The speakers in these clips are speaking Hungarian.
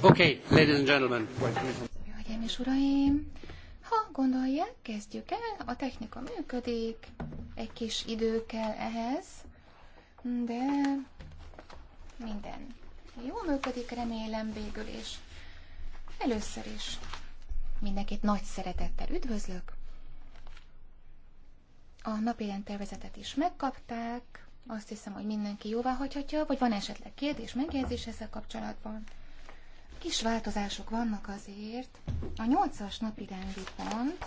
Okay, ladies and gentlemen. Hölgyeim és uraim, ha gondolják, kezdjük el. A technika működik, egy kis idő kell ehhez, de minden jól működik, remélem végül, és először is mindenkit nagy szeretettel üdvözlök. A napirend tervezetet is megkapták, azt hiszem, hogy mindenki jóvá hagyhatja, vagy van esetleg kérdés, megjegyzés ezzel kapcsolatban. Kis változások vannak azért. A nyolcas napi rendi pont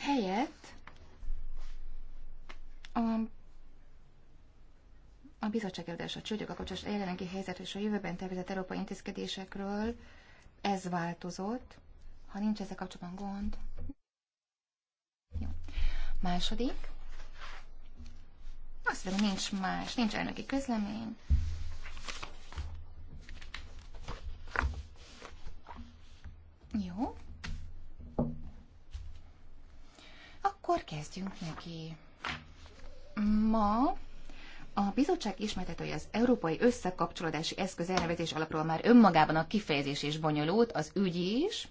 helyett a, a bizottság a csődök, a kapcsolatos jelenlegi helyzet és a jövőben tervezett európai intézkedésekről ez változott. Ha nincs ezzel kapcsolatban gond. Jó. Második. Azt mondom, nincs más, nincs elnöki közlemény. Jó. Akkor kezdjünk neki. Ma a bizottság ismertetője az Európai Összekapcsolódási Eszköz elnevezés alapról már önmagában a kifejezés is bonyolult, az ügy is.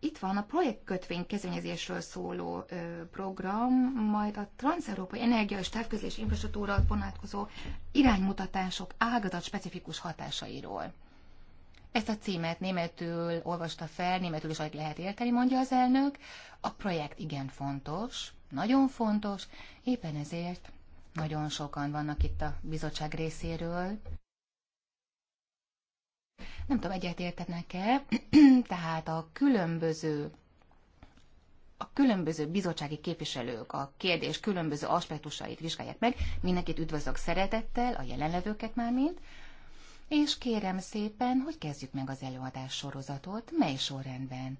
Itt van a projektkötvény kezdeményezésről szóló ö, program, majd a transzeurópai Energia és Távközlés Infrastruktúra vonatkozó iránymutatások ágazat specifikus hatásairól. Ezt a címet németül olvasta fel, németül is alig lehet érteni, mondja az elnök. A projekt igen fontos, nagyon fontos, éppen ezért nagyon sokan vannak itt a bizottság részéről. Nem tudom, egyetértenek-e, tehát a különböző a különböző bizottsági képviselők a kérdés különböző aspektusait vizsgálják meg. Mindenkit üdvözlök szeretettel, a jelenlevőket már mind és kérem szépen, hogy kezdjük meg az előadás sorozatot, mely sorrendben.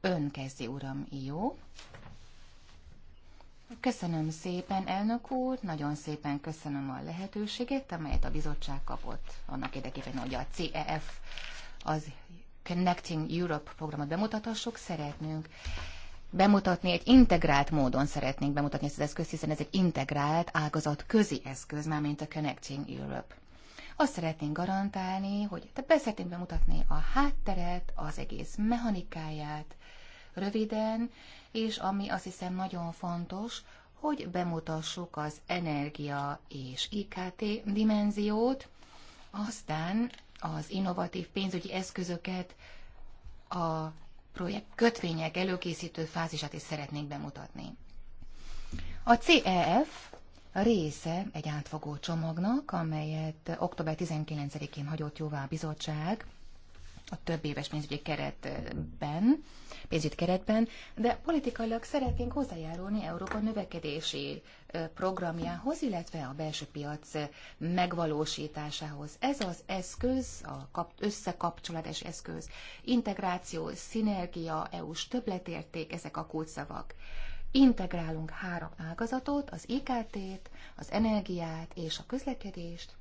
Ön kezdi, uram, jó? Köszönöm szépen, elnök úr, nagyon szépen köszönöm a lehetőséget, amelyet a bizottság kapott annak érdekében, hogy a CEF, az Connecting Europe programot bemutathassuk, szeretnünk bemutatni, egy integrált módon szeretnénk bemutatni ezt az eszközt, hiszen ez egy integrált ágazat közi eszköz, mármint a Connecting Europe. Azt szeretnénk garantálni, hogy te be szeretnénk bemutatni a hátteret, az egész mechanikáját, röviden, és ami azt hiszem nagyon fontos, hogy bemutassuk az energia és IKT dimenziót, aztán az innovatív pénzügyi eszközöket, a projekt kötvények előkészítő fázisát is szeretnénk bemutatni. A CEF része egy átfogó csomagnak, amelyet október 19-én hagyott jóvá a bizottság a több éves pénzügyi keretben, pénzügyi keretben, de politikailag szeretnénk hozzájárulni Európa növekedési programjához, illetve a belső piac megvalósításához. Ez az eszköz, a kap összekapcsolatos eszköz, integráció, szinergia, EU-s többletérték, ezek a kulcsszavak integrálunk három ágazatot, az IKT-t, az energiát és a közlekedést.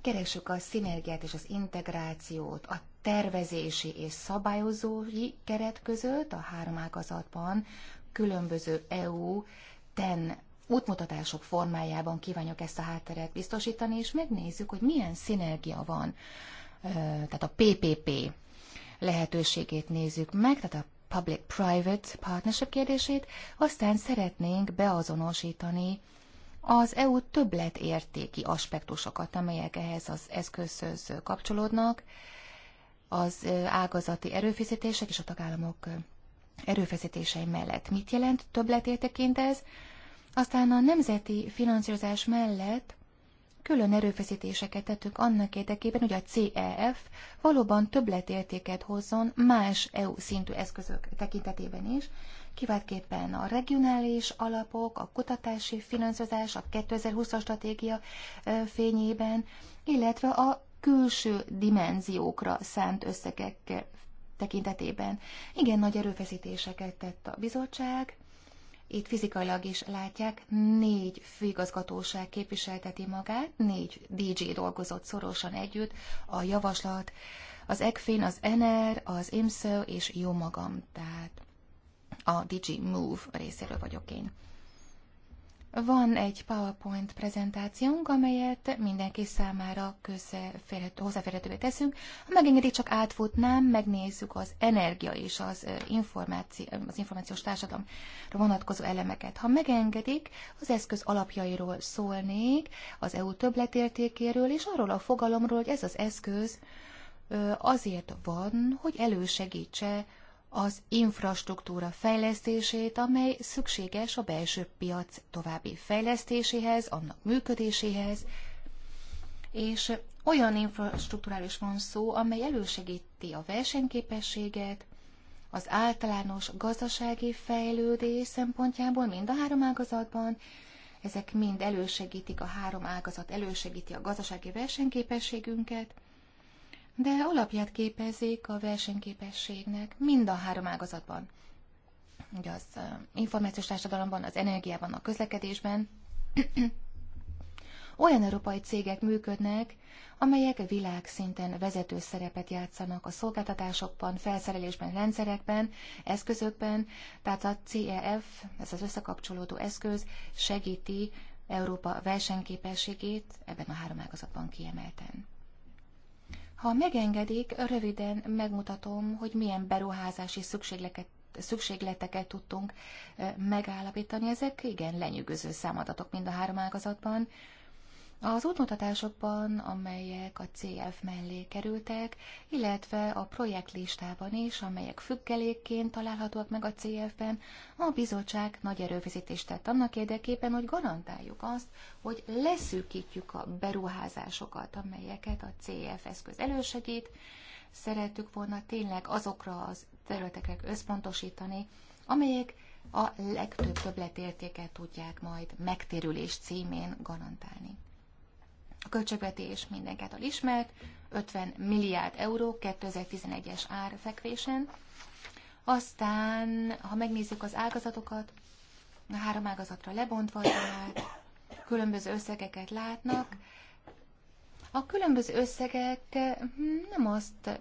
Keressük a szinergiát és az integrációt a tervezési és szabályozói keret között a három ágazatban különböző EU ten útmutatások formájában kívánjuk ezt a hátteret biztosítani, és megnézzük, hogy milyen szinergia van. Tehát a PPP lehetőségét nézzük meg, tehát a public-private partnership kérdését, aztán szeretnénk beazonosítani az EU többletértéki aspektusokat, amelyek ehhez az eszközhöz kapcsolódnak, az ágazati erőfeszítések és a tagállamok erőfeszítései mellett. Mit jelent többletérteként ez? Aztán a nemzeti finanszírozás mellett külön erőfeszítéseket tettünk annak érdekében, hogy a CEF valóban többletértéket hozzon más EU szintű eszközök tekintetében is, kiváltképpen a regionális alapok, a kutatási finanszírozás, a 2020-as stratégia fényében, illetve a külső dimenziókra szánt összegek tekintetében. Igen nagy erőfeszítéseket tett a bizottság, itt fizikailag is látják, négy főigazgatóság képviselteti magát, négy DJ dolgozott szorosan együtt, a javaslat, az ECFIN, az NR, az IMSZÖ és jó magam, tehát a DJ Move részéről vagyok én. Van egy PowerPoint prezentációnk, amelyet mindenki számára hozzáférhetővé teszünk. Ha megengedik, csak átfutnám, megnézzük az energia és az, információ, az információs társadalomra vonatkozó elemeket. Ha megengedik, az eszköz alapjairól szólnék, az EU többletértékéről, és arról a fogalomról, hogy ez az eszköz azért van, hogy elősegítse az infrastruktúra fejlesztését, amely szükséges a belső piac további fejlesztéséhez, annak működéséhez, és olyan infrastruktúrális van szó, amely elősegíti a versenyképességet, az általános gazdasági fejlődés szempontjából mind a három ágazatban, ezek mind elősegítik, a három ágazat elősegíti a gazdasági versenyképességünket, de alapját képezik a versenyképességnek mind a három ágazatban. Ugye az információs társadalomban, az energiában, a közlekedésben. Olyan európai cégek működnek, amelyek világszinten vezető szerepet játszanak a szolgáltatásokban, felszerelésben, rendszerekben, eszközökben, tehát a CEF, ez az összekapcsolódó eszköz segíti Európa versenyképességét ebben a három ágazatban kiemelten. Ha megengedik, röviden megmutatom, hogy milyen beruházási szükségleteket, szükségleteket tudtunk eh, megállapítani. Ezek igen lenyűgöző számadatok mind a három ágazatban. Az útmutatásokban, amelyek a CF mellé kerültek, illetve a projektlistában is, amelyek függelékként találhatóak meg a CF-ben, a bizottság nagy erőfeszítést tett annak érdekében, hogy garantáljuk azt, hogy leszűkítjük a beruházásokat, amelyeket a CF eszköz elősegít. Szerettük volna tényleg azokra az területekre összpontosítani, amelyek a legtöbb többletértéket tudják majd megtérülés címén garantálni. A költségvetés mindenki által ismert, 50 milliárd euró 2011-es árfekvésen. Aztán, ha megnézzük az ágazatokat, a három ágazatra lebontva, tehát különböző összegeket látnak. A különböző összegek hm, nem azt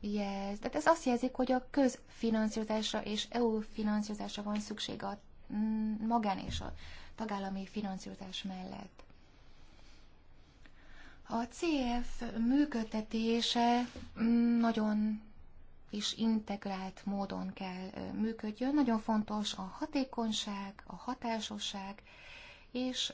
jelz, tehát ez azt jelzik, hogy a közfinanszírozásra és EU finanszírozásra van szükség a hm, magán és a tagállami finanszírozás mellett. A CF működtetése mm, nagyon is integrált módon kell működjön. Nagyon fontos a hatékonyság, a hatásosság, és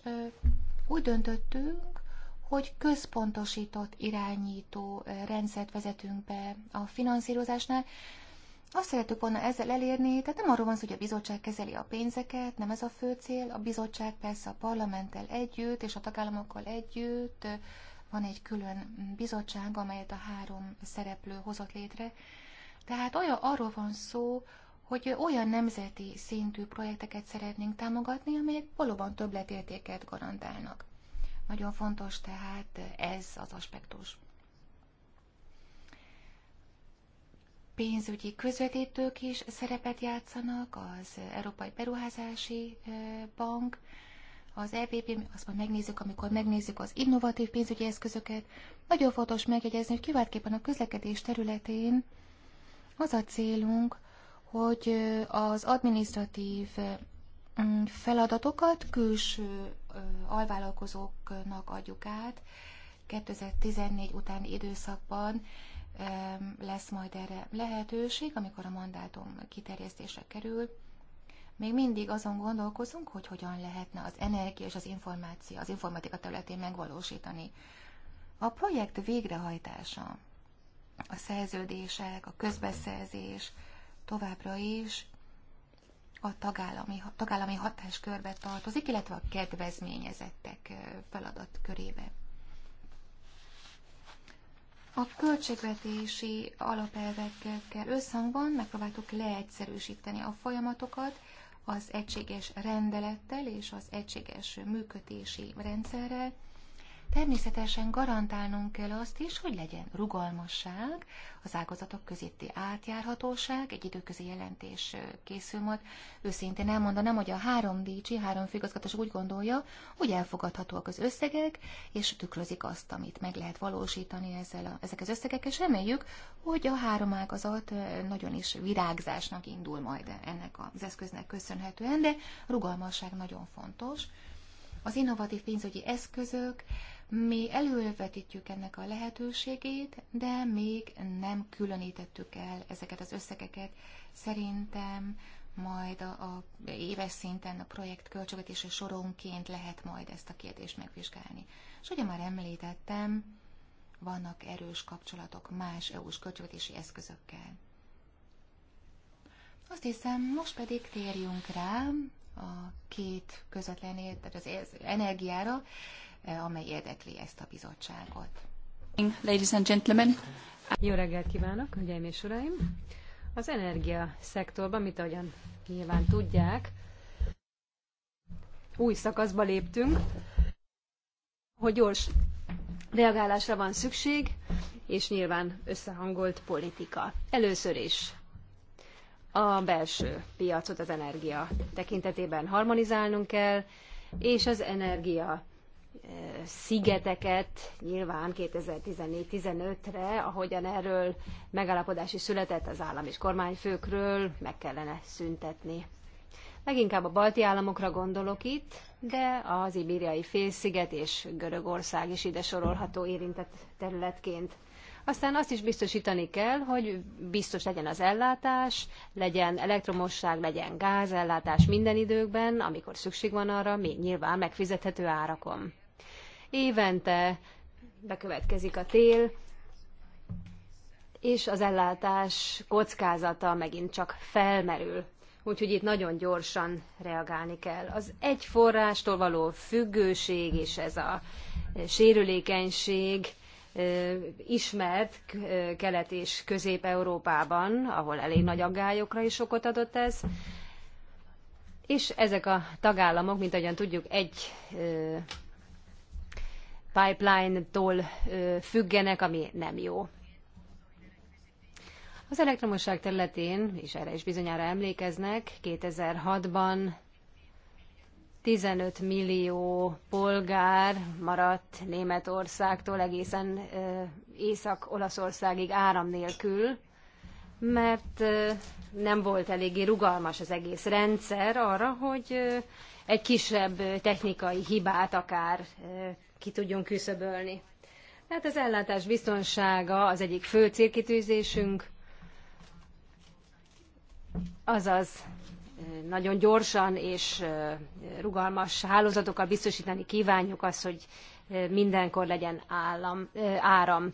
úgy döntöttünk, hogy központosított irányító rendszert vezetünk be a finanszírozásnál. Azt szeretük volna ezzel elérni, tehát nem arról van szó, hogy a bizottság kezeli a pénzeket, nem ez a fő cél. A bizottság persze a parlamenttel együtt és a tagállamokkal együtt van egy külön bizottság, amelyet a három szereplő hozott létre. Tehát olyan, arról van szó, hogy olyan nemzeti szintű projekteket szeretnénk támogatni, amelyek valóban többletértéket garantálnak. Nagyon fontos tehát ez az aspektus. Pénzügyi közvetítők is szerepet játszanak, az Európai Beruházási eh, Bank, az EPP, azt majd megnézzük, amikor megnézzük az innovatív pénzügyi eszközöket. Nagyon fontos megjegyezni, hogy kiváltképpen a közlekedés területén az a célunk, hogy az administratív mm, feladatokat külső alvállalkozóknak adjuk át. 2014 utáni időszakban lesz majd erre lehetőség, amikor a mandátum kiterjesztésre kerül. Még mindig azon gondolkozunk, hogy hogyan lehetne az energia és az információ, az informatika területén megvalósítani. A projekt végrehajtása, a szerződések, a közbeszerzés továbbra is a tagállami, tagállami hatáskörbe tartozik, illetve a kedvezményezettek feladat körébe. A költségvetési alapelvekkel összhangban megpróbáltuk leegyszerűsíteni a folyamatokat, az egységes rendelettel és az egységes működési rendszerrel, Természetesen garantálnunk kell azt is, hogy legyen rugalmasság, az ágazatok közötti átjárhatóság, egy időközi jelentés készül majd. Őszintén elmondanám, hogy a három DG, három főgazgatás úgy gondolja, hogy elfogadhatóak az összegek, és tükrözik azt, amit meg lehet valósítani ezzel a, ezek az összegek, és reméljük, hogy a három ágazat nagyon is virágzásnak indul majd ennek az eszköznek köszönhetően, de rugalmasság nagyon fontos. Az innovatív pénzügyi eszközök, mi elővetítjük ennek a lehetőségét, de még nem különítettük el ezeket az összegeket. Szerintem majd a, a éves szinten a projekt költségvetése soronként lehet majd ezt a kérdést megvizsgálni. És ugye már említettem, vannak erős kapcsolatok más EU-s költségvetési eszközökkel. Azt hiszem, most pedig térjünk rá a két közvetlen, tehát az energiára. Eh, amely érdekli ezt a bizottságot. Ladies and gentlemen. Jó reggelt kívánok, hölgyeim és uraim! Az energia szektorban, mint ahogyan nyilván tudják, új szakaszba léptünk, hogy gyors reagálásra van szükség, és nyilván összehangolt politika. Először is a belső piacot az energia tekintetében harmonizálnunk kell, és az energia szigeteket nyilván 2014-15-re, ahogyan erről megállapodás is született az állam és kormányfőkről, meg kellene szüntetni. Leginkább a balti államokra gondolok itt, de az ibériai félsziget és Görögország is ide sorolható érintett területként. Aztán azt is biztosítani kell, hogy biztos legyen az ellátás, legyen elektromosság, legyen gázellátás minden időkben, amikor szükség van arra, még nyilván megfizethető árakon évente bekövetkezik a tél, és az ellátás kockázata megint csak felmerül. Úgyhogy itt nagyon gyorsan reagálni kell. Az egy forrástól való függőség és ez a sérülékenység ismert Kelet- és Közép-Európában, ahol elég nagy aggályokra is okot adott ez. És ezek a tagállamok, mint ahogyan tudjuk, egy pipeline-tól függenek, ami nem jó. Az elektromosság területén, és erre is bizonyára emlékeznek, 2006-ban 15 millió polgár maradt Németországtól egészen Észak-Olaszországig áram nélkül, mert nem volt eléggé rugalmas az egész rendszer arra, hogy egy kisebb technikai hibát akár ki tudjon küszöbölni. Tehát az ellátás biztonsága az egyik fő célkitűzésünk, azaz nagyon gyorsan és rugalmas hálózatokkal biztosítani kívánjuk azt, hogy mindenkor legyen állam, áram.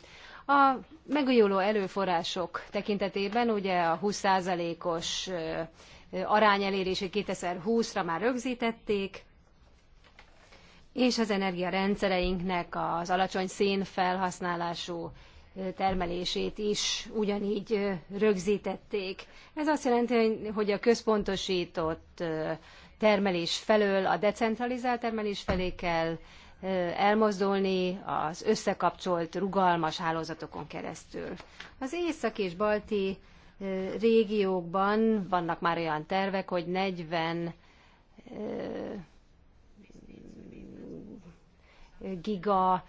A megújuló előforrások tekintetében ugye a 20%-os arány elérését 2020-ra már rögzítették, és az energiarendszereinknek az alacsony szénfelhasználású termelését is ugyanígy rögzítették. Ez azt jelenti, hogy a központosított termelés felől a decentralizált termelés felé kell elmozdulni az összekapcsolt, rugalmas hálózatokon keresztül. Az északi és balti régiókban vannak már olyan tervek, hogy 40 giga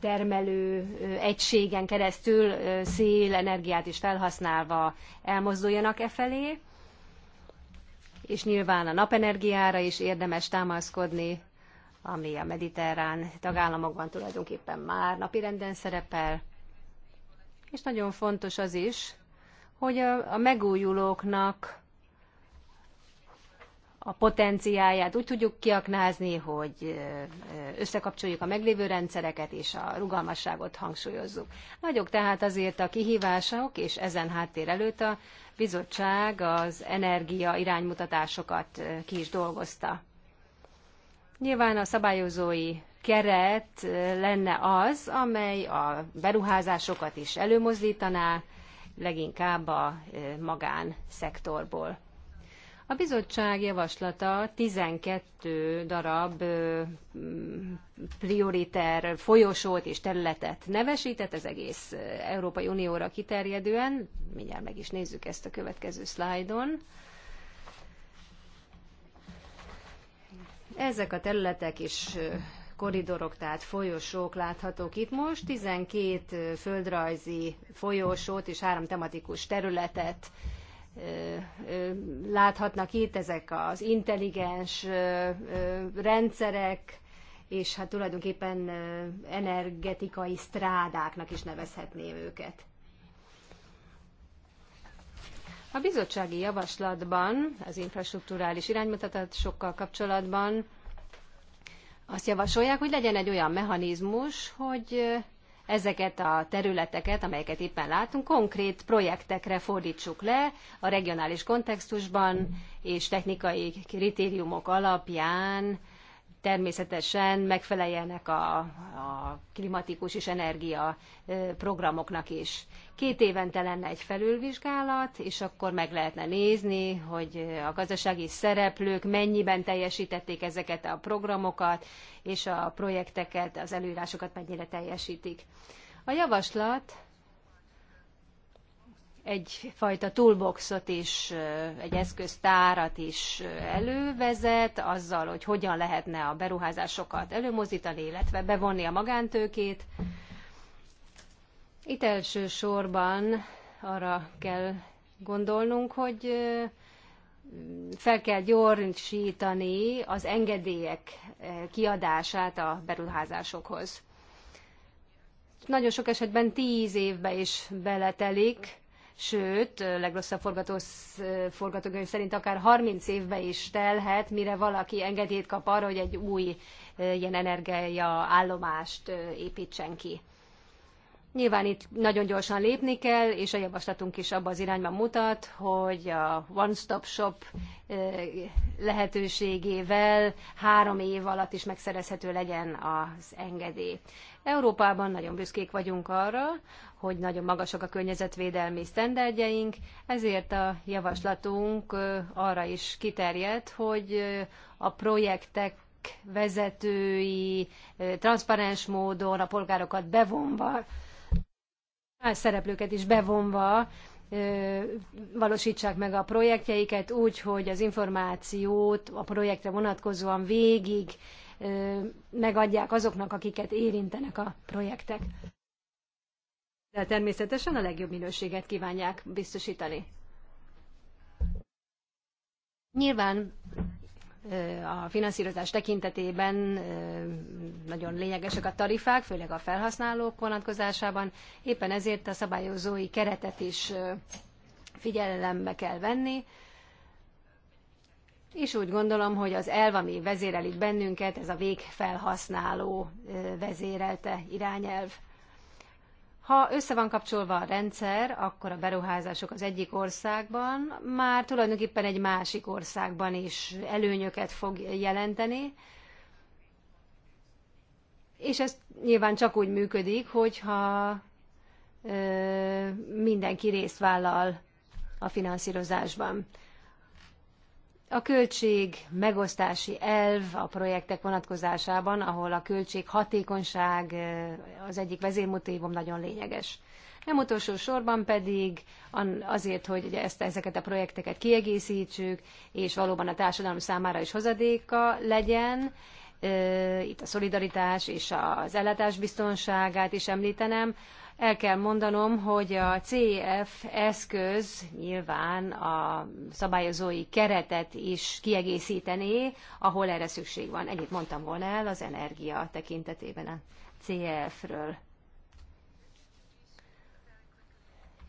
termelő egységen keresztül szélenergiát is felhasználva elmozduljanak e felé, és nyilván a napenergiára is érdemes támaszkodni, ami a mediterrán tagállamokban tulajdonképpen már napirenden szerepel. És nagyon fontos az is, hogy a, megújulóknak a potenciáját úgy tudjuk kiaknázni, hogy összekapcsoljuk a meglévő rendszereket és a rugalmasságot hangsúlyozzuk. Nagyok tehát azért a kihívások, és ezen háttér előtt a bizottság az energia iránymutatásokat ki is dolgozta. Nyilván a szabályozói keret lenne az, amely a beruházásokat is előmozdítaná, leginkább a magánszektorból. A bizottság javaslata 12 darab prioriter folyosót és területet nevesített, ez egész Európai Unióra kiterjedően. Mindjárt meg is nézzük ezt a következő szlájdon. Ezek a területek és koridorok, tehát folyosók láthatók itt most. 12 földrajzi folyosót és három tematikus területet láthatnak itt ezek az intelligens rendszerek, és hát tulajdonképpen energetikai strádáknak is nevezhetném őket. A bizottsági javaslatban, az infrastruktúrális sokkal kapcsolatban azt javasolják, hogy legyen egy olyan mechanizmus, hogy ezeket a területeket, amelyeket éppen látunk, konkrét projektekre fordítsuk le a regionális kontextusban és technikai kritériumok alapján természetesen megfeleljenek a, a klimatikus és energia programoknak is. Két évente lenne egy felülvizsgálat, és akkor meg lehetne nézni, hogy a gazdasági szereplők mennyiben teljesítették ezeket a programokat, és a projekteket, az előírásokat mennyire teljesítik. A javaslat egyfajta toolboxot is, egy eszköztárat is elővezet, azzal, hogy hogyan lehetne a beruházásokat előmozdítani, illetve bevonni a magántőkét. Itt elsősorban arra kell gondolnunk, hogy fel kell gyorsítani az engedélyek kiadását a beruházásokhoz. Nagyon sok esetben tíz évbe is beletelik, sőt, legrosszabb forgatókönyv szerint akár 30 évbe is telhet, mire valaki engedélyt kap arra, hogy egy új ilyen energiaállomást építsen ki. Nyilván itt nagyon gyorsan lépni kell, és a javaslatunk is abba az irányba mutat, hogy a one-stop shop lehetőségével három év alatt is megszerezhető legyen az engedély. Európában nagyon büszkék vagyunk arra, hogy nagyon magasak a környezetvédelmi sztenderdjeink, ezért a javaslatunk arra is kiterjedt, hogy a projektek vezetői transzparens módon a polgárokat bevonva, más szereplőket is bevonva valósítsák meg a projektjeiket úgy, hogy az információt a projektre vonatkozóan végig megadják azoknak, akiket érintenek a projektek de természetesen a legjobb minőséget kívánják biztosítani. Nyilván a finanszírozás tekintetében nagyon lényegesek a tarifák, főleg a felhasználók vonatkozásában. Éppen ezért a szabályozói keretet is figyelembe kell venni, és úgy gondolom, hogy az elv, ami vezérel bennünket, ez a végfelhasználó vezérelte irányelv. Ha össze van kapcsolva a rendszer, akkor a beruházások az egyik országban már tulajdonképpen egy másik országban is előnyöket fog jelenteni, és ez nyilván csak úgy működik, hogyha ö, mindenki részt vállal a finanszírozásban. A költség megosztási elv a projektek vonatkozásában, ahol a költség hatékonyság eh, az egyik vezérmotívum nagyon lényeges. Nem utolsó sorban pedig azért, hogy ugye ezt, ezeket a projekteket kiegészítsük, és valóban a társadalom számára is hozadéka legyen, eh, itt a szolidaritás és az ellátás biztonságát is említenem, el kell mondanom, hogy a CEF eszköz nyilván a szabályozói keretet is kiegészítené, ahol erre szükség van. Ennyit mondtam volna el az energia tekintetében a CEF-ről.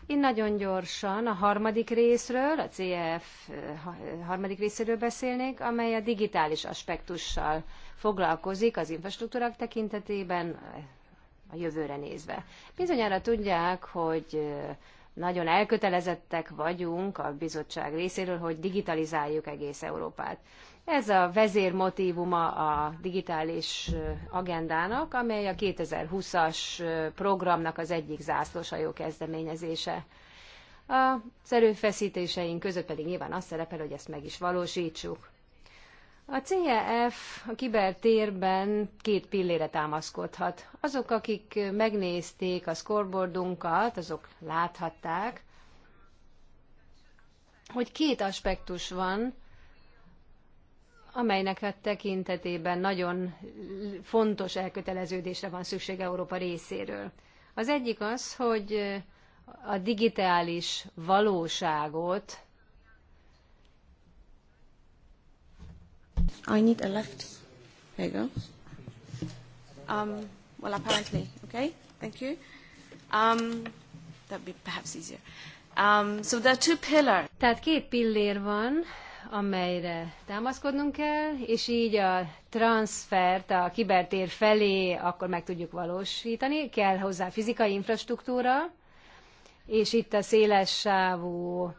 Én nagyon gyorsan a harmadik részről, a CEF harmadik részéről beszélnék, amely a digitális aspektussal foglalkozik az infrastruktúrák tekintetében, a jövőre nézve. Bizonyára tudják, hogy nagyon elkötelezettek vagyunk a bizottság részéről, hogy digitalizáljuk egész Európát. Ez a vezérmotívuma a digitális agendának, amely a 2020-as programnak az egyik zászlósajó kezdeményezése. A erőfeszítéseink között pedig nyilván az szerepel, hogy ezt meg is valósítsuk. A CEF a kibertérben két pillére támaszkodhat. Azok, akik megnézték a scoreboardunkat, azok láthatták, hogy két aspektus van, amelynek a tekintetében nagyon fontos elköteleződésre van szükség Európa részéről. Az egyik az, hogy a digitális valóságot I need a left. There you go. Um, well, apparently. Okay, thank you. Um, that'd be perhaps easier. Um, so there are two pillars. Tehát két pillér van, amelyre támaszkodnunk kell, és így a transfert a kibertér felé akkor meg tudjuk valósítani. Kell hozzá fizikai infrastruktúra, és itt a széles sávú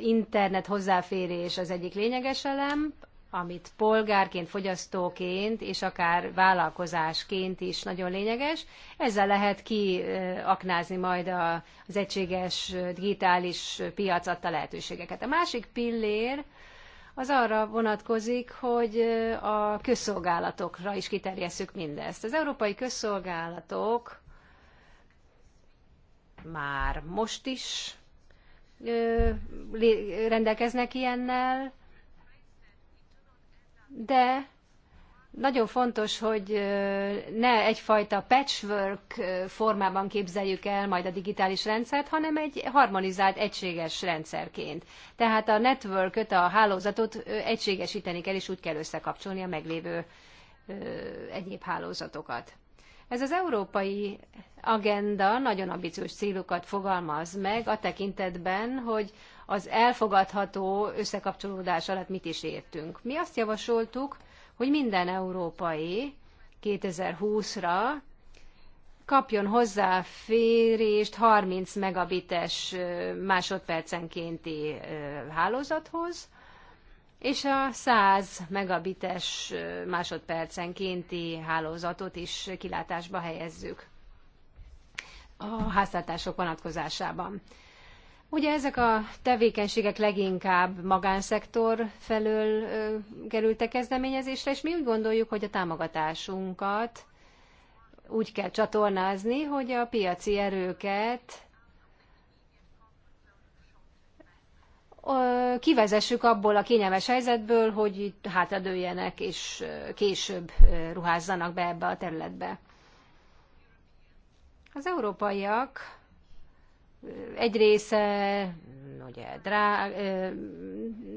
internet hozzáférés az egyik lényeges elem, amit polgárként, fogyasztóként és akár vállalkozásként is nagyon lényeges. Ezzel lehet kiaknázni majd az egységes digitális piac adta lehetőségeket. A másik pillér az arra vonatkozik, hogy a közszolgálatokra is kiterjesszük mindezt. Az európai közszolgálatok már most is rendelkeznek ilyennel, de nagyon fontos, hogy ne egyfajta patchwork formában képzeljük el majd a digitális rendszert, hanem egy harmonizált, egységes rendszerként. Tehát a network a hálózatot egységesíteni kell, és úgy kell összekapcsolni a meglévő egyéb hálózatokat. Ez az európai agenda nagyon ambiciós célokat fogalmaz meg a tekintetben, hogy az elfogadható összekapcsolódás alatt mit is értünk. Mi azt javasoltuk, hogy minden európai 2020-ra kapjon hozzáférést 30 megabites másodpercenkénti hálózathoz, és a 100 megabites másodpercenkénti hálózatot is kilátásba helyezzük a háztartások vonatkozásában. Ugye ezek a tevékenységek leginkább magánszektor felől ö, kerültek kezdeményezésre, és mi úgy gondoljuk, hogy a támogatásunkat úgy kell csatornázni, hogy a piaci erőket ö, kivezessük abból a kényelmes helyzetből, hogy itt hátradőljenek és később ruházzanak be ebbe a területbe. Az európaiak egy része ugye, drá,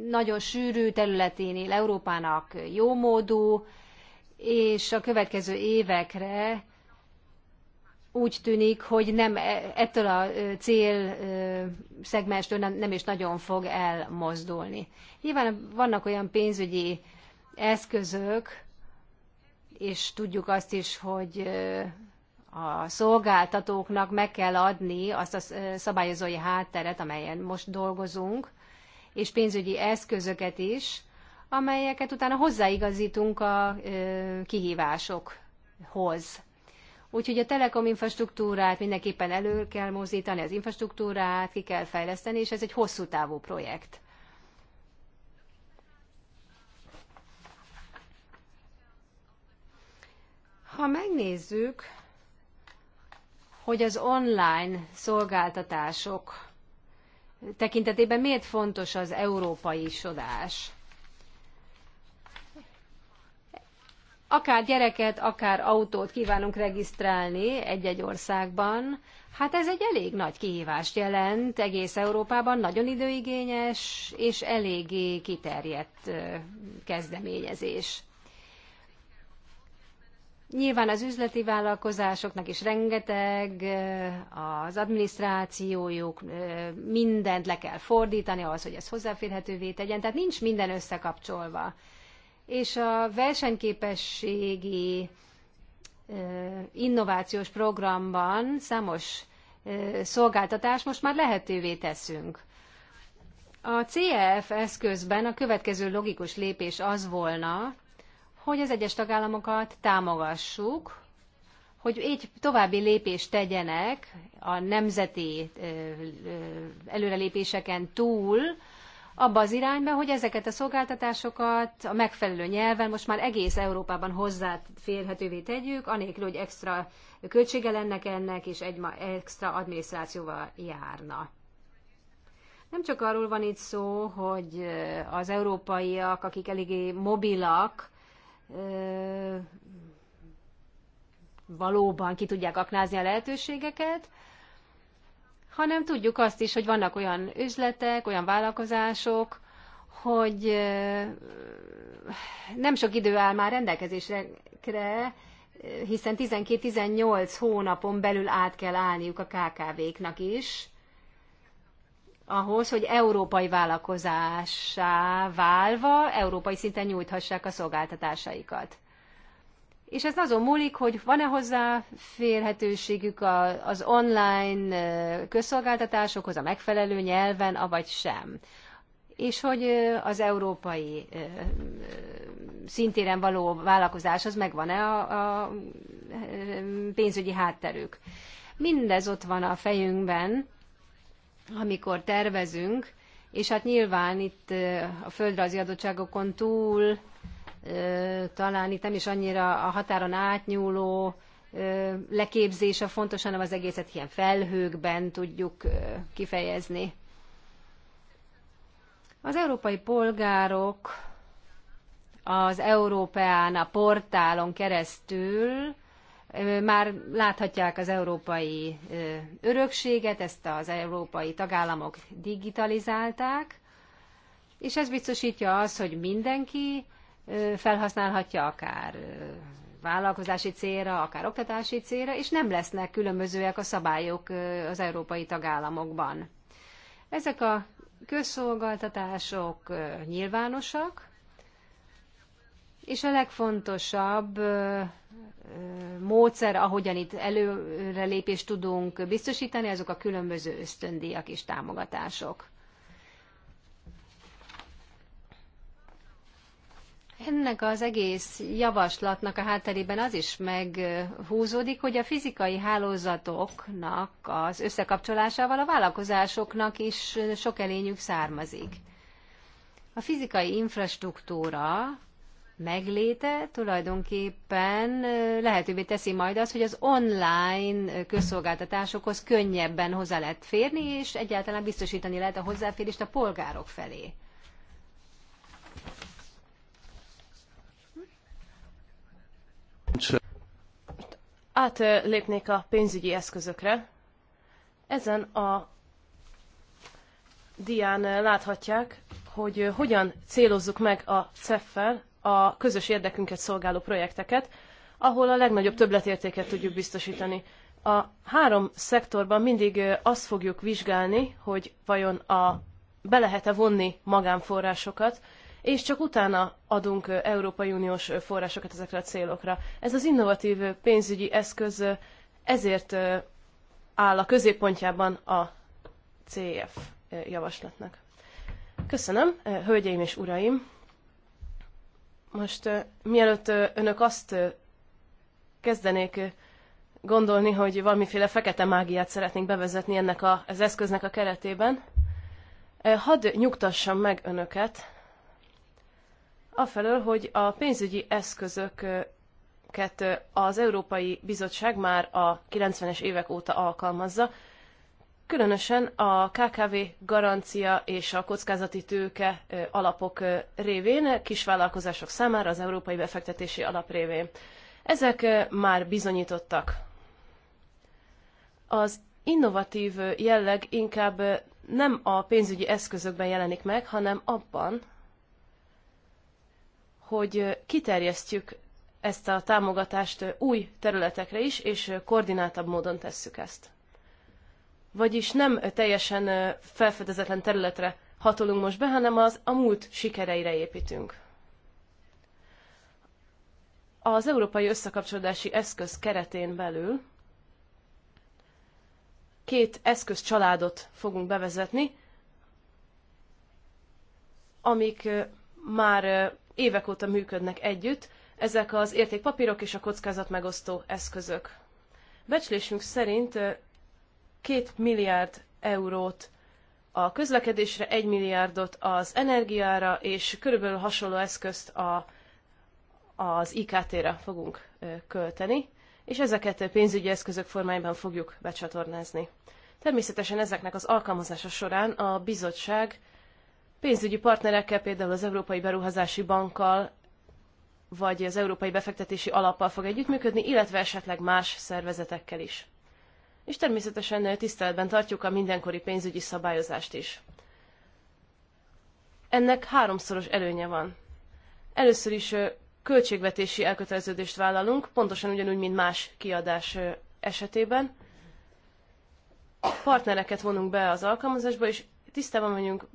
nagyon sűrű területén él Európának módú, és a következő évekre úgy tűnik, hogy nem e, ettől a cél szegmestől nem, nem is nagyon fog elmozdulni. Nyilván vannak olyan pénzügyi eszközök, és tudjuk azt is, hogy a szolgáltatóknak meg kell adni azt a szabályozói hátteret, amelyen most dolgozunk, és pénzügyi eszközöket is, amelyeket utána hozzáigazítunk a kihívásokhoz. Úgyhogy a telekom infrastruktúrát mindenképpen elő kell mozdítani, az infrastruktúrát ki kell fejleszteni, és ez egy hosszú távú projekt. Ha megnézzük hogy az online szolgáltatások tekintetében miért fontos az európai sodás? Akár gyereket, akár autót kívánunk regisztrálni egy-egy országban, hát ez egy elég nagy kihívást jelent egész Európában, nagyon időigényes és eléggé kiterjedt kezdeményezés. Nyilván az üzleti vállalkozásoknak is rengeteg, az adminisztrációjuk mindent le kell fordítani ahhoz, hogy ez hozzáférhetővé tegyen, tehát nincs minden összekapcsolva. És a versenyképességi innovációs programban számos szolgáltatást most már lehetővé teszünk. A CEF eszközben a következő logikus lépés az volna, hogy az egyes tagállamokat támogassuk, hogy így további lépést tegyenek a nemzeti előrelépéseken túl, abba az irányba, hogy ezeket a szolgáltatásokat a megfelelő nyelven most már egész Európában hozzáférhetővé tegyük, anélkül, hogy extra költsége lenne ennek, és egy extra adminisztrációval járna. Nem csak arról van itt szó, hogy az európaiak, akik eléggé mobilak, valóban ki tudják aknázni a lehetőségeket, hanem tudjuk azt is, hogy vannak olyan üzletek, olyan vállalkozások, hogy nem sok idő áll már rendelkezésre, hiszen 12-18 hónapon belül át kell állniuk a KKV-knak is, ahhoz, hogy európai vállalkozássá válva európai szinten nyújthassák a szolgáltatásaikat. És ez azon múlik, hogy van-e hozzá férhetőségük az online közszolgáltatásokhoz a megfelelő nyelven, avagy sem. És hogy az európai szintéren való vállalkozáshoz megvan-e a, a pénzügyi hátterük. Mindez ott van a fejünkben, amikor tervezünk, és hát nyilván itt a földrajzi adottságokon túl talán itt nem is annyira a határon átnyúló leképzés a fontos, hanem az egészet ilyen felhőkben tudjuk kifejezni. Az európai polgárok az Európeán a portálon keresztül már láthatják az európai örökséget, ezt az európai tagállamok digitalizálták, és ez biztosítja az, hogy mindenki felhasználhatja akár vállalkozási célra, akár oktatási célra, és nem lesznek különbözőek a szabályok az európai tagállamokban. Ezek a közszolgáltatások nyilvánosak, és a legfontosabb módszer, ahogyan itt előrelépést tudunk biztosítani, azok a különböző ösztöndíjak és támogatások. Ennek az egész javaslatnak a hátterében az is meghúzódik, hogy a fizikai hálózatoknak az összekapcsolásával a vállalkozásoknak is sok elényük származik. A fizikai infrastruktúra megléte tulajdonképpen lehetővé teszi majd az, hogy az online közszolgáltatásokhoz könnyebben hozzá lehet férni, és egyáltalán biztosítani lehet a hozzáférést a polgárok felé. Átlépnék a pénzügyi eszközökre. Ezen a dián láthatják, hogy hogyan célozzuk meg a CEF-fel a közös érdekünket szolgáló projekteket, ahol a legnagyobb többletértéket tudjuk biztosítani. A három szektorban mindig azt fogjuk vizsgálni, hogy vajon a, be lehet-e vonni magánforrásokat, és csak utána adunk Európai Uniós forrásokat ezekre a célokra. Ez az innovatív pénzügyi eszköz ezért áll a középpontjában a CF javaslatnak. Köszönöm, hölgyeim és uraim! Most mielőtt önök azt kezdenék gondolni, hogy valamiféle fekete mágiát szeretnénk bevezetni ennek a, az eszköznek a keretében, hadd nyugtassam meg önöket afelől, hogy a pénzügyi eszközöket az Európai Bizottság már a 90-es évek óta alkalmazza, különösen a KKV garancia és a kockázati tőke alapok révén, kisvállalkozások számára az Európai Befektetési Alap révén. Ezek már bizonyítottak. Az innovatív jelleg inkább nem a pénzügyi eszközökben jelenik meg, hanem abban, hogy kiterjesztjük ezt a támogatást új területekre is, és koordináltabb módon tesszük ezt vagyis nem teljesen felfedezetlen területre hatolunk most be, hanem az a múlt sikereire építünk. Az Európai Összekapcsolódási Eszköz keretén belül két eszközcsaládot fogunk bevezetni, amik már évek óta működnek együtt, ezek az értékpapírok és a kockázatmegosztó eszközök. Becslésünk szerint két milliárd eurót a közlekedésre, egy milliárdot az energiára, és körülbelül hasonló eszközt a, az IKT-re fogunk költeni, és ezeket pénzügyi eszközök formájában fogjuk becsatornázni. Természetesen ezeknek az alkalmazása során a bizottság pénzügyi partnerekkel, például az Európai Beruházási Bankkal, vagy az Európai Befektetési Alappal fog együttműködni, illetve esetleg más szervezetekkel is és természetesen eh, tiszteletben tartjuk a mindenkori pénzügyi szabályozást is. Ennek háromszoros előnye van. Először is eh, költségvetési elköteleződést vállalunk, pontosan ugyanúgy, mint más kiadás eh, esetében. Partnereket vonunk be az alkalmazásba, és tisztában vagyunk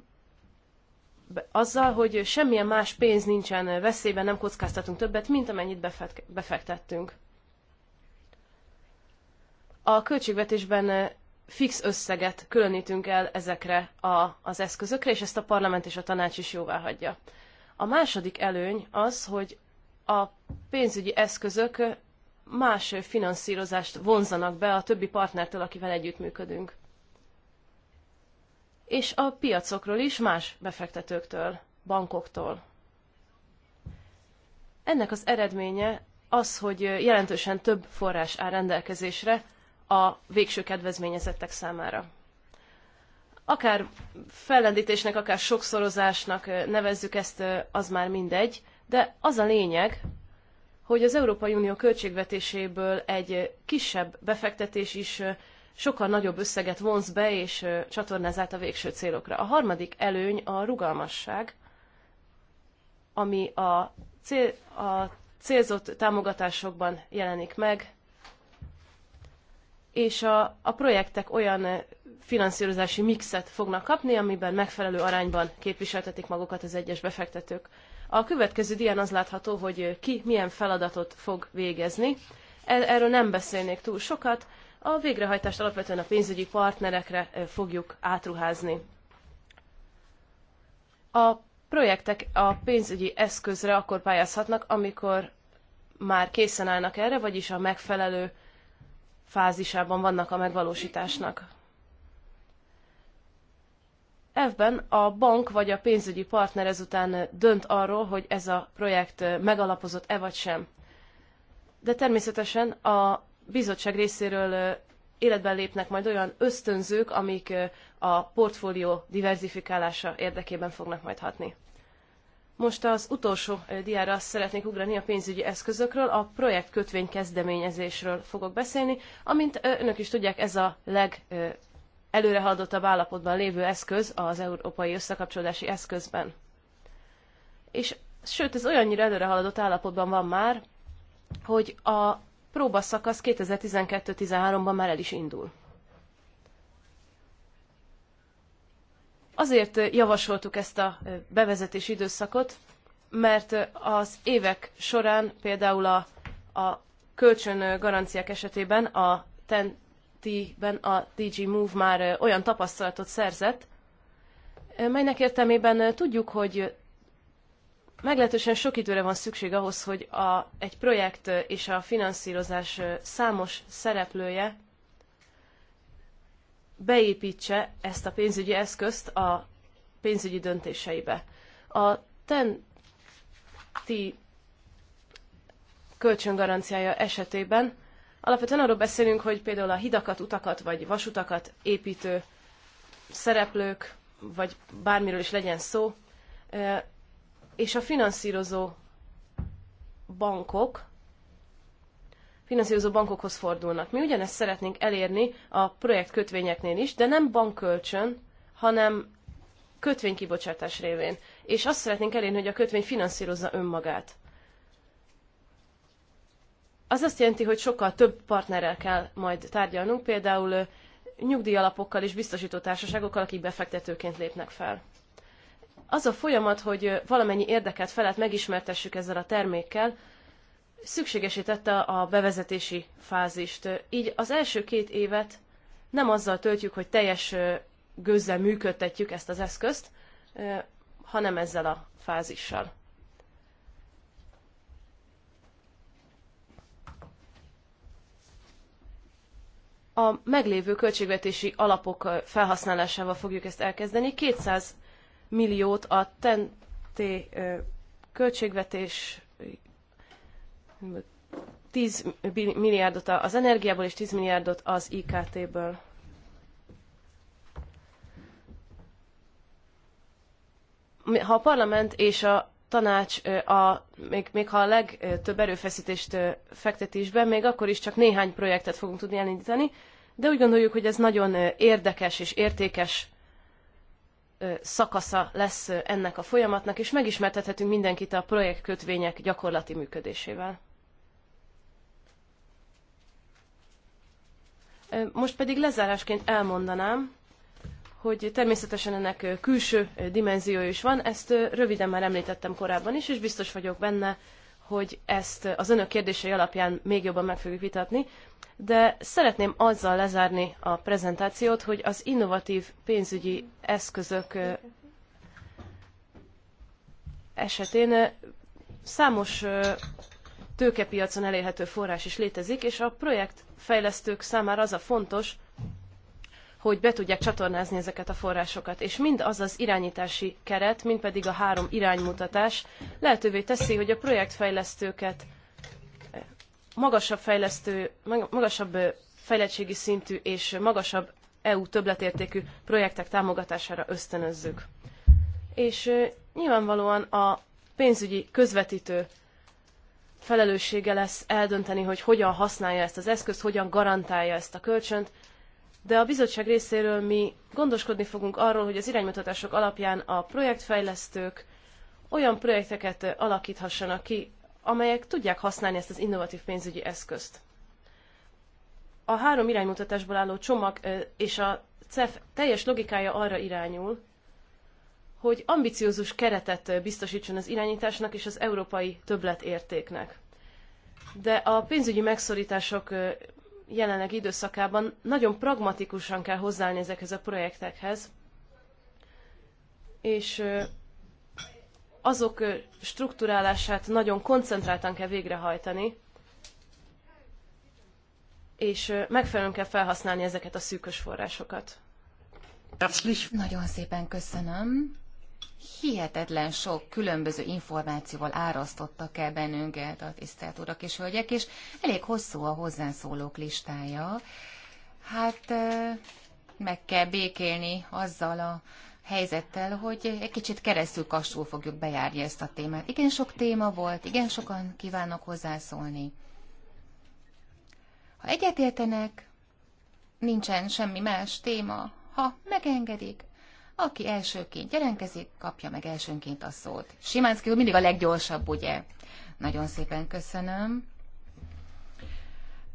azzal, hogy semmilyen más pénz nincsen veszélyben, nem kockáztatunk többet, mint amennyit befektettünk. A költségvetésben eh, fix összeget különítünk el ezekre a, az eszközökre, és ezt a parlament és a tanács is jóvá hagyja. A második előny az, hogy a pénzügyi eszközök eh, más finanszírozást vonzanak be a többi partnertől, akivel együttműködünk. És a piacokról is, más befektetőktől, bankoktól. Ennek az eredménye az, hogy eh, jelentősen több forrás áll rendelkezésre a végső kedvezményezettek számára. Akár fellendítésnek, akár sokszorozásnak nevezzük ezt, az már mindegy, de az a lényeg, hogy az Európai Unió költségvetéséből egy kisebb befektetés is sokkal nagyobb összeget vonz be és csatornáz át a végső célokra. A harmadik előny a rugalmasság, ami a, cél, a célzott támogatásokban jelenik meg, és a, a projektek olyan eh, finanszírozási mixet fognak kapni, amiben megfelelő arányban képviseltetik magukat az egyes befektetők. A következő dián az látható, hogy eh, ki milyen feladatot fog végezni. Er-, erről nem beszélnék túl sokat, a végrehajtást alapvetően a pénzügyi partnerekre eh, fogjuk átruházni. A projektek a pénzügyi eszközre akkor pályázhatnak, amikor már készen állnak erre, vagyis a megfelelő fázisában vannak a megvalósításnak. Ebben a bank vagy a pénzügyi partner ezután dönt arról, hogy ez a projekt megalapozott-e vagy sem. De természetesen a bizottság részéről életben lépnek majd olyan ösztönzők, amik a portfólió diverzifikálása érdekében fognak majd hatni. Most az utolsó eh, diára szeretnék ugrani a pénzügyi eszközökről, a projektkötvény kezdeményezésről fogok beszélni. Amint eh, önök is tudják, ez a legelőrehaladottabb eh, állapotban lévő eszköz az európai összekapcsolódási eszközben. És sőt, ez olyannyira előrehaladott állapotban van már, hogy a próbaszakasz 2012-13-ban már el is indul. Azért javasoltuk ezt a bevezetési időszakot, mert az évek során például a, a kölcsön garanciák esetében a TEN-T-ben a DG Move már olyan tapasztalatot szerzett, melynek értelmében tudjuk, hogy meglehetősen sok időre van szükség ahhoz, hogy a, egy projekt és a finanszírozás számos szereplője beépítse ezt a pénzügyi eszközt a pénzügyi döntéseibe. A TEN-T kölcsöngaranciája esetében alapvetően arról beszélünk, hogy például a hidakat, utakat vagy vasutakat építő szereplők, vagy bármiről is legyen szó, és a finanszírozó bankok finanszírozó bankokhoz fordulnak. Mi ugyanezt szeretnénk elérni a projekt kötvényeknél is, de nem bankkölcsön, hanem kötvénykibocsátás révén. És azt szeretnénk elérni, hogy a kötvény finanszírozza önmagát. Az azt jelenti, hogy sokkal több partnerrel kell majd tárgyalnunk, például nyugdíjalapokkal és biztosító társaságokkal, akik befektetőként lépnek fel. Az a folyamat, hogy valamennyi érdeket felett megismertessük ezzel a termékkel, szükségesítette a bevezetési fázist. Így az első két évet nem azzal töltjük, hogy teljes gőzzel működtetjük ezt az eszközt, hanem ezzel a fázissal. A meglévő költségvetési alapok felhasználásával fogjuk ezt elkezdeni. 200 milliót a TENT költségvetés 10 milliárdot az energiából és 10 milliárdot az IKT-ből. Ha a parlament és a tanács, a, még, még ha a legtöbb erőfeszítést fekteti is be, még akkor is csak néhány projektet fogunk tudni elindítani, de úgy gondoljuk, hogy ez nagyon érdekes és értékes szakasza lesz ennek a folyamatnak, és megismertethetünk mindenkit a projektkötvények gyakorlati működésével. Most pedig lezárásként elmondanám, hogy természetesen ennek külső dimenzió is van, ezt röviden már említettem korábban is, és biztos vagyok benne, hogy ezt az önök kérdései alapján még jobban meg fogjuk vitatni, de szeretném azzal lezárni a prezentációt, hogy az innovatív pénzügyi eszközök esetén számos tőkepiacon elérhető forrás is létezik, és a projektfejlesztők számára az a fontos, hogy be tudják csatornázni ezeket a forrásokat. És mind az az irányítási keret, mind pedig a három iránymutatás lehetővé teszi, hogy a projektfejlesztőket magasabb fejlesztő, magasabb fejlettségi szintű és magasabb EU többletértékű projektek támogatására ösztönözzük. És nyilvánvalóan a pénzügyi közvetítő felelőssége lesz eldönteni, hogy hogyan használja ezt az eszközt, hogyan garantálja ezt a kölcsönt, de a bizottság részéről mi gondoskodni fogunk arról, hogy az iránymutatások alapján a projektfejlesztők olyan projekteket alakíthassanak ki, amelyek tudják használni ezt az innovatív pénzügyi eszközt. A három iránymutatásból álló csomag és a CEF teljes logikája arra irányul, hogy ambiciózus keretet biztosítson az irányításnak és az európai többletértéknek. De a pénzügyi megszorítások jelenlegi időszakában nagyon pragmatikusan kell hozzáállni ezekhez a projektekhez, és azok strukturálását nagyon koncentráltan kell végrehajtani, és megfelelően kell felhasználni ezeket a szűkös forrásokat. Nagyon szépen köszönöm hihetetlen sok különböző információval árasztottak el bennünket a tisztelt urak és hölgyek, és elég hosszú a hozzászólók listája. Hát meg kell békélni azzal a helyzettel, hogy egy kicsit keresztül kassul fogjuk bejárni ezt a témát. Igen sok téma volt, igen sokan kívánok hozzászólni. Ha egyetértenek, nincsen semmi más téma. Ha megengedik, aki elsőként jelentkezik, kapja meg elsőként a szót. Simánszki úr mindig a leggyorsabb, ugye? Nagyon szépen köszönöm.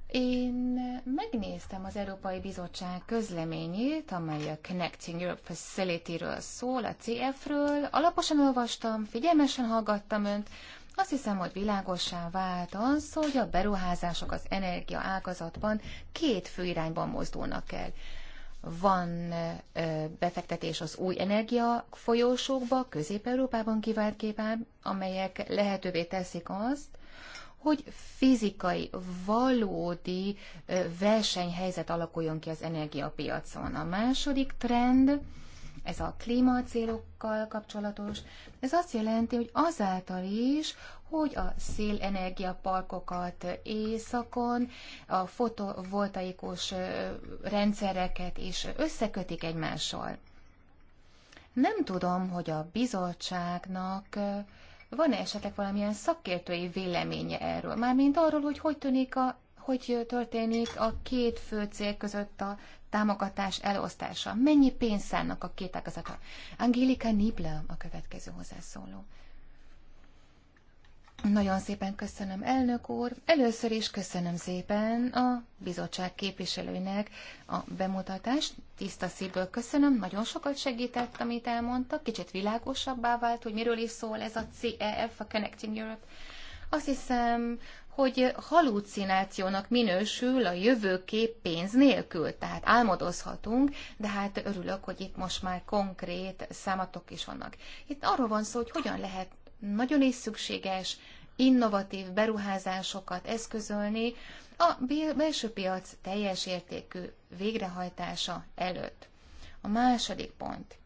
Én megnéztem az Európai Bizottság közleményét, amely a Connecting Europe Facility-ről szól, a CF-ről. Alaposan olvastam, figyelmesen hallgattam önt. Azt hiszem, hogy világossá vált az, hogy a beruházások az energia ágazatban két fő irányban mozdulnak el van befektetés az új energia folyósókba, Közép-Európában kiváltképpen, amelyek lehetővé teszik azt, hogy fizikai, valódi versenyhelyzet alakuljon ki az energiapiacon. A második trend ez a klímacélokkal kapcsolatos. Ez azt jelenti, hogy azáltal is, hogy a szélenergia parkokat éjszakon, a fotovoltaikus rendszereket is összekötik egymással. Nem tudom, hogy a bizottságnak van-e esetleg valamilyen szakértői véleménye erről, mármint arról, hogy hogy tűnik a hogy történik a két fő cél között a támogatás elosztása. Mennyi pénz szánnak a két ágazatra? Angélika Nibla a következő hozzászóló. Nagyon szépen köszönöm, elnök úr. Először is köszönöm szépen a bizottság képviselőinek a bemutatást. Tiszta szívből köszönöm, nagyon sokat segített, amit elmondtak. Kicsit világosabbá vált, hogy miről is szól ez a CEF, a Connecting Europe azt hiszem, hogy halucinációnak minősül a jövőkép pénz nélkül, tehát álmodozhatunk, de hát örülök, hogy itt most már konkrét számatok is vannak. Itt arról van szó, hogy hogyan lehet nagyon is szükséges, innovatív beruházásokat eszközölni a belső piac teljes értékű végrehajtása előtt. A második pont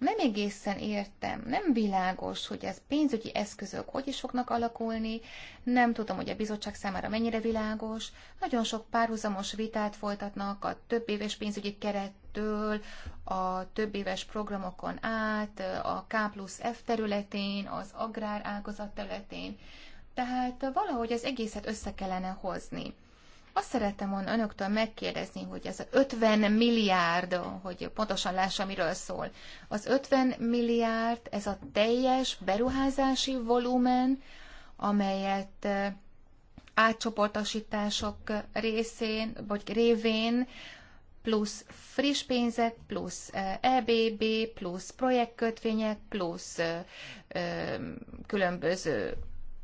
nem egészen értem, nem világos, hogy ez pénzügyi eszközök hogy is fognak alakulni, nem tudom, hogy a bizottság számára mennyire világos, nagyon sok párhuzamos vitát folytatnak a több éves pénzügyi kerettől, a több éves programokon át, a K plusz F területén, az agrár ágazat területén, tehát valahogy az egészet össze kellene hozni. Azt szerettem volna önöktől megkérdezni, hogy ez a 50 milliárd, hogy pontosan lássa, miről szól. Az 50 milliárd, ez a teljes beruházási volumen, amelyet eh, átcsoportosítások részén, vagy révén, plusz friss pénzek, plusz EBB, eh, e plusz projektkötvények, plusz eh, különböző.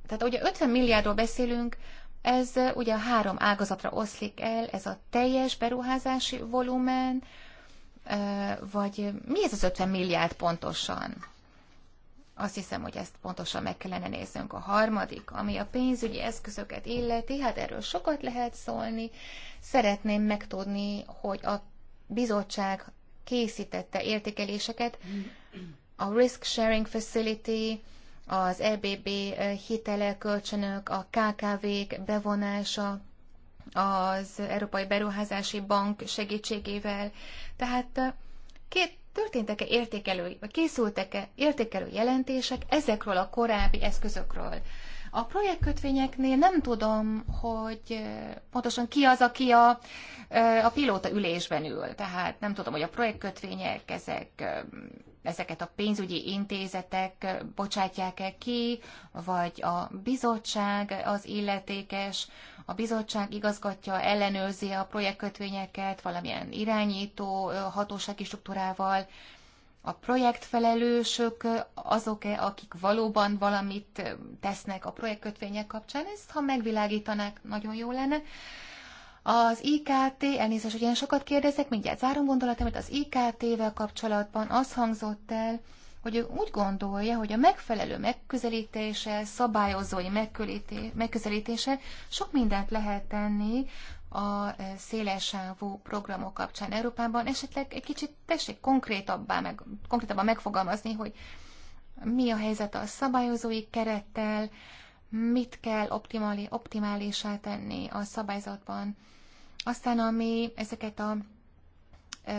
Tehát ugye 50 milliárdról beszélünk, ez ugye a három ágazatra oszlik el, ez a teljes beruházási volumen, vagy mi ez az 50 milliárd pontosan? Azt hiszem, hogy ezt pontosan meg kellene néznünk. A harmadik, ami a pénzügyi eszközöket illeti, hát erről sokat lehet szólni. Szeretném megtudni, hogy a bizottság készítette értékeléseket, a Risk Sharing Facility, az EBB hitelek, kölcsönök, a KKV-k bevonása, az Európai Beruházási Bank segítségével. Tehát két történtek-e értékelő, készültek-e értékelő jelentések ezekről a korábbi eszközökről? A projektkötvényeknél nem tudom, hogy pontosan ki az, aki a, a pilóta ülésben ül. Tehát nem tudom, hogy a projektkötvények ezek ezeket a pénzügyi intézetek bocsátják-e ki, vagy a bizottság az illetékes, a bizottság igazgatja, ellenőrzi a projektkötvényeket valamilyen irányító hatósági struktúrával, a projektfelelősök azok-e, akik valóban valamit tesznek a projektkötvények kapcsán, ezt ha megvilágítanák, nagyon jó lenne. Az IKT, elnézést, hogy ilyen sokat kérdezek, mindjárt zárom gondolatomat, az IKT-vel kapcsolatban az hangzott el, hogy ő úgy gondolja, hogy a megfelelő megközelítése, szabályozói megközelítése sok mindent lehet tenni a eh, szélesávú programok kapcsán Európában. Esetleg egy kicsit tessék konkrétabbá, meg, konkrétabban megfogalmazni, hogy mi a helyzet a szabályozói kerettel, mit kell optimálisá tenni a szabályzatban, aztán ami ezeket a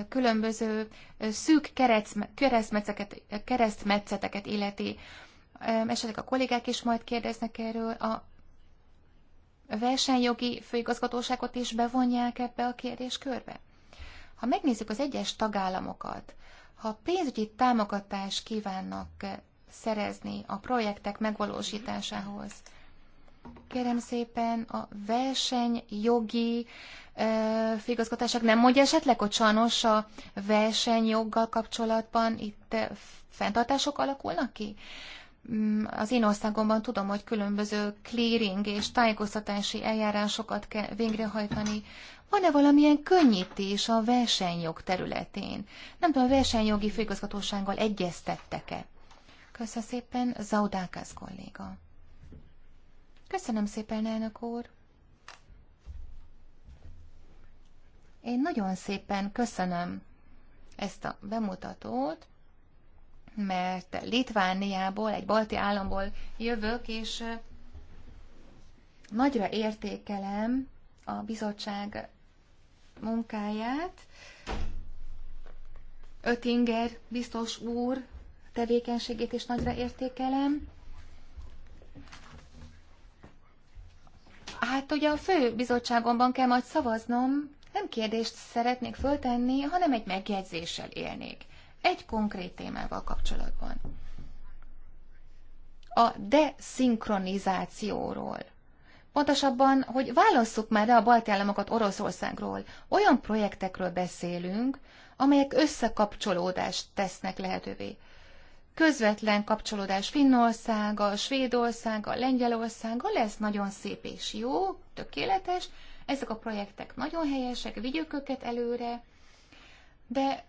különböző szűk keresztmetszeteket, keresztmetszeteket illeti, esetleg a kollégák is majd kérdeznek erről, a versenyjogi főigazgatóságot is bevonják ebbe a kérdéskörbe? Ha megnézzük az egyes tagállamokat, ha pénzügyi támogatást kívánnak szerezni a projektek megvalósításához, Kérem szépen, a versenyjogi ö, figazgatások nem mondja esetleg, hogy sajnos a versenyjoggal kapcsolatban itt fenntartások alakulnak ki? Mm, az én országomban tudom, hogy különböző clearing és tájékoztatási eljárásokat kell végrehajtani. Van-e valamilyen könnyítés a versenyjog területén? Nem tudom, a versenyjogi főigazgatósággal egyeztettek-e? Köszönöm szépen, Zaudákász kolléga. Köszönöm szépen, elnök úr. Én nagyon szépen köszönöm ezt a bemutatót, mert Litvániából, egy balti államból jövök, és nagyra értékelem a bizottság munkáját. Ötinger biztos úr tevékenységét is nagyra értékelem. Hát ugye a fő bizottságomban kell majd szavaznom, nem kérdést szeretnék föltenni, hanem egy megjegyzéssel élnék. Egy konkrét témával kapcsolatban. A deszinkronizációról. Pontosabban, hogy válasszuk már le a balti államokat Oroszországról. Olyan projektekről beszélünk, amelyek összekapcsolódást tesznek lehetővé közvetlen kapcsolódás Finnországgal, Svédországgal, Lengyelországgal lesz nagyon szép és jó, tökéletes. Ezek a projektek nagyon helyesek, vigyük őket előre, de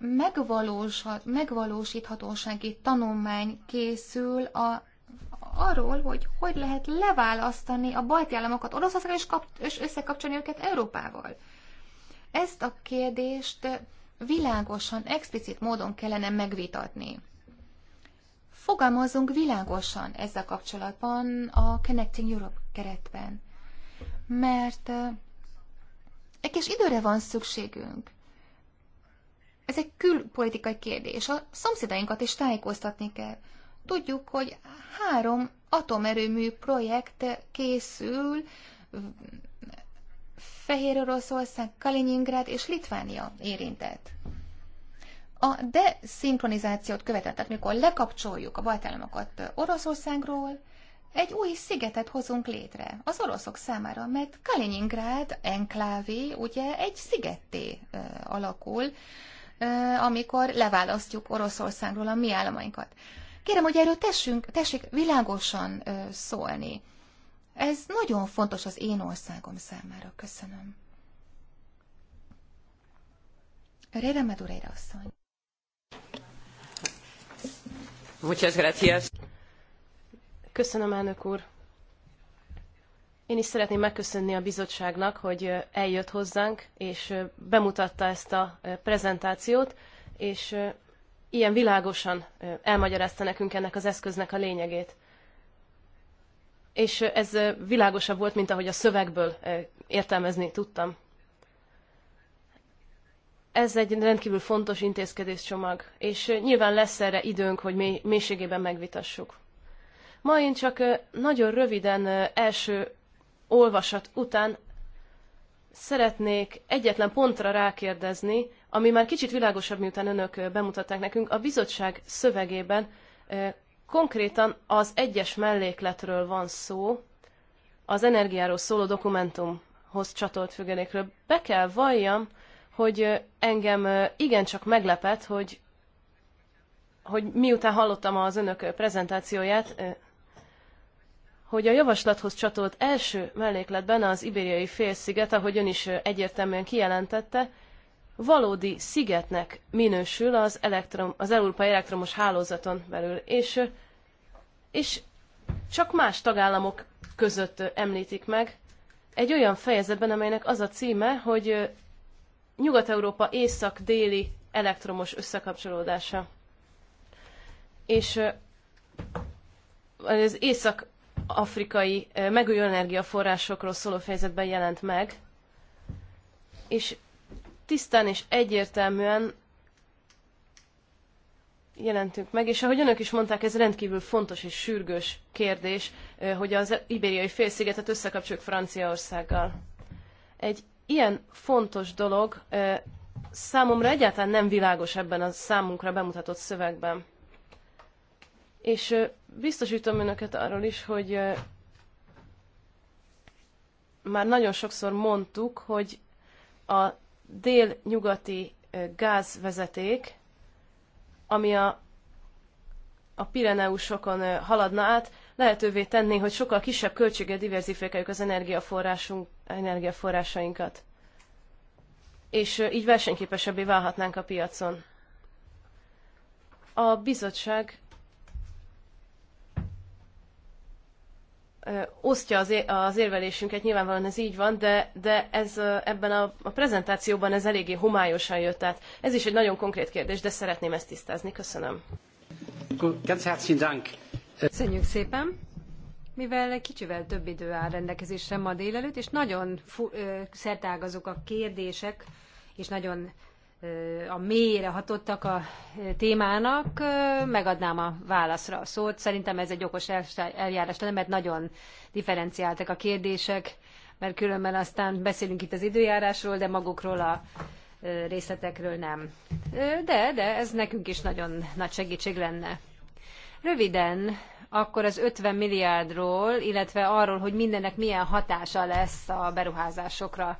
megvalósíthatósági tanulmány készül a, arról, hogy hogy lehet leválasztani a balti államokat Oroszországgal és, kap, és összekapcsolni őket Európával. Ezt a kérdést világosan, explicit módon kellene megvitatni. Fogalmazunk világosan ezzel kapcsolatban a Connecting Europe keretben. Mert egy kis időre van szükségünk. Ez egy külpolitikai kérdés. A szomszédainkat is tájékoztatni kell. Tudjuk, hogy három atomerőmű projekt készül Fehér Oroszország, Kaliningrad és Litvánia érintett a deszinkronizációt követett, tehát mikor lekapcsoljuk a baltállamokat Oroszországról, egy új szigetet hozunk létre az oroszok számára, mert Kaliningrád enklávé ugye egy szigetté ö, alakul, ö, amikor leválasztjuk Oroszországról a mi államainkat. Kérem, hogy erről tessünk, tessék világosan ö, szólni. Ez nagyon fontos az én országom számára. Köszönöm. Rére Madureira asszony. Muchas gracias. Köszönöm, elnök úr. Én is szeretném megköszönni a bizottságnak, hogy eljött hozzánk, és bemutatta ezt a prezentációt, és ilyen világosan elmagyarázta nekünk ennek az eszköznek a lényegét. És ez világosabb volt, mint ahogy a szövegből értelmezni tudtam ez egy rendkívül fontos intézkedéscsomag, és nyilván lesz erre időnk, hogy mélységében megvitassuk. Ma én csak nagyon röviden első olvasat után szeretnék egyetlen pontra rákérdezni, ami már kicsit világosabb, miután önök bemutatták nekünk. A bizottság szövegében konkrétan az egyes mellékletről van szó, az energiáról szóló dokumentumhoz csatolt függelékről. Be kell valljam, hogy engem igencsak meglepett, hogy, hogy miután hallottam az önök prezentációját, hogy a javaslathoz csatolt első mellékletben az ibériai félsziget, ahogy ön is egyértelműen kijelentette, valódi szigetnek minősül az, elektrom, az európai elektromos hálózaton belül, és, és csak más tagállamok között említik meg, egy olyan fejezetben, amelynek az a címe, hogy Nyugat-Európa észak-déli elektromos összekapcsolódása. És az észak-afrikai megújuló energiaforrásokról szóló fejezetben jelent meg, és tisztán és egyértelműen jelentünk meg, és ahogy önök is mondták, ez rendkívül fontos és sürgős kérdés, hogy az ibériai félszigetet összekapcsoljuk Franciaországgal. Egy ilyen fontos dolog számomra egyáltalán nem világos ebben a számunkra bemutatott szövegben. És biztosítom önöket arról is, hogy már nagyon sokszor mondtuk, hogy a dél-nyugati gázvezeték, ami a, a Pireneusokon haladna át, lehetővé tenni, hogy sokkal kisebb költséggel diversifikáljuk az energiaforrásunk, energiaforrásainkat. És így versenyképesebbé válhatnánk a piacon. A bizottság osztja az, érvelésünket, nyilvánvalóan ez így van, de, de ez ebben a, a prezentációban ez eléggé homályosan jött Tehát Ez is egy nagyon konkrét kérdés, de szeretném ezt tisztázni. Köszönöm. Ganz herzlichen Dank. Köszönjük szépen! Mivel kicsivel több idő áll rendelkezésre ma délelőtt, és nagyon szertágazók a kérdések, és nagyon a mélyre hatottak a témának, megadnám a válaszra a szót. Szerintem ez egy okos eljárás lenne, mert nagyon differenciáltak a kérdések, mert különben aztán beszélünk itt az időjárásról, de magukról a részletekről nem. De, de ez nekünk is nagyon nagy segítség lenne. Röviden, akkor az 50 milliárdról, illetve arról, hogy mindennek milyen hatása lesz a beruházásokra.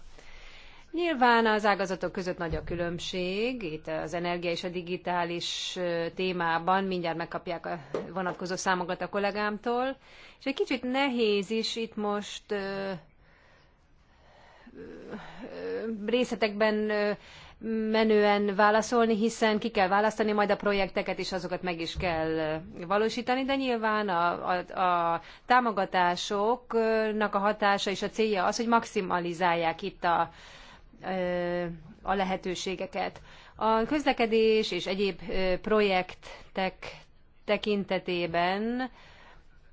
Nyilván az ágazatok között nagy a különbség, itt az energia és a digitális témában mindjárt megkapják a vonatkozó számokat a kollégámtól, és egy kicsit nehéz is itt most részletekben menően válaszolni, hiszen ki kell választani majd a projekteket, és azokat meg is kell valósítani, de nyilván a, a, a támogatásoknak a hatása és a célja az, hogy maximalizálják itt a, a lehetőségeket. A közlekedés és egyéb projektek tekintetében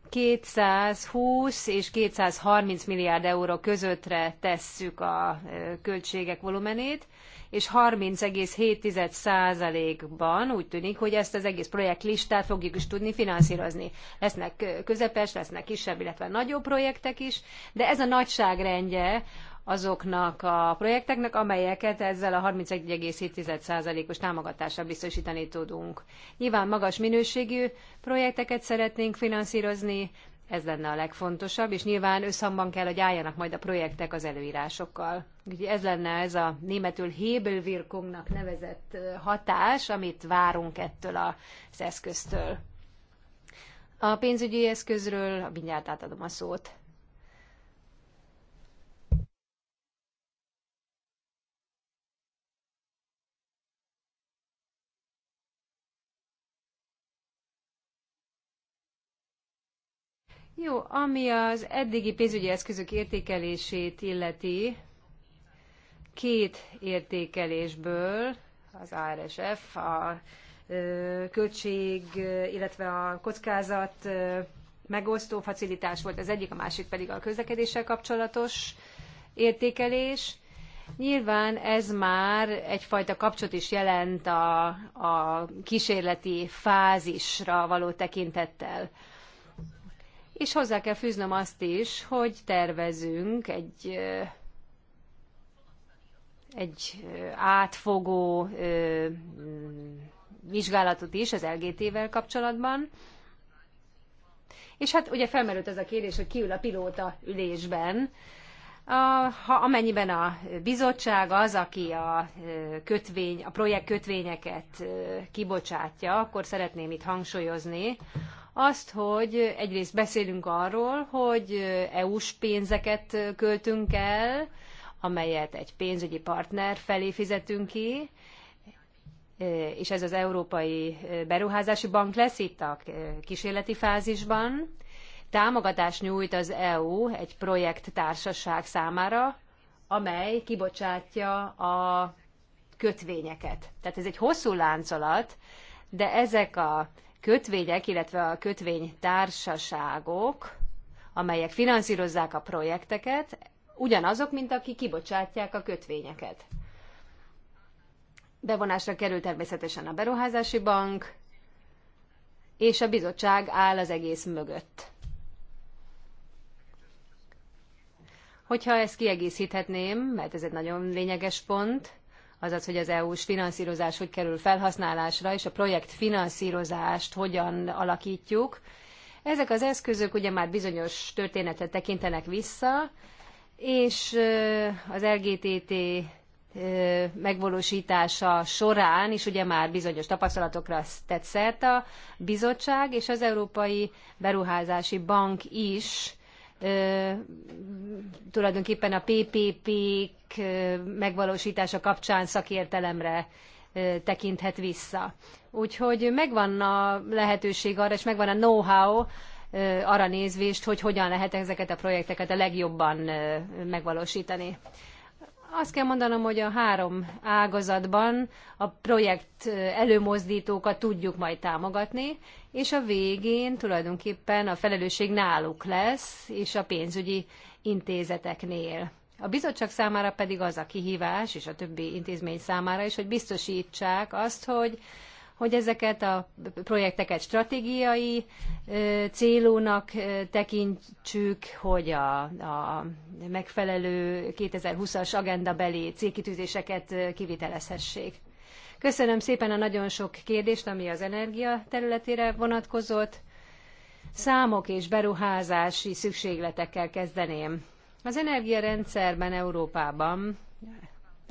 220 és 230 milliárd euró közöttre tesszük a költségek volumenét, és 30,7%-ban úgy tűnik, hogy ezt az egész projektlistát fogjuk is tudni finanszírozni. Lesznek közepes, lesznek kisebb, illetve nagyobb projektek is, de ez a nagyságrendje azoknak a projekteknek, amelyeket ezzel a 31,7%-os támogatással biztosítani tudunk. Nyilván magas minőségű projekteket szeretnénk finanszírozni, ez lenne a legfontosabb, és nyilván összhangban kell, hogy álljanak majd a projektek az előírásokkal. Úgyhogy ez lenne ez a németül Hebelwirkungnak nevezett hatás, amit várunk ettől az eszköztől. A pénzügyi eszközről mindjárt átadom a szót. Jó, ami az eddigi pénzügyi eszközök értékelését illeti, két értékelésből, az ARSF, a költség, illetve a kockázat megosztó facilitás volt az egyik, a másik pedig a közlekedéssel kapcsolatos értékelés. Nyilván ez már egyfajta kapcsot is jelent a, a kísérleti fázisra való tekintettel. És hozzá kell fűznöm azt is, hogy tervezünk egy egy átfogó mm, vizsgálatot is az LGT-vel kapcsolatban. És hát ugye felmerült ez a kérdés, hogy kiül a pilóta ülésben. A, ha amennyiben a bizottság az, aki a, kötvény, a projekt kötvényeket kibocsátja, akkor szeretném itt hangsúlyozni, azt, hogy egyrészt beszélünk arról, hogy EU-s pénzeket költünk el, amelyet egy pénzügyi partner felé fizetünk ki, és ez az Európai Beruházási Bank lesz itt a kísérleti fázisban. Támogatást nyújt az EU egy projekttársaság számára, amely kibocsátja a kötvényeket. Tehát ez egy hosszú láncolat, de ezek a kötvények, illetve a kötvénytársaságok, amelyek finanszírozzák a projekteket, ugyanazok, mint akik kibocsátják a kötvényeket. Bevonásra kerül természetesen a beruházási bank, és a bizottság áll az egész mögött. Hogyha ezt kiegészíthetném, mert ez egy nagyon lényeges pont, azaz, hogy az EU-s finanszírozás hogy kerül felhasználásra, és a projekt finanszírozást hogyan alakítjuk. Ezek az eszközök ugye már bizonyos történetet tekintenek vissza, és az LGTT megvalósítása során is ugye már bizonyos tapasztalatokra tett szert a bizottság, és az Európai Beruházási Bank is tulajdonképpen a PPP-k megvalósítása kapcsán szakértelemre tekinthet vissza. Úgyhogy megvan a lehetőség arra, és megvan a know-how arra nézvést, hogy hogyan lehet ezeket a projekteket a legjobban megvalósítani. Azt kell mondanom, hogy a három ágazatban a projekt előmozdítókat tudjuk majd támogatni, és a végén tulajdonképpen a felelősség náluk lesz, és a pénzügyi intézeteknél. A bizottság számára pedig az a kihívás, és a többi intézmény számára is, hogy biztosítsák azt, hogy hogy ezeket a projekteket stratégiai célúnak tekintsük, hogy a, a megfelelő 2020-as agendabeli célkitűzéseket kivitelezhessék. Köszönöm szépen a nagyon sok kérdést, ami az energia területére vonatkozott. Számok és beruházási szükségletekkel kezdeném. Az energiarendszerben Európában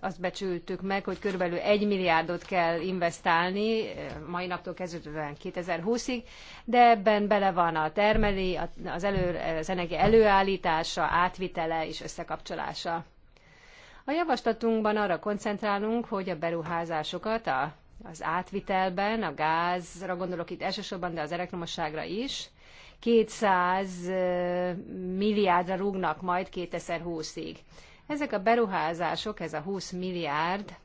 azt becsültük meg, hogy körülbelül 1 milliárdot kell investálni mai naptól kezdődően 2020-ig, de ebben bele van a termeli, az, elő, az energia előállítása, átvitele és összekapcsolása. A javaslatunkban arra koncentrálunk, hogy a beruházásokat a, az átvitelben, a gázra gondolok itt elsősorban, de az elektromosságra is, 200 milliárdra rúgnak majd 2020-ig. Ezek a beruházások, ez a 20 milliárd,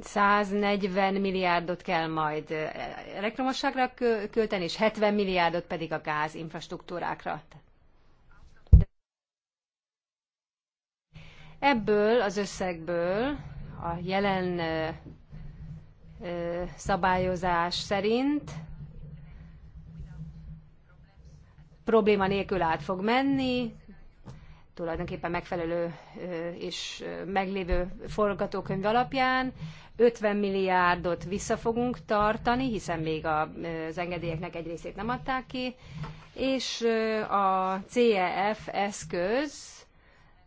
140 milliárdot kell majd eh, elektromosságra költeni, és 70 milliárdot pedig a gáz infrastruktúrákra. Ebből az összegből a jelen eh, eh, szabályozás szerint probléma nélkül át fog menni, tulajdonképpen megfelelő és meglévő forgatókönyv alapján 50 milliárdot vissza fogunk tartani, hiszen még az engedélyeknek egy részét nem adták ki, és a CEF eszköz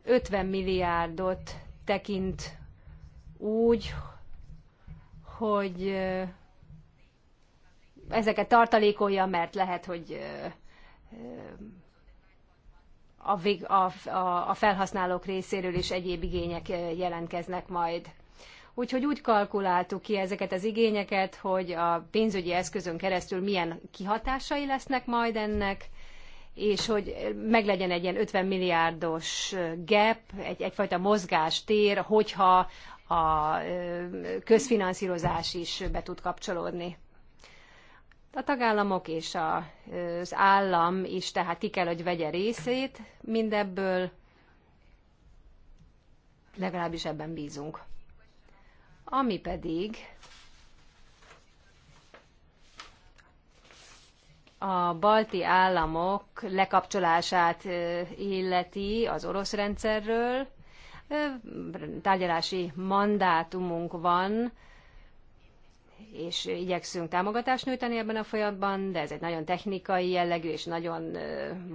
50 milliárdot tekint úgy, hogy ezeket tartalékolja, mert lehet, hogy a, a, a felhasználók részéről is egyéb igények eh, jelentkeznek majd. Úgyhogy úgy kalkuláltuk ki ezeket az igényeket, hogy a pénzügyi eszközön keresztül milyen kihatásai lesznek majd ennek, és hogy meglegyen egy ilyen 50 milliárdos eh, gap, egy, egyfajta mozgástér, hogyha a eh, közfinanszírozás is be tud kapcsolódni. A tagállamok és a, az állam is tehát ki kell, hogy vegye részét mindebből, legalábbis ebben bízunk. Ami pedig a balti államok lekapcsolását illeti az orosz rendszerről, tárgyalási mandátumunk van, és igyekszünk támogatást nyújtani ebben a folyamatban, de ez egy nagyon technikai jellegű és nagyon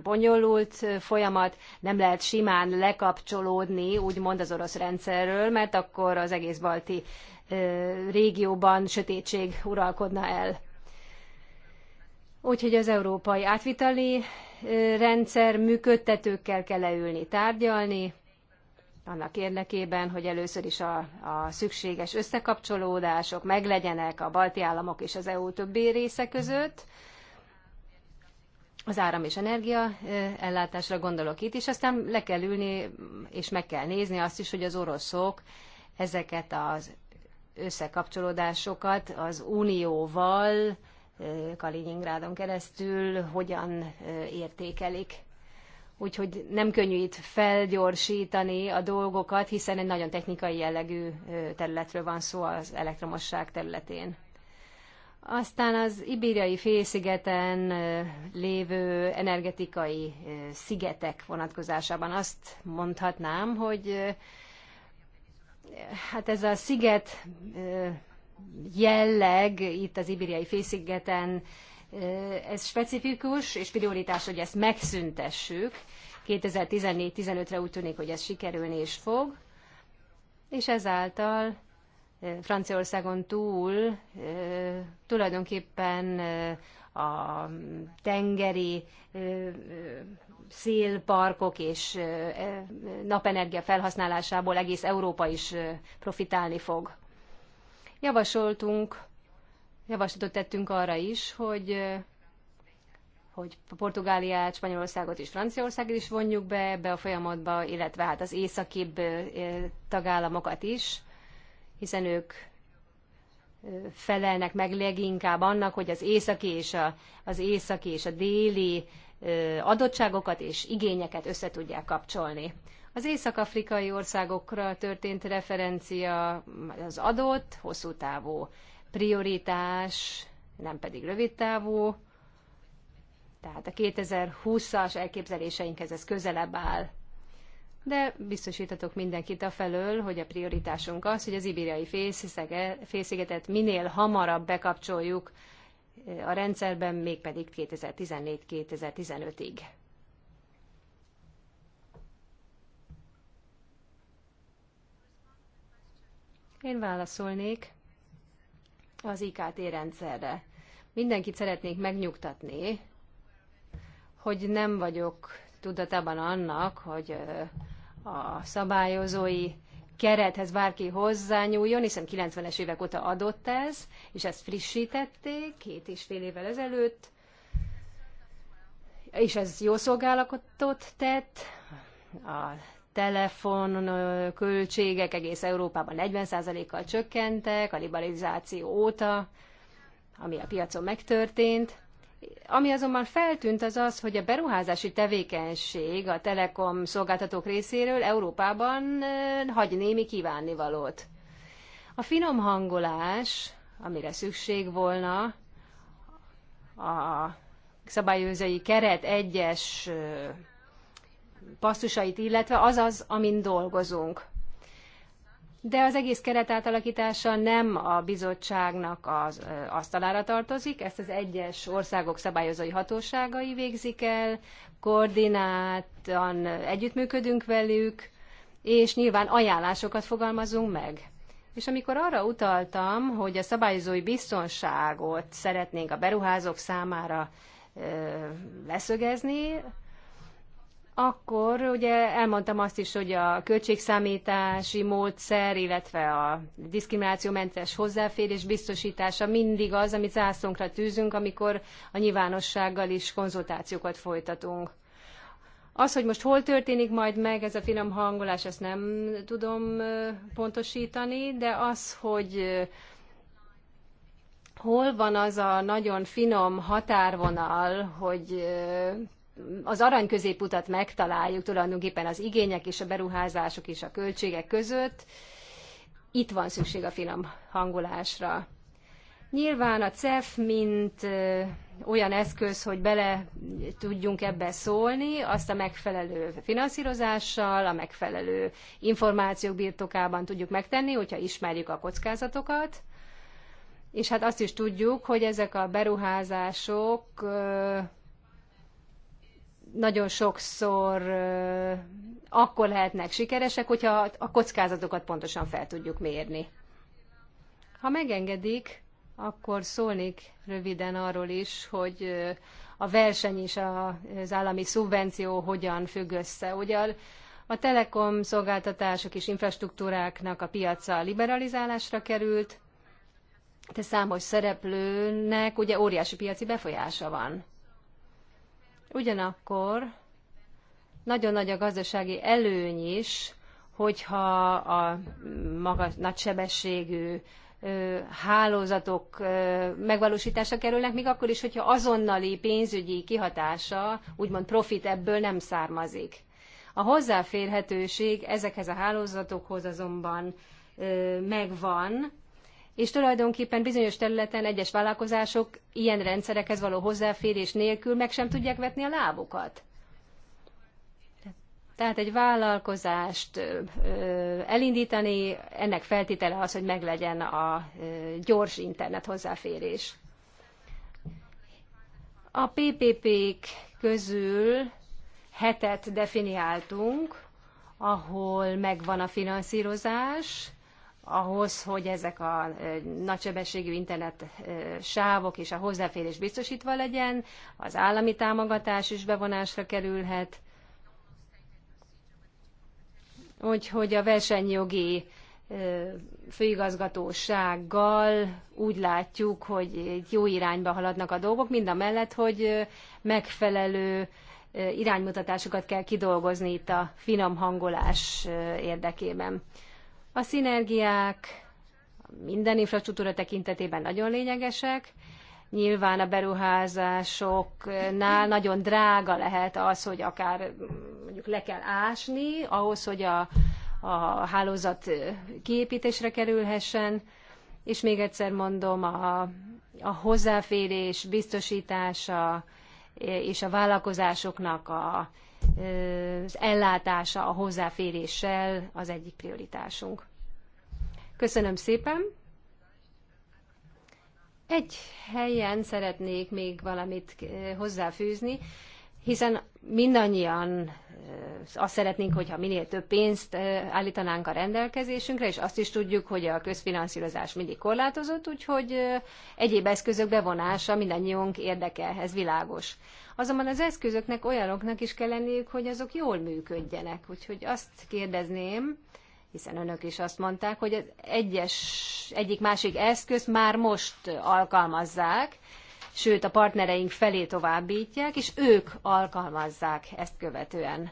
bonyolult folyamat. Nem lehet simán lekapcsolódni, úgymond az orosz rendszerről, mert akkor az egész balti régióban sötétség uralkodna el. Úgyhogy az európai átvitali rendszer működtetőkkel kell leülni, tárgyalni, annak érdekében, hogy először is a, a szükséges összekapcsolódások meglegyenek a balti államok és az EU többi része között, az áram és energia ellátásra gondolok itt, és aztán le kell ülni, és meg kell nézni azt is, hogy az oroszok ezeket az összekapcsolódásokat az unióval, Kaliningrádon keresztül hogyan értékelik úgyhogy nem könnyű itt felgyorsítani a dolgokat, hiszen egy nagyon technikai jellegű területről van szó az elektromosság területén. Aztán az ibériai félszigeten lévő energetikai szigetek vonatkozásában azt mondhatnám, hogy hát ez a sziget jelleg itt az ibériai félszigeten ez specifikus, és prioritás, hogy ezt megszüntessük. 2014-15-re úgy tűnik, hogy ez sikerülni is fog, és ezáltal Franciaországon túl tulajdonképpen a tengeri szélparkok és napenergia felhasználásából egész Európa is profitálni fog. Javasoltunk javaslatot tettünk arra is, hogy hogy Portugáliát, Spanyolországot és Franciaországot is vonjuk be ebbe a folyamatba, illetve hát az északibb tagállamokat is, hiszen ők felelnek meg leginkább annak, hogy az északi és a, az északi és a déli adottságokat és igényeket össze tudják kapcsolni. Az észak-afrikai országokra történt referencia az adott, hosszú távú prioritás, nem pedig rövidtávú. Tehát a 2020-as elképzeléseinkhez ez közelebb áll. De biztosítatok mindenkit a felől, hogy a prioritásunk az, hogy az ibériai félszigetet minél hamarabb bekapcsoljuk eh, a rendszerben, mégpedig 2014-2015-ig. Én válaszolnék az IKT rendszerre. Mindenkit szeretnék megnyugtatni, hogy nem vagyok tudatában annak, hogy a szabályozói kerethez bárki hozzányúljon, hiszen 90-es évek óta adott ez, és ezt frissítették két és fél évvel ezelőtt, és ez jó szolgálatot tett a telefon költségek egész Európában 40%-kal csökkentek a liberalizáció óta, ami a piacon megtörtént. Ami azonban feltűnt az az, hogy a beruházási tevékenység a telekom szolgáltatók részéről Európában hagy némi kívánnivalót. A finom hangolás, amire szükség volna, a szabályozói keret egyes passzusait illetve, az az, amin dolgozunk. De az egész keretátalakítása nem a bizottságnak az asztalára tartozik, ezt az egyes országok szabályozói hatóságai végzik el, koordináltan együttműködünk velük, és nyilván ajánlásokat fogalmazunk meg. És amikor arra utaltam, hogy a szabályozói biztonságot szeretnénk a beruházók számára ö, leszögezni, akkor ugye elmondtam azt is, hogy a költségszámítási módszer, illetve a diszkriminációmentes hozzáférés biztosítása mindig az, amit zászlónkra tűzünk, amikor a nyilvánossággal is konzultációkat folytatunk. Az, hogy most hol történik majd meg ez a finom hangolás, ezt nem tudom pontosítani, de az, hogy hol van az a nagyon finom határvonal, hogy az arany középutat megtaláljuk tulajdonképpen az igények és a beruházások és a költségek között. Itt van szükség a finom hangolásra. Nyilván a CEF, mint olyan eszköz, hogy bele tudjunk ebbe szólni, azt a megfelelő finanszírozással, a megfelelő információk birtokában tudjuk megtenni, hogyha ismerjük a kockázatokat. És hát azt is tudjuk, hogy ezek a beruházások nagyon sokszor akkor lehetnek sikeresek, hogyha a kockázatokat pontosan fel tudjuk mérni. Ha megengedik, akkor szólnék röviden arról is, hogy a verseny és az állami szubvenció hogyan függ össze. Ugye a telekom szolgáltatások és infrastruktúráknak a piaca liberalizálásra került, de számos szereplőnek ugye óriási piaci befolyása van Ugyanakkor nagyon nagy a gazdasági előny is, hogyha a magas, nagysebességű hálózatok megvalósítása kerülnek, még akkor is, hogyha azonnali pénzügyi kihatása, úgymond profit ebből nem származik. A hozzáférhetőség ezekhez a hálózatokhoz azonban megvan, és tulajdonképpen bizonyos területen egyes vállalkozások ilyen rendszerekhez való hozzáférés nélkül meg sem tudják vetni a lábukat. Tehát egy vállalkozást elindítani, ennek feltétele az, hogy meglegyen a gyors internet hozzáférés. A PPP-k közül hetet definiáltunk, ahol megvan a finanszírozás, ahhoz, hogy ezek a nagysebességű internet sávok és a hozzáférés biztosítva legyen, az állami támogatás is bevonásra kerülhet, úgyhogy a versenyjogi főigazgatósággal úgy látjuk, hogy jó irányba haladnak a dolgok, mind a mellett, hogy megfelelő iránymutatásokat kell kidolgozni itt a finom hangolás érdekében. A szinergiák minden infrastruktúra tekintetében nagyon lényegesek. Nyilván a beruházásoknál nagyon drága lehet az, hogy akár mondjuk le kell ásni, ahhoz, hogy a, a hálózat kiépítésre kerülhessen. És még egyszer mondom, a, a hozzáférés biztosítása és a vállalkozásoknak a, az ellátása a hozzáféréssel az egyik prioritásunk. Köszönöm szépen. Egy helyen szeretnék még valamit eh, hozzáfűzni, hiszen mindannyian eh, azt szeretnénk, hogyha minél több pénzt eh, állítanánk a rendelkezésünkre, és azt is tudjuk, hogy a közfinanszírozás mindig korlátozott, úgyhogy egyéb eszközök bevonása mindannyiunk érdeke, ez világos. Azonban az eszközöknek olyanoknak is kell lenniük, hogy azok jól működjenek. Úgyhogy azt kérdezném, hiszen önök is azt mondták, hogy az egyes, egyik másik eszköz már most alkalmazzák, sőt a partnereink felé továbbítják, és ők alkalmazzák ezt követően.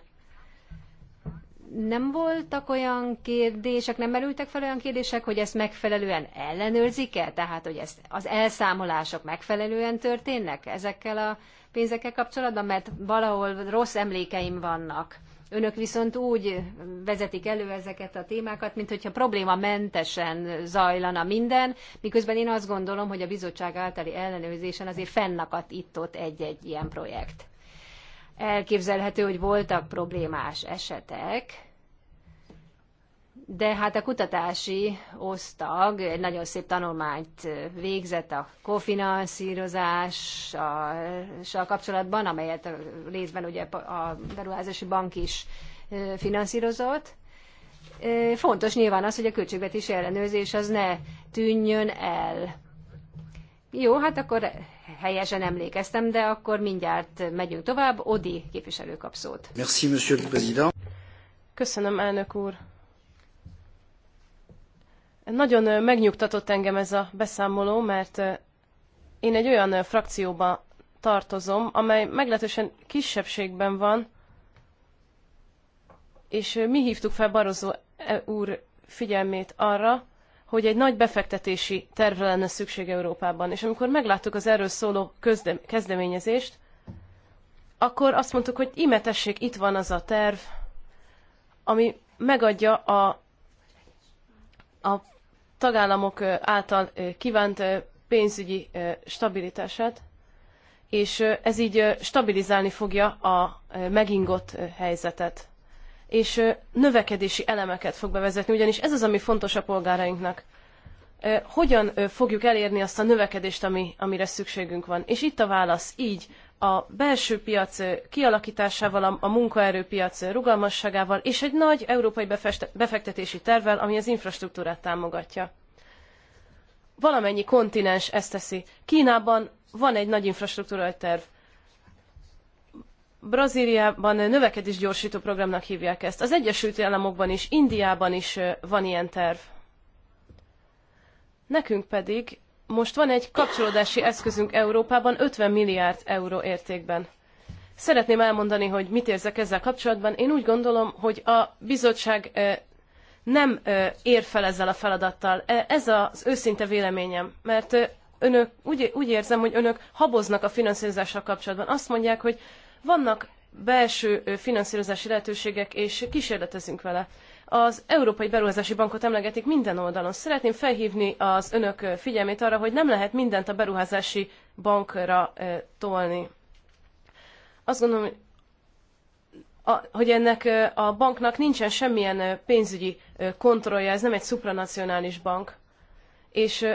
Nem voltak olyan kérdések, nem merültek fel olyan kérdések, hogy ezt megfelelően ellenőrzik-e? Tehát, hogy ezt, az elszámolások megfelelően történnek ezekkel a pénzekkel kapcsolatban, mert valahol rossz emlékeim vannak Önök viszont úgy vezetik elő ezeket a témákat, mint probléma problémamentesen zajlana minden, miközben én azt gondolom, hogy a bizottság általi ellenőrzésen azért fennakadt itt-ott egy-egy ilyen projekt. Elképzelhető, hogy voltak problémás esetek, de hát a kutatási osztag egy nagyon szép tanulmányt végzett a kofinanszírozással kapcsolatban, amelyet részben ugye a beruházási bank is finanszírozott. Fontos nyilván az, hogy a költségvetési ellenőrzés az ne tűnjön el. Jó, hát akkor helyesen emlékeztem, de akkor mindjárt megyünk tovább. Odi képviselő kap szót. Merci, monsieur le président. Köszönöm, elnök úr. Nagyon megnyugtatott engem ez a beszámoló, mert én egy olyan frakcióba tartozom, amely meglehetősen kisebbségben van, és mi hívtuk fel Barozó e, úr figyelmét arra, hogy egy nagy befektetési tervre lenne szükség Európában. És amikor megláttuk az erről szóló közdem, kezdeményezést, akkor azt mondtuk, hogy imetessék, itt van az a terv, ami megadja a, a tagállamok által kívánt pénzügyi stabilitását, és ez így stabilizálni fogja a megingott helyzetet. És növekedési elemeket fog bevezetni, ugyanis ez az, ami fontos a polgárainknak. Hogyan fogjuk elérni azt a növekedést, ami, amire szükségünk van? És itt a válasz így, a belső piac kialakításával, a munkaerőpiac rugalmasságával és egy nagy európai befektetési tervvel, ami az infrastruktúrát támogatja. Valamennyi kontinens ezt teszi. Kínában van egy nagy infrastruktúrai terv. Brazíliában növekedés gyorsító programnak hívják ezt. Az Egyesült Államokban is, Indiában is van ilyen terv. Nekünk pedig most van egy kapcsolódási eszközünk Európában 50 milliárd euró értékben. Szeretném elmondani, hogy mit érzek ezzel kapcsolatban. Én úgy gondolom, hogy a bizottság nem ér fel ezzel a feladattal. E, ez az őszinte véleményem, mert önök, úgy, úgy érzem, hogy önök haboznak a finanszírozással kapcsolatban. Azt mondják, hogy vannak belső finanszírozási lehetőségek, és kísérletezünk vele az Európai Beruházási Bankot emlegetik minden oldalon. Szeretném felhívni az önök figyelmét arra, hogy nem lehet mindent a beruházási bankra tolni. Azt gondolom, hogy ennek a banknak nincsen semmilyen pénzügyi kontrollja, ez nem egy supranacionális bank. És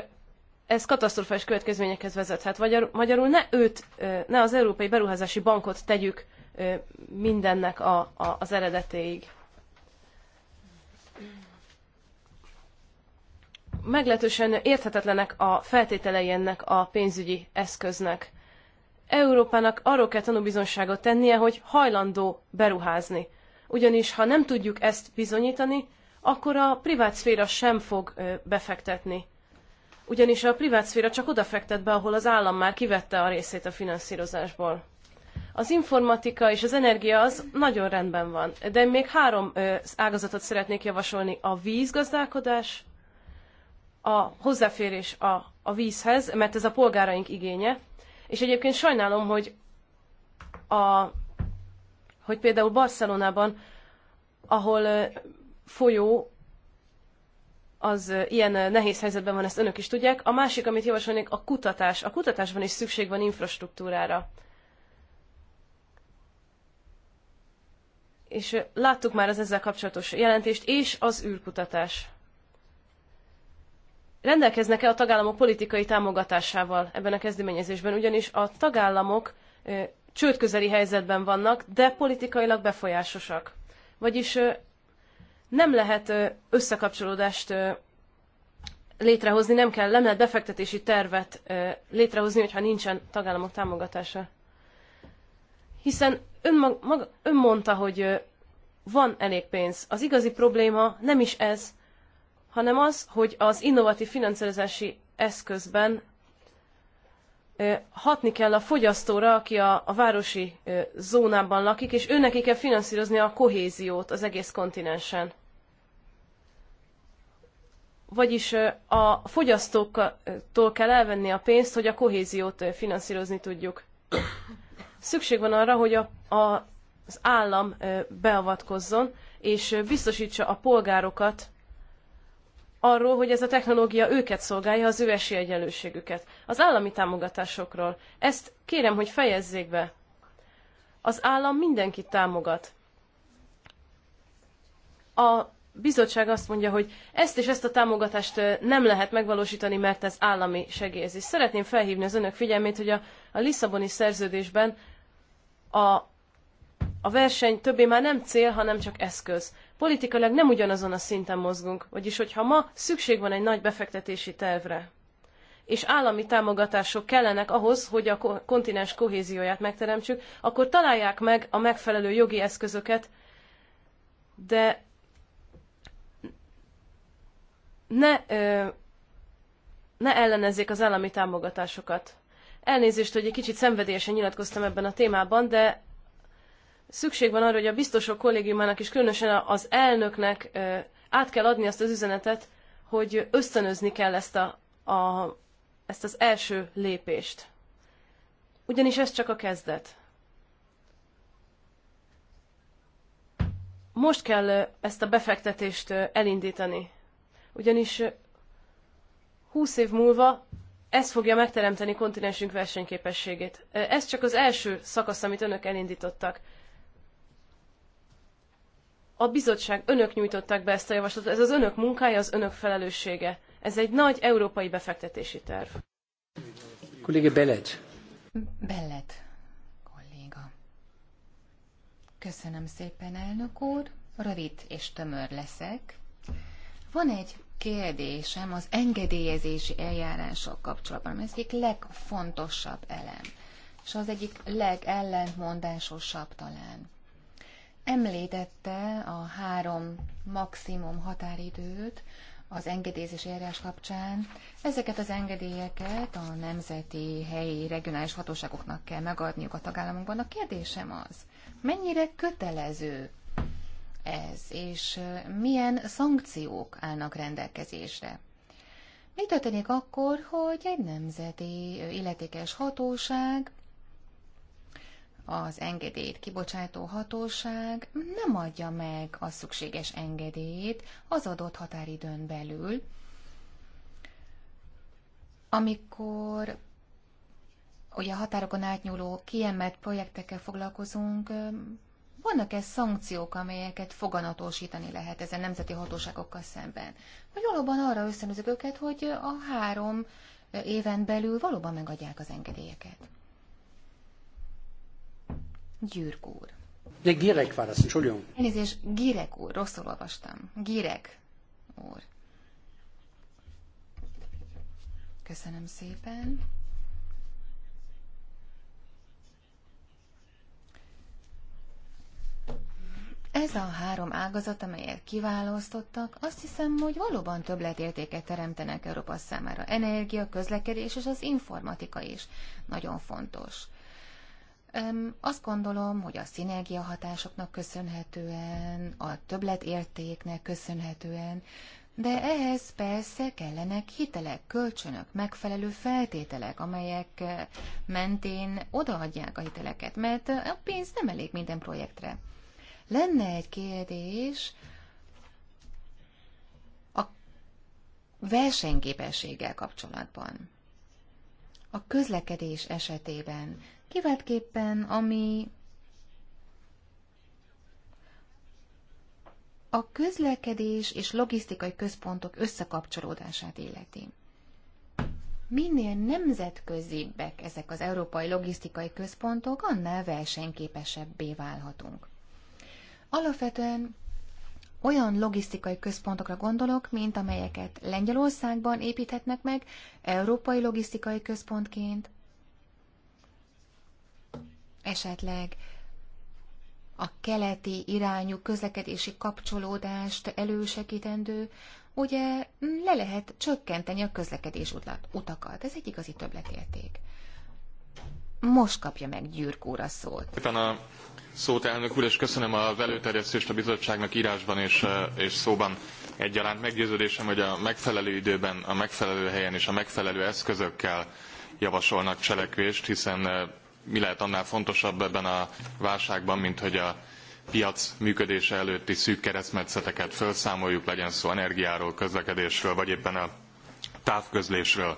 ez katasztrofális következményekhez vezethet. Magyarul ne őt, ne az Európai Beruházási Bankot tegyük mindennek a, a, az eredetéig. meglehetősen érthetetlenek a feltételei ennek a pénzügyi eszköznek. Európának arról kell tanúbizonságot tennie, hogy hajlandó beruházni. Ugyanis ha nem tudjuk ezt bizonyítani, akkor a privát szféra sem fog befektetni. Ugyanis a privát szféra csak oda fektet be, ahol az állam már kivette a részét a finanszírozásból. Az informatika és az energia az nagyon rendben van, de még három ágazatot szeretnék javasolni. A vízgazdálkodás, a hozzáférés a, a vízhez, mert ez a polgáraink igénye. És egyébként sajnálom, hogy, a, hogy például Barcelonában, ahol folyó az ilyen nehéz helyzetben van, ezt önök is tudják. A másik, amit javasolnék, a kutatás. A kutatásban is szükség van infrastruktúrára. És láttuk már az ezzel kapcsolatos jelentést, és az űrkutatás rendelkeznek-e a tagállamok politikai támogatásával ebben a kezdeményezésben, ugyanis a tagállamok csődközeli helyzetben vannak, de politikailag befolyásosak. Vagyis nem lehet összekapcsolódást létrehozni, nem kell, nem lehet befektetési tervet létrehozni, hogyha nincsen tagállamok támogatása. Hiszen ön, mag, maga, ön mondta, hogy van elég pénz. Az igazi probléma nem is ez, hanem az, hogy az innovatív finanszírozási eszközben hatni kell a fogyasztóra, aki a, a városi zónában lakik, és őnek kell finanszírozni a kohéziót az egész kontinensen. Vagyis a fogyasztóktól kell elvenni a pénzt, hogy a kohéziót finanszírozni tudjuk. Szükség van arra, hogy a, a, az állam beavatkozzon, és biztosítsa a polgárokat arról, hogy ez a technológia őket szolgálja, az ő esélyegyenlőségüket. Az állami támogatásokról. Ezt kérem, hogy fejezzék be. Az állam mindenkit támogat. A bizottság azt mondja, hogy ezt és ezt a támogatást nem lehet megvalósítani, mert ez állami segélyezés. Szeretném felhívni az önök figyelmét, hogy a, a Lisszaboni szerződésben a, a verseny többé már nem cél, hanem csak eszköz politikailag nem ugyanazon a szinten mozgunk, vagyis hogyha ma szükség van egy nagy befektetési tervre, és állami támogatások kellenek ahhoz, hogy a kontinens kohézióját megteremtsük, akkor találják meg a megfelelő jogi eszközöket, de ne, ö, ne ellenezzék az állami támogatásokat. Elnézést, hogy egy kicsit szenvedélyesen nyilatkoztam ebben a témában, de szükség van arra, hogy a biztosok kollégiumának is, különösen az elnöknek át kell adni azt az üzenetet, hogy ösztönözni kell ezt, a, a, ezt az első lépést. Ugyanis ez csak a kezdet. Most kell ezt a befektetést elindítani. Ugyanis 20 év múlva ez fogja megteremteni kontinensünk versenyképességét. Ez csak az első szakasz, amit önök elindítottak a bizottság, önök nyújtották be ezt a javaslatot, ez az önök munkája, az önök felelőssége. Ez egy nagy európai befektetési terv. Kolléga Bellet. Bellet, kolléga. Köszönöm szépen, elnök úr. Rövid és tömör leszek. Van egy kérdésem az engedélyezési eljárások kapcsolatban, ez egyik legfontosabb elem, és az egyik legellentmondásosabb talán. Említette a három maximum határidőt az engedélyezés eljárás kapcsán. Ezeket az engedélyeket a nemzeti, helyi, regionális hatóságoknak kell megadniuk a tagállamokban. A kérdésem az, mennyire kötelező ez, és milyen szankciók állnak rendelkezésre? Mi történik akkor, hogy egy nemzeti illetékes hatóság az engedélyt kibocsátó hatóság nem adja meg a szükséges engedélyt az adott határidőn belül, amikor ugye a határokon átnyúló kiemelt projektekkel foglalkozunk, vannak-e szankciók, amelyeket foganatosítani lehet ezen nemzeti hatóságokkal szemben? Vagy valóban arra összenőzök őket, hogy a három éven belül valóban megadják az engedélyeket? Gyürk úr. De gyerek válasz, Entschuldigung. Elnézést, Gyerek úr, rosszul olvastam. Gyerek úr. Köszönöm szépen. Ez a három ágazat, amelyet kiválasztottak, azt hiszem, hogy valóban többletértéket teremtenek Európa számára. Energia, közlekedés és az informatika is nagyon fontos. Azt gondolom, hogy a szinergia hatásoknak köszönhetően, a többletértéknek köszönhetően, de ehhez persze kellenek hitelek, kölcsönök, megfelelő feltételek, amelyek mentén odaadják a hiteleket, mert a pénz nem elég minden projektre. Lenne egy kérdés a versenyképességgel kapcsolatban. A közlekedés esetében Kiváltképpen, ami a közlekedés és logisztikai központok összekapcsolódását életi. Minél nemzetközibbek ezek az európai logisztikai központok, annál versenyképesebbé válhatunk. Alapvetően olyan logisztikai központokra gondolok, mint amelyeket Lengyelországban építhetnek meg európai logisztikai központként, esetleg a keleti irányú közlekedési kapcsolódást elősegítendő, ugye le lehet csökkenteni a közlekedés utakat. Ez egy igazi többletérték. Most kapja meg Gyürk úr a szót. Éppen a szót elnök úr, és köszönöm a velőterjesztést a bizottságnak írásban és, és szóban egyaránt. Meggyőződésem, hogy a megfelelő időben, a megfelelő helyen és a megfelelő eszközökkel javasolnak cselekvést, hiszen mi lehet annál fontosabb ebben a válságban, mint hogy a piac működése előtti szűk keresztmetszeteket felszámoljuk, legyen szó energiáról, közlekedésről, vagy éppen a távközlésről.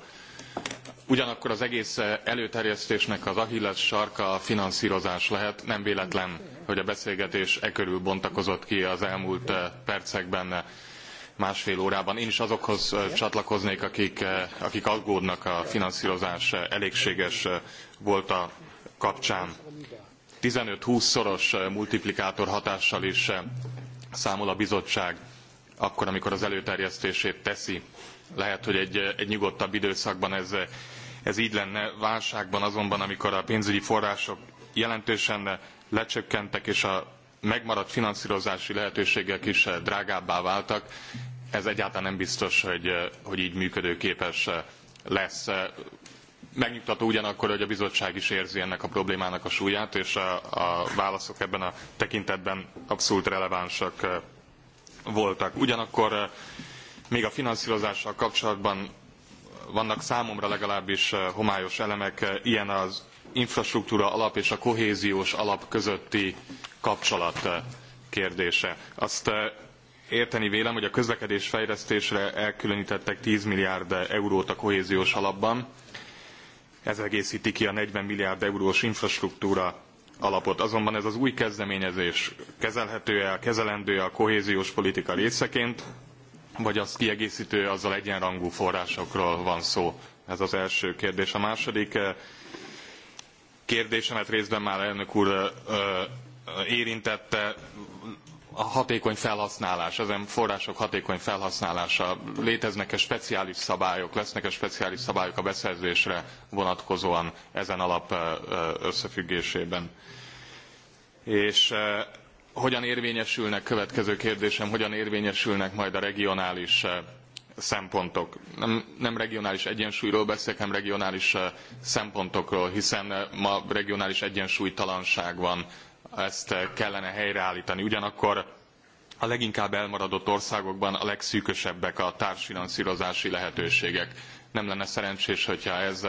Ugyanakkor az egész előterjesztésnek az Achilles sarka a finanszírozás lehet. Nem véletlen, hogy a beszélgetés e körül bontakozott ki az elmúlt eh, percekben, eh, másfél órában. Én is azokhoz eh, csatlakoznék, akik, akik aggódnak a finanszírozás elégséges volt a kapcsán. 15-20 szoros multiplikátor hatással is számol a bizottság, akkor, amikor az előterjesztését teszi. Lehet, hogy egy, egy nyugodtabb időszakban ez, ez így lenne. Válságban azonban, amikor a pénzügyi források jelentősen lecsökkentek, és a megmaradt finanszírozási lehetőségek is drágábbá váltak, ez egyáltalán nem biztos, hogy, hogy így működőképes lesz megnyugtató ugyanakkor, hogy a bizottság is érzi ennek a problémának a súlyát, és a, a válaszok ebben a tekintetben abszolút relevánsak voltak. Ugyanakkor még a finanszírozással kapcsolatban vannak számomra legalábbis homályos elemek, ilyen az infrastruktúra alap és a kohéziós alap közötti kapcsolat kérdése. Azt érteni vélem, hogy a közlekedés fejlesztésre elkülönítettek 10 milliárd eurót a kohéziós alapban, ez egészíti ki a 40 milliárd eurós infrastruktúra alapot. Azonban ez az új kezdeményezés kezelhető e kezelendő a kohéziós politika részeként, vagy azt kiegészítő, azzal egyenrangú forrásokról van szó? Ez az első kérdés. A második eh, kérdésemet részben már elnök úr eh, eh, érintette, a hatékony felhasználás, ezen források hatékony felhasználása, léteznek-e speciális szabályok, lesznek-e speciális szabályok a beszerzésre vonatkozóan ezen alap összefüggésében. És hogyan érvényesülnek, következő kérdésem, hogyan érvényesülnek majd a regionális szempontok. Nem, nem regionális egyensúlyról beszélek, hanem regionális szempontokról, hiszen ma regionális egyensúlytalanság van ezt kellene helyreállítani. Ugyanakkor a leginkább elmaradott országokban a legszűkösebbek a társfinanszírozási lehetőségek. Nem lenne szerencsés, hogyha ez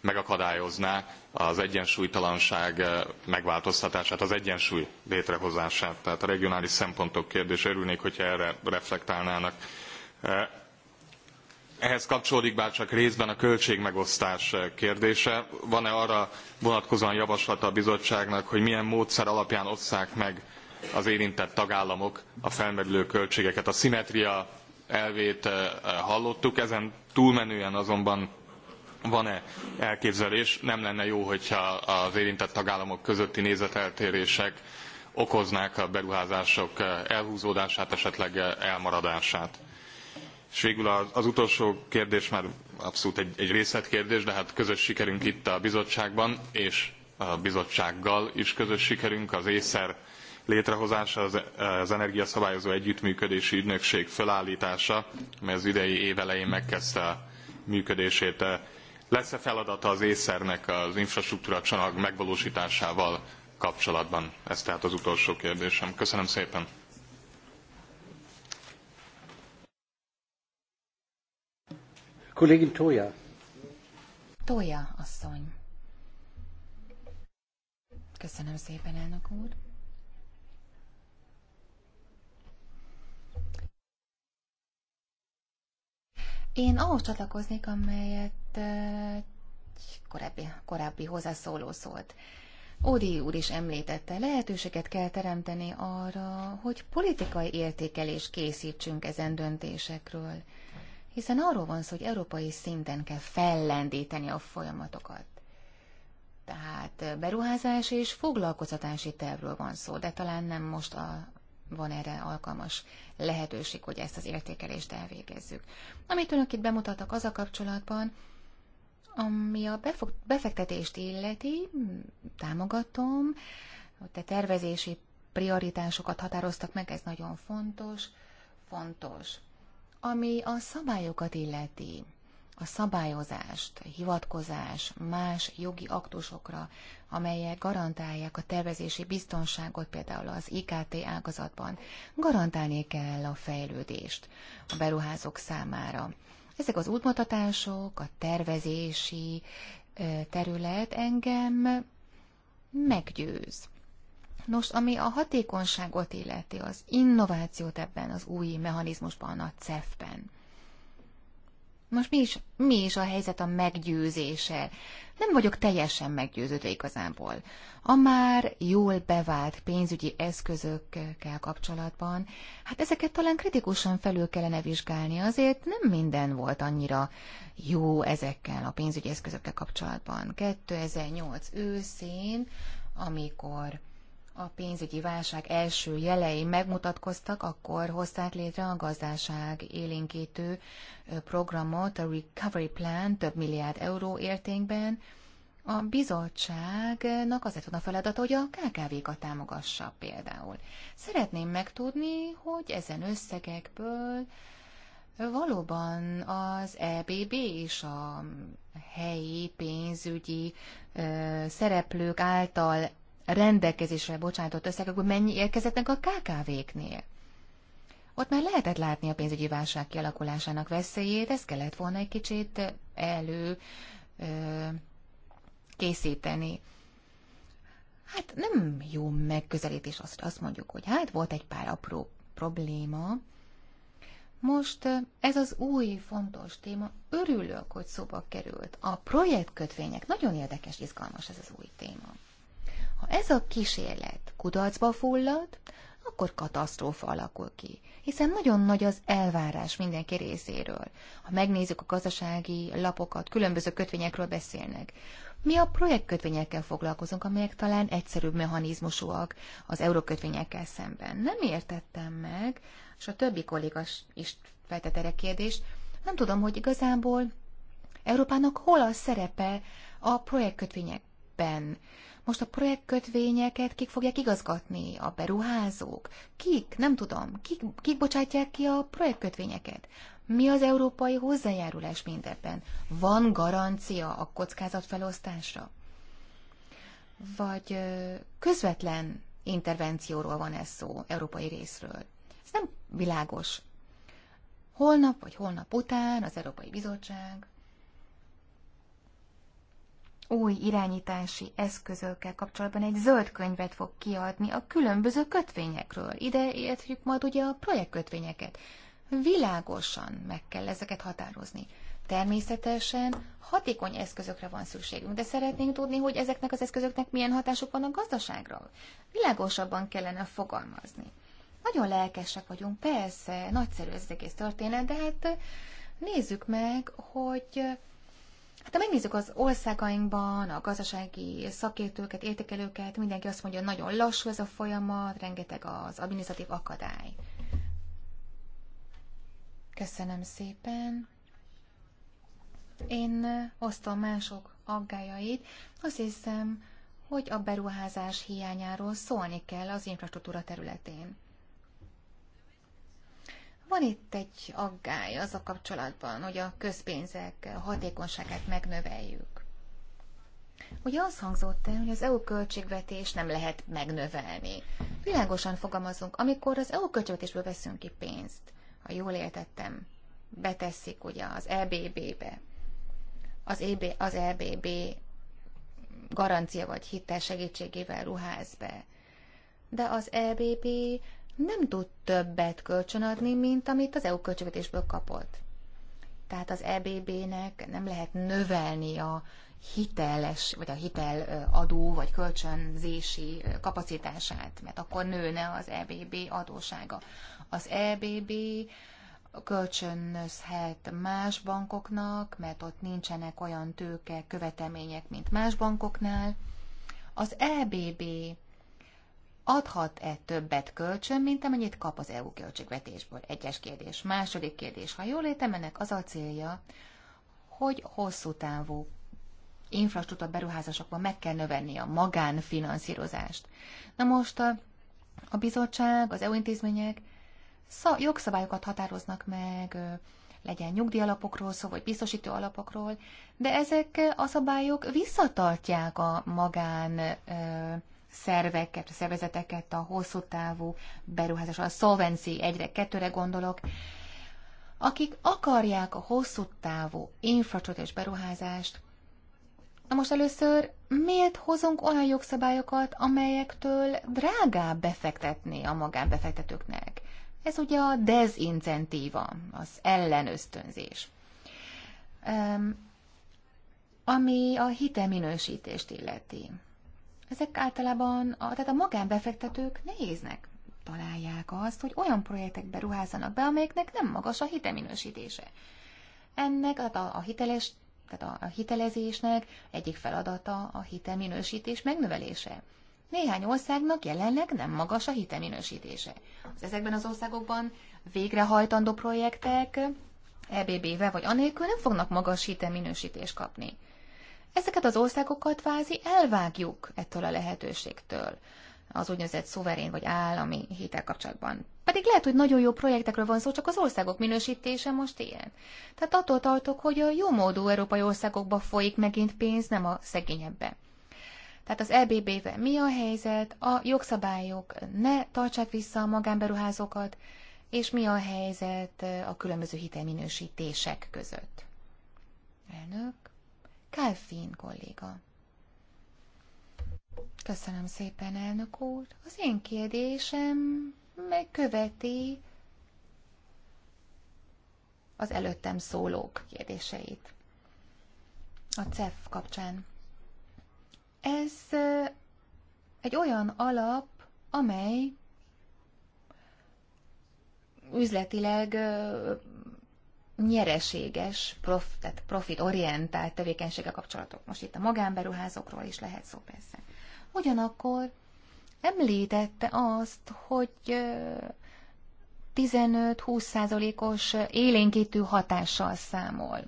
megakadályozná az egyensúlytalanság megváltoztatását, az egyensúly létrehozását. Tehát a regionális szempontok kérdés. Örülnék, hogyha erre reflektálnának. Ehhez kapcsolódik bár csak részben a költségmegosztás kérdése. Van-e arra vonatkozóan javaslata a bizottságnak, hogy milyen módszer alapján osszák meg az érintett tagállamok a felmerülő költségeket? A szimetria elvét eh, hallottuk, ezen túlmenően azonban van-e elképzelés, nem lenne jó, hogyha az érintett tagállamok közötti nézeteltérések okoznák a beruházások eh, elhúzódását, esetleg eh, elmaradását. És végül az utolsó kérdés már abszolút egy, egy részletkérdés, de hát közös sikerünk itt a bizottságban, és a bizottsággal is közös sikerünk. Az észer létrehozása, az, az energiaszabályozó együttműködési ügynökség felállítása, amely az idei év elején megkezdte a működését. Lesz-e feladata az észernek az infrastruktúra csomag megvalósításával kapcsolatban? Ez tehát az utolsó kérdésem. Köszönöm szépen! Kollégin Tója. Tója asszony. Köszönöm szépen, elnök úr. Én ahhoz csatlakoznék, amelyet egy korábbi, korábbi hozzászóló szólt. Ódi úr is említette, lehetőséget kell teremteni arra, hogy politikai értékelés készítsünk ezen döntésekről hiszen arról van szó, hogy európai szinten kell fellendíteni a folyamatokat. Tehát beruházási és foglalkoztatási tervről van szó, de talán nem most a, van erre alkalmas lehetőség, hogy ezt az értékelést elvégezzük. Amit önök itt bemutattak az a kapcsolatban, ami a befektetést illeti, támogatom, ott a tervezési prioritásokat határoztak meg, ez nagyon fontos, fontos ami a szabályokat illeti, a szabályozást, a hivatkozás más jogi aktusokra, amelyek garantálják a tervezési biztonságot például az IKT ágazatban, garantálni kell a fejlődést a beruházók számára. Ezek az útmutatások, a tervezési terület engem meggyőz. Nos, ami a hatékonyságot illeti, az innovációt ebben az új mechanizmusban, a CEF-ben. Most mi is, mi is a helyzet a meggyőzése? Nem vagyok teljesen meggyőződve igazából. A már jól bevált pénzügyi eszközökkel kapcsolatban, hát ezeket talán kritikusan felül kellene vizsgálni, azért nem minden volt annyira jó ezekkel a pénzügyi eszközökkel kapcsolatban. 2008 őszén, amikor a pénzügyi válság első jelei megmutatkoztak, akkor hozták létre a gazdaság élénkítő programot, a Recovery Plan több milliárd euró értékben. A bizottságnak azért van a feladata, hogy a KKV-kat támogassa például. Szeretném megtudni, hogy ezen összegekből Valóban az EBB és a helyi pénzügyi ö, szereplők által rendelkezésre bocsátott akkor mennyi érkezettek a KKV-knél. Ott már lehetett látni a pénzügyi válság kialakulásának veszélyét, ezt kellett volna egy kicsit elő ö, készíteni. Hát nem jó megközelítés azt, azt mondjuk, hogy hát volt egy pár apró probléma. Most ez az új fontos téma, örülök, hogy szóba került. A projektkötvények, nagyon érdekes, izgalmas ez az új téma. Ha ez a kísérlet kudarcba fullad, akkor katasztrófa alakul ki, hiszen nagyon nagy az elvárás mindenki részéről. Ha megnézzük a gazdasági lapokat, különböző kötvényekről beszélnek. Mi a projektkötvényekkel foglalkozunk, amelyek talán egyszerűbb mechanizmusúak az eurókötvényekkel szemben. Nem értettem meg, és a többi kolléga is feltett erre kérdést, nem tudom, hogy igazából Európának hol a szerepe a projektkötvényekben. Most a projektkötvényeket kik fogják igazgatni? A beruházók? Kik? Nem tudom. Kik, kik bocsátják ki a projektkötvényeket? Mi az európai hozzájárulás mindebben? Van garancia a felosztásra? Vagy közvetlen intervencióról van ez szó, európai részről? Ez nem világos. Holnap vagy holnap után az Európai Bizottság új irányítási eszközökkel kapcsolatban egy zöld könyvet fog kiadni a különböző kötvényekről. Ide értjük majd ugye a projektkötvényeket. Világosan meg kell ezeket határozni. Természetesen hatékony eszközökre van szükségünk, de szeretnénk tudni, hogy ezeknek az eszközöknek milyen hatásuk van a gazdaságra. Világosabban kellene fogalmazni. Nagyon lelkesek vagyunk, persze, nagyszerű ez az egész történet, de hát nézzük meg, hogy Hát ha megnézzük az országainkban a gazdasági szakértőket, értékelőket, mindenki azt mondja, hogy nagyon lassú ez a folyamat, rengeteg az administratív akadály. Köszönöm szépen. Én osztom mások aggájait. Azt hiszem, hogy a beruházás hiányáról szólni kell az infrastruktúra területén. Van itt egy aggály az a kapcsolatban, hogy a közpénzek hatékonyságát megnöveljük. Ugye az hangzott el, hogy az EU költségvetés nem lehet megnövelni. Világosan fogalmazunk, amikor az EU költségvetésből veszünk ki pénzt, ha jól értettem, betesszük ugye az EBB-be, az, EB, az EBB garancia vagy hitel segítségével ruház be. De az EBB nem tud többet kölcsönadni, mint amit az EU költségvetésből kapott. Tehát az EBB-nek nem lehet növelni a hiteles, vagy a hiteladó, vagy kölcsönzési kapacitását, mert akkor nőne az EBB adósága. Az EBB kölcsönözhet más bankoknak, mert ott nincsenek olyan tőke követelmények, mint más bankoknál. Az EBB adhat-e többet kölcsön, mint amennyit kap az EU költségvetésből? Egyes kérdés. Második kérdés. Ha jól értem, ennek az a célja, hogy hosszú távú infrastruktúra beruházásokban meg kell növelni a magánfinanszírozást. Na most a, bizottság, az EU intézmények jogszabályokat határoznak meg, legyen nyugdíjalapokról szó, vagy biztosító alapokról, de ezek a szabályok visszatartják a magán ö, szerveket, a szervezeteket, a hosszú távú beruházás, a szolvenci egyre kettőre gondolok, akik akarják a hosszú távú infrastruktúrás beruházást, Na most először miért hozunk olyan jogszabályokat, amelyektől drágább befektetni a magánbefektetőknek? Ez ugye a dezincentíva, az ellenösztönzés. Um, ami a hiteminősítést illeti ezek általában, a, tehát a magánbefektetők nehéznek találják azt, hogy olyan projektekbe ruházzanak be, amelyeknek nem magas a hiteminősítése. Ennek, tehát a, a hiteles, tehát a, a hitelezésnek egyik feladata a hiteminősítés megnövelése. Néhány országnak jelenleg nem magas a hiteminősítése. Az ezekben az országokban végrehajtandó projektek EBB-vel vagy anélkül nem fognak magas hiteminősítést kapni. Ezeket az országokat vázi elvágjuk ettől a lehetőségtől az úgynevezett szuverén vagy állami hitel kapcsolatban. Pedig lehet, hogy nagyon jó projektekről van szó, csak az országok minősítése most ilyen. Tehát attól tartok, hogy a jó módú európai országokba folyik megint pénz, nem a szegényebbe. Tehát az EBB-vel mi a helyzet, a jogszabályok ne tartsák vissza a magánberuházókat, és mi a helyzet a különböző hitelminősítések között. Elnök. Kelfin kolléga. Köszönöm szépen, elnök úr. Az én kérdésem megköveti az előttem szólók kérdéseit a CEF kapcsán. Ez egy olyan alap, amely üzletileg nyereséges, prof, tehát profit-orientált tevékenysége kapcsolatok. Most itt a magánberuházokról is lehet szó persze. Ugyanakkor említette azt, hogy 15-20 százalékos élénkítő hatással számol.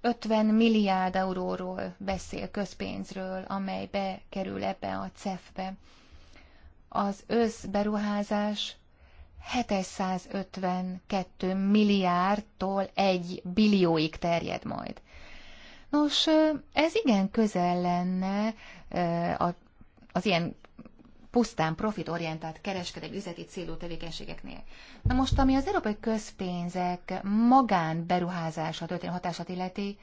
50 milliárd euróról beszél közpénzről, amely bekerül ebbe a CEF-be. Az összberuházás 752 milliárdtól 1 billióig terjed majd. Nos, ez igen közel lenne az ilyen pusztán profitorientált kereskedelmi üzleti célú tevékenységeknél. Na most, ami az európai közpénzek magán beruházása történő hatását illeti,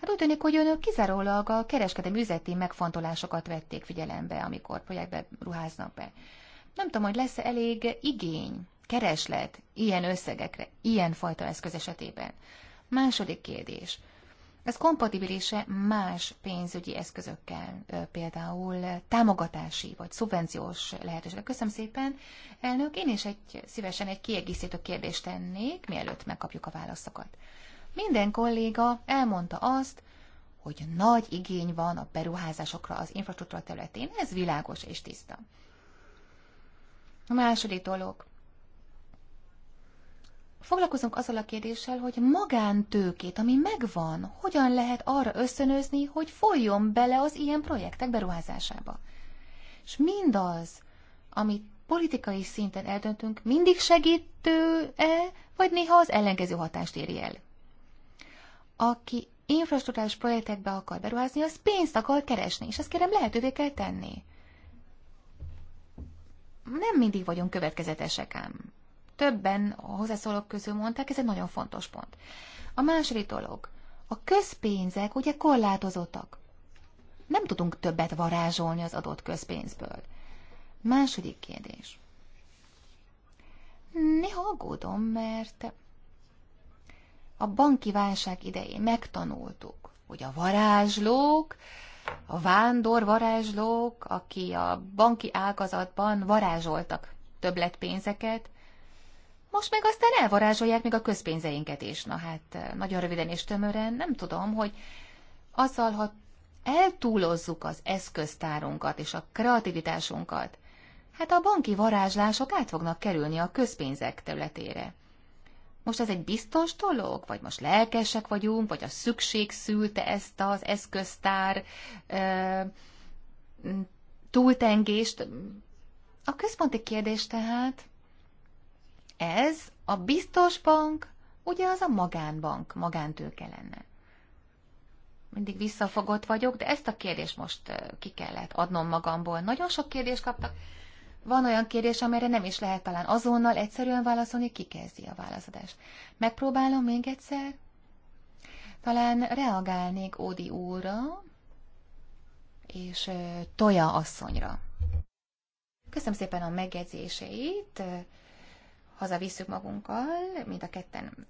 hát úgy tűnik, hogy önök kizárólag a kereskedelmi üzleti megfontolásokat vették figyelembe, amikor projektbe ruháznak be. Nem tudom, hogy lesz-e elég igény, kereslet ilyen összegekre, ilyen fajta eszköz esetében. Második kérdés. Ez kompatibilise más pénzügyi eszközökkel, például támogatási vagy szubvenciós lehetőségek Köszönöm szépen, elnök. Én is egy, szívesen egy kiegészítő kérdést tennék, mielőtt megkapjuk a válaszokat. Minden kolléga elmondta azt, hogy nagy igény van a beruházásokra az infrastruktúra területén. Ez világos és tiszta. A második dolog. Foglalkozunk azzal a kérdéssel, hogy magántőkét, ami megvan, hogyan lehet arra összönözni, hogy folyjon bele az ilyen projektek beruházásába. És mindaz, amit politikai szinten eldöntünk, mindig segítő-e, vagy néha az ellenkező hatást éri el. Aki infrastruktúrás projektekbe akar beruházni, az pénzt akar keresni, és ezt kérem lehetővé kell tenni nem mindig vagyunk következetesek ám. Többen a hozzászólók közül mondták, ez egy nagyon fontos pont. A második dolog, a közpénzek ugye korlátozottak. Nem tudunk többet varázsolni az adott közpénzből. Második kérdés. Néha aggódom, mert a banki válság idején megtanultuk, hogy a varázslók a vándor varázslók, aki a banki ágazatban varázsoltak többletpénzeket, most meg aztán elvarázsolják még a közpénzeinket is. Na hát, nagyon röviden és tömören, nem tudom, hogy azzal, ha eltúlozzuk az eszköztárunkat és a kreativitásunkat, hát a banki varázslások át fognak kerülni a közpénzek területére. Most ez egy biztos dolog? Vagy most lelkesek vagyunk, vagy a szükség szülte ezt az eszköztár ö, túltengést? A központi kérdés tehát ez, a biztos bank, ugye az a magánbank, magántőke lenne. Mindig visszafogott vagyok, de ezt a kérdést most ki kellett adnom magamból. Nagyon sok kérdést kaptak. Van olyan kérdés, amire nem is lehet talán azonnal egyszerűen válaszolni, ki kezdi a válaszadást. Megpróbálom még egyszer. Talán reagálnék Ódi úrra és Toja asszonyra. Köszönöm szépen a megjegyzéseit. Hazavisszük magunkkal, mind a ketten.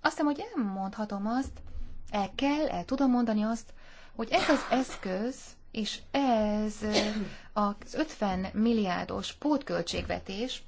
Azt hiszem, hogy elmondhatom azt, el kell, el tudom mondani azt, hogy ez az eszköz és ez az 50 milliárdos pótköltségvetés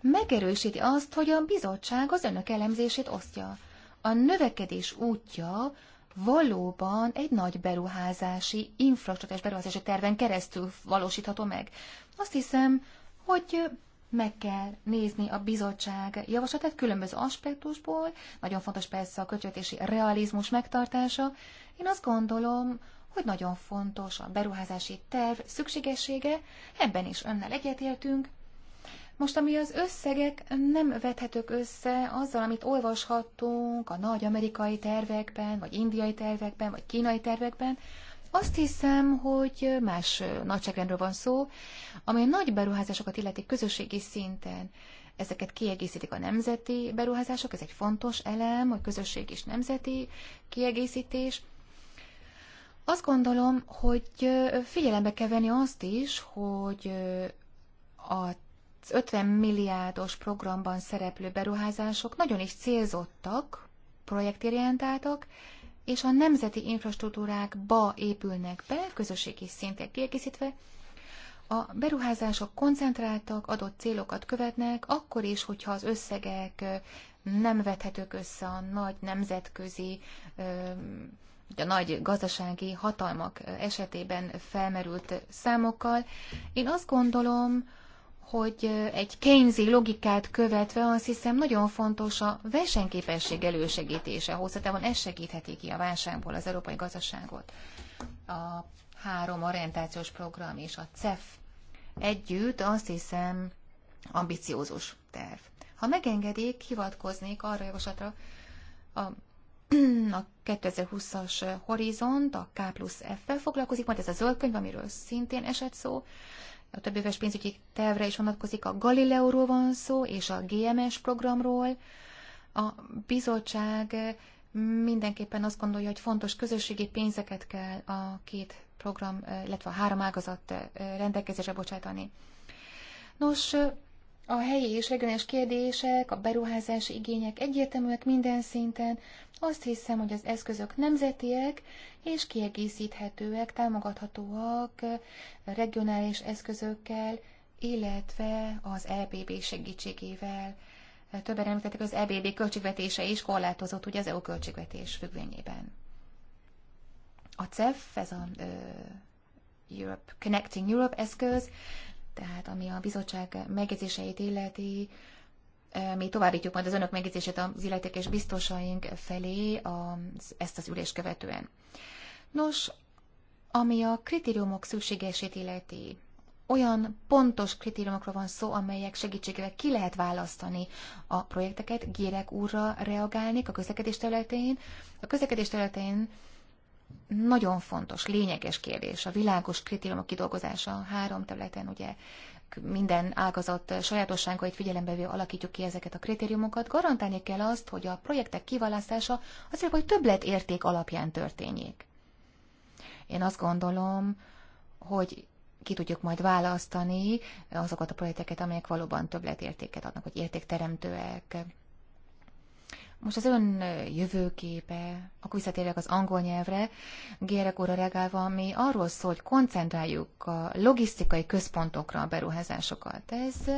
megerősíti azt, hogy a bizottság az önök elemzését osztja. A növekedés útja valóban egy nagy beruházási, infrastruktúrás beruházási terven keresztül valósítható meg. Azt hiszem, hogy meg kell nézni a bizottság javaslatát különböző aspektusból. Nagyon fontos persze a költségvetési realizmus megtartása. Én azt gondolom, hogy nagyon fontos a beruházási terv szükségessége, ebben is önnel egyetértünk. Most, ami az összegek nem vethetők össze azzal, amit olvashattunk a nagy amerikai tervekben, vagy indiai tervekben, vagy kínai tervekben, azt hiszem, hogy más nagyságrendről van szó, ami a nagy beruházásokat illeti közösségi szinten. Ezeket kiegészítik a nemzeti beruházások, ez egy fontos elem, hogy közösség és nemzeti kiegészítés. Azt gondolom, hogy figyelembe kell venni azt is, hogy az 50 milliárdos programban szereplő beruházások nagyon is célzottak, projektorientáltak, és a nemzeti infrastruktúrákba épülnek be, közösségi szintek kiegészítve, a beruházások koncentráltak, adott célokat követnek, akkor is, hogyha az összegek nem vethetők össze a nagy nemzetközi a nagy gazdasági hatalmak esetében felmerült számokkal. Én azt gondolom, hogy egy Keynesi logikát követve azt hiszem nagyon fontos a versenyképesség elősegítése. Hosszatában ez segítheti ki a válságból az európai gazdaságot. A három orientációs program és a CEF együtt azt hiszem ambiciózus terv. Ha megengedik, hivatkoznék arra javaslatra, a a 2020-as horizont, a K plusz F-fel foglalkozik, majd ez a zöld könyv, amiről szintén esett szó, a több éves pénzügyi tervre is vonatkozik, a Galileóról van szó, és a GMS programról. A bizottság mindenképpen azt gondolja, hogy fontos közösségi pénzeket kell a két program, illetve a három ágazat rendelkezésre bocsátani. Nos, a helyi és regionális kérdések, a beruházási igények egyértelműek minden szinten, azt hiszem, hogy az eszközök nemzetiek és kiegészíthetőek, támogathatóak regionális eszközökkel, illetve az EBB segítségével. Többen említettek, az EBB költségvetése is korlátozott ugye az EU költségvetés függvényében. A CEF, ez a uh, Europe, Connecting Europe eszköz, tehát ami a bizottság megjegyzéseit illeti, mi továbbítjuk majd az önök megjegyzését az illetékes biztosaink felé a, ezt az ülést követően. Nos, ami a kritériumok szükségesét illeti, olyan pontos kritériumokra van szó, amelyek segítségével ki lehet választani a projekteket. Gérek úrra reagálni a közlekedés területén. A közlekedés területén nagyon fontos, lényeges kérdés a világos kritériumok kidolgozása három területen, ugye minden ágazat sajátosságait figyelembe véve alakítjuk ki ezeket a kritériumokat, garantálni kell azt, hogy a projektek kiválasztása azért, hogy többletérték alapján történjék. Én azt gondolom, hogy ki tudjuk majd választani azokat a projekteket, amelyek valóban többletértéket adnak, hogy értékteremtőek, most az ön jövőképe, akkor visszatérek az angol nyelvre, Gérek óra regálva, ami arról szól, hogy koncentráljuk a logisztikai központokra a beruházásokat. Ez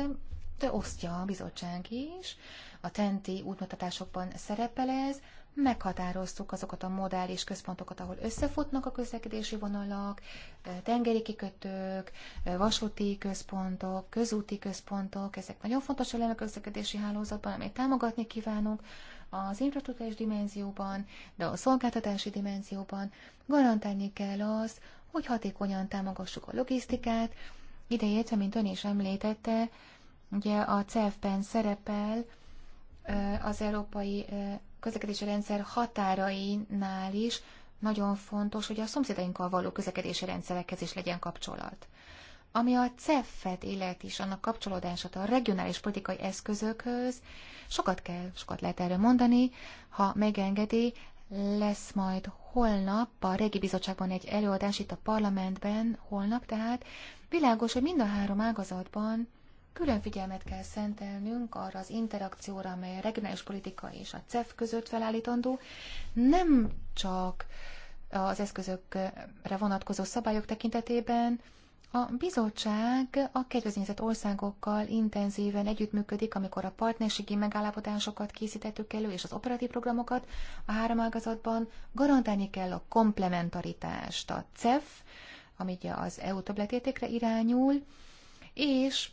de osztja a bizottság is, a tenti útmutatásokban szerepel ez, meghatároztuk azokat a modális központokat, ahol összefutnak a közlekedési vonalak, tengeri kikötők, vasúti központok, közúti központok, ezek nagyon fontos elemek a közlekedési hálózatban, amit támogatni kívánunk az infrastruktúrás dimenzióban, de a szolgáltatási dimenzióban garantálni kell az, hogy hatékonyan támogassuk a logisztikát, ideértve, mint ön is említette, ugye a CEF-ben szerepel az európai közlekedési rendszer határainál is nagyon fontos, hogy a szomszédainkkal való közlekedési rendszerekhez is legyen kapcsolat. Ami a CEF-et illeti és annak kapcsolódását a regionális politikai eszközökhöz, sokat kell, sokat lehet erről mondani. Ha megengedi, lesz majd holnap a Régi Bizottságban egy előadás itt a parlamentben, holnap tehát. Világos, hogy mind a három ágazatban külön figyelmet kell szentelnünk arra az interakcióra, amely a regionális politika és a CEF között felállítandó, nem csak az eszközökre vonatkozó szabályok tekintetében, a bizottság a kedvezményezett országokkal intenzíven együttműködik, amikor a partnerségi megállapodásokat készítettük elő, és az operatív programokat a három ágazatban garantálni kell a komplementaritást, a CEF, ami ugye az EU többletértékre irányul, és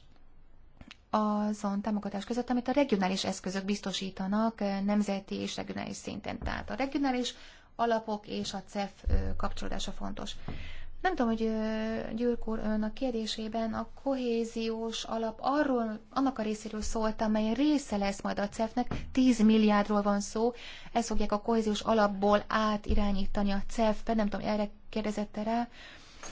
azon támogatás között, amit a regionális eszközök biztosítanak eh, nemzeti és regionális szinten. Tehát a regionális alapok és a CEF eh, kapcsolódása fontos. Nem tudom, hogy Gyürk úr ön a kérdésében a kohéziós alap arról, annak a részéről szólt, amely része lesz majd a CEF-nek, 10 milliárdról van szó, ezt fogják a kohéziós alapból átirányítani a CEF-be, nem tudom, erre kérdezette rá.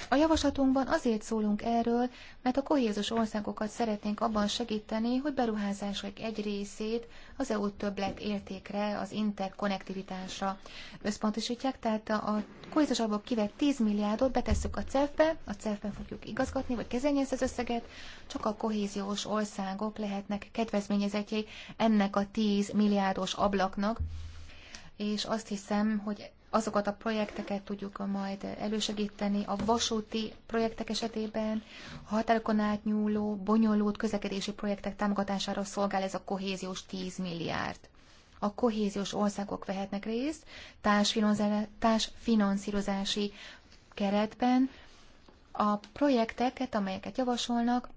A javaslatunkban azért szólunk erről, mert a kohézus országokat szeretnénk abban segíteni, hogy beruházások egy részét az EU többlet értékre, az interkonnektivitásra összpontosítják, tehát a kohézus alapból kivett 10 milliárdot betesszük a CEF-be, a cef fogjuk igazgatni, vagy kezelni ezt az összeget, csak a kohéziós országok lehetnek kedvezményezetjei ennek a 10 milliárdos ablaknak, és azt hiszem, hogy azokat a projekteket tudjuk majd elősegíteni a vasúti projektek esetében, a határokon átnyúló, bonyolult közlekedési projektek támogatására szolgál ez a kohéziós 10 milliárd. A kohéziós országok vehetnek részt társfinanszírozási keretben. A projekteket, amelyeket javasolnak,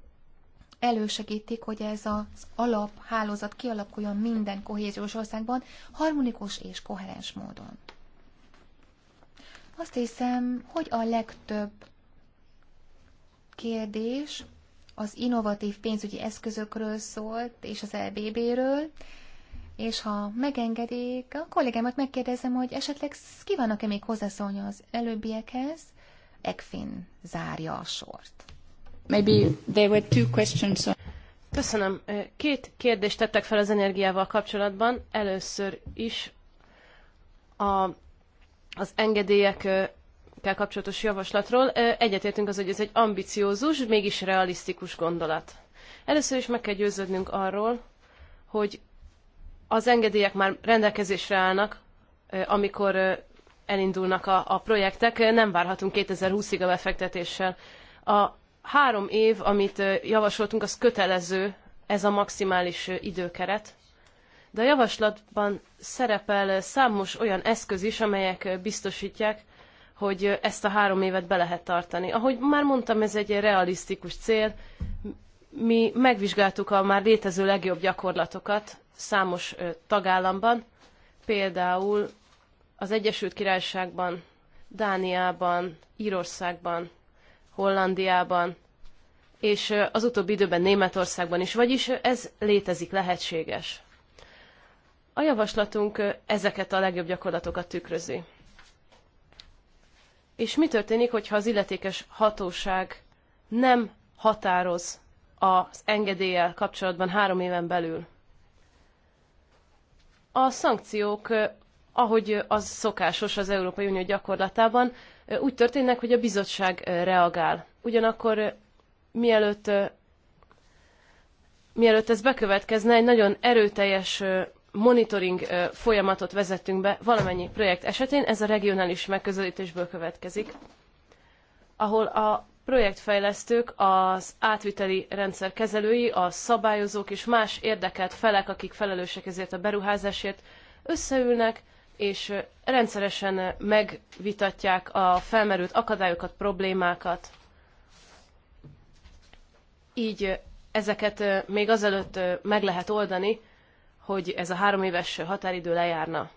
elősegítik, hogy ez az alaphálózat kialakuljon minden kohéziós országban harmonikus és koherens módon. Azt hiszem, hogy a legtöbb kérdés az innovatív pénzügyi eszközökről szólt, és az LBB-ről, és ha megengedik, a kollégámat megkérdezem, hogy esetleg kívánnak-e még hozzászólni az előbbiekhez, Ekfin zárja a sort. Maybe there were two questions Köszönöm. Két kérdést tettek fel az energiával kapcsolatban. Először is a az engedélyekkel kapcsolatos javaslatról. Egyetértünk az, hogy ez egy ambiciózus, mégis realisztikus gondolat. Először is meg kell győződnünk arról, hogy az engedélyek már rendelkezésre állnak, amikor elindulnak a, a projektek, nem várhatunk 2020-ig a befektetéssel. A három év, amit javasoltunk, az kötelező, ez a maximális időkeret, de a javaslatban szerepel számos olyan eszköz is, amelyek biztosítják, hogy ezt a három évet be lehet tartani. Ahogy már mondtam, ez egy realisztikus cél. Mi megvizsgáltuk a már létező legjobb gyakorlatokat számos tagállamban, például az Egyesült Királyságban, Dániában, Írországban, Hollandiában, és az utóbbi időben Németországban is, vagyis ez létezik, lehetséges. A javaslatunk ezeket a legjobb gyakorlatokat tükrözi. És mi történik, hogyha az illetékes hatóság nem határoz az engedéllyel kapcsolatban három éven belül? A szankciók, ahogy az szokásos az Európai Unió gyakorlatában, úgy történnek, hogy a bizottság reagál. Ugyanakkor mielőtt, mielőtt ez bekövetkezne, egy nagyon erőteljes monitoring folyamatot vezettünk be valamennyi projekt esetén, ez a regionális megközelítésből következik, ahol a projektfejlesztők, az átviteli rendszer kezelői, a szabályozók és más érdekelt felek, akik felelősek ezért a beruházásért, összeülnek, és rendszeresen megvitatják a felmerült akadályokat, problémákat. Így ezeket még azelőtt meg lehet oldani, hogy ez a három éves határidő lejárna.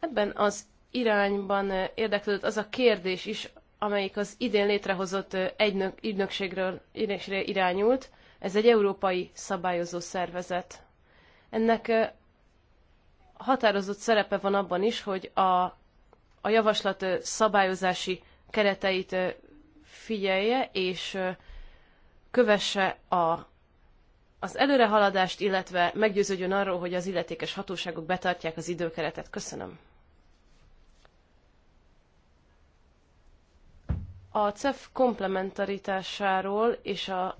Ebben az irányban érdeklődött az a kérdés is, amelyik az idén létrehozott egynök, ügynökségről irányult. Ez egy európai szabályozó szervezet. Ennek határozott szerepe van abban is, hogy a, a javaslat szabályozási kereteit figyelje és kövesse a az előrehaladást, illetve meggyőződjön arról, hogy az illetékes hatóságok betartják az időkeretet. Köszönöm. A CEF komplementaritásáról és a,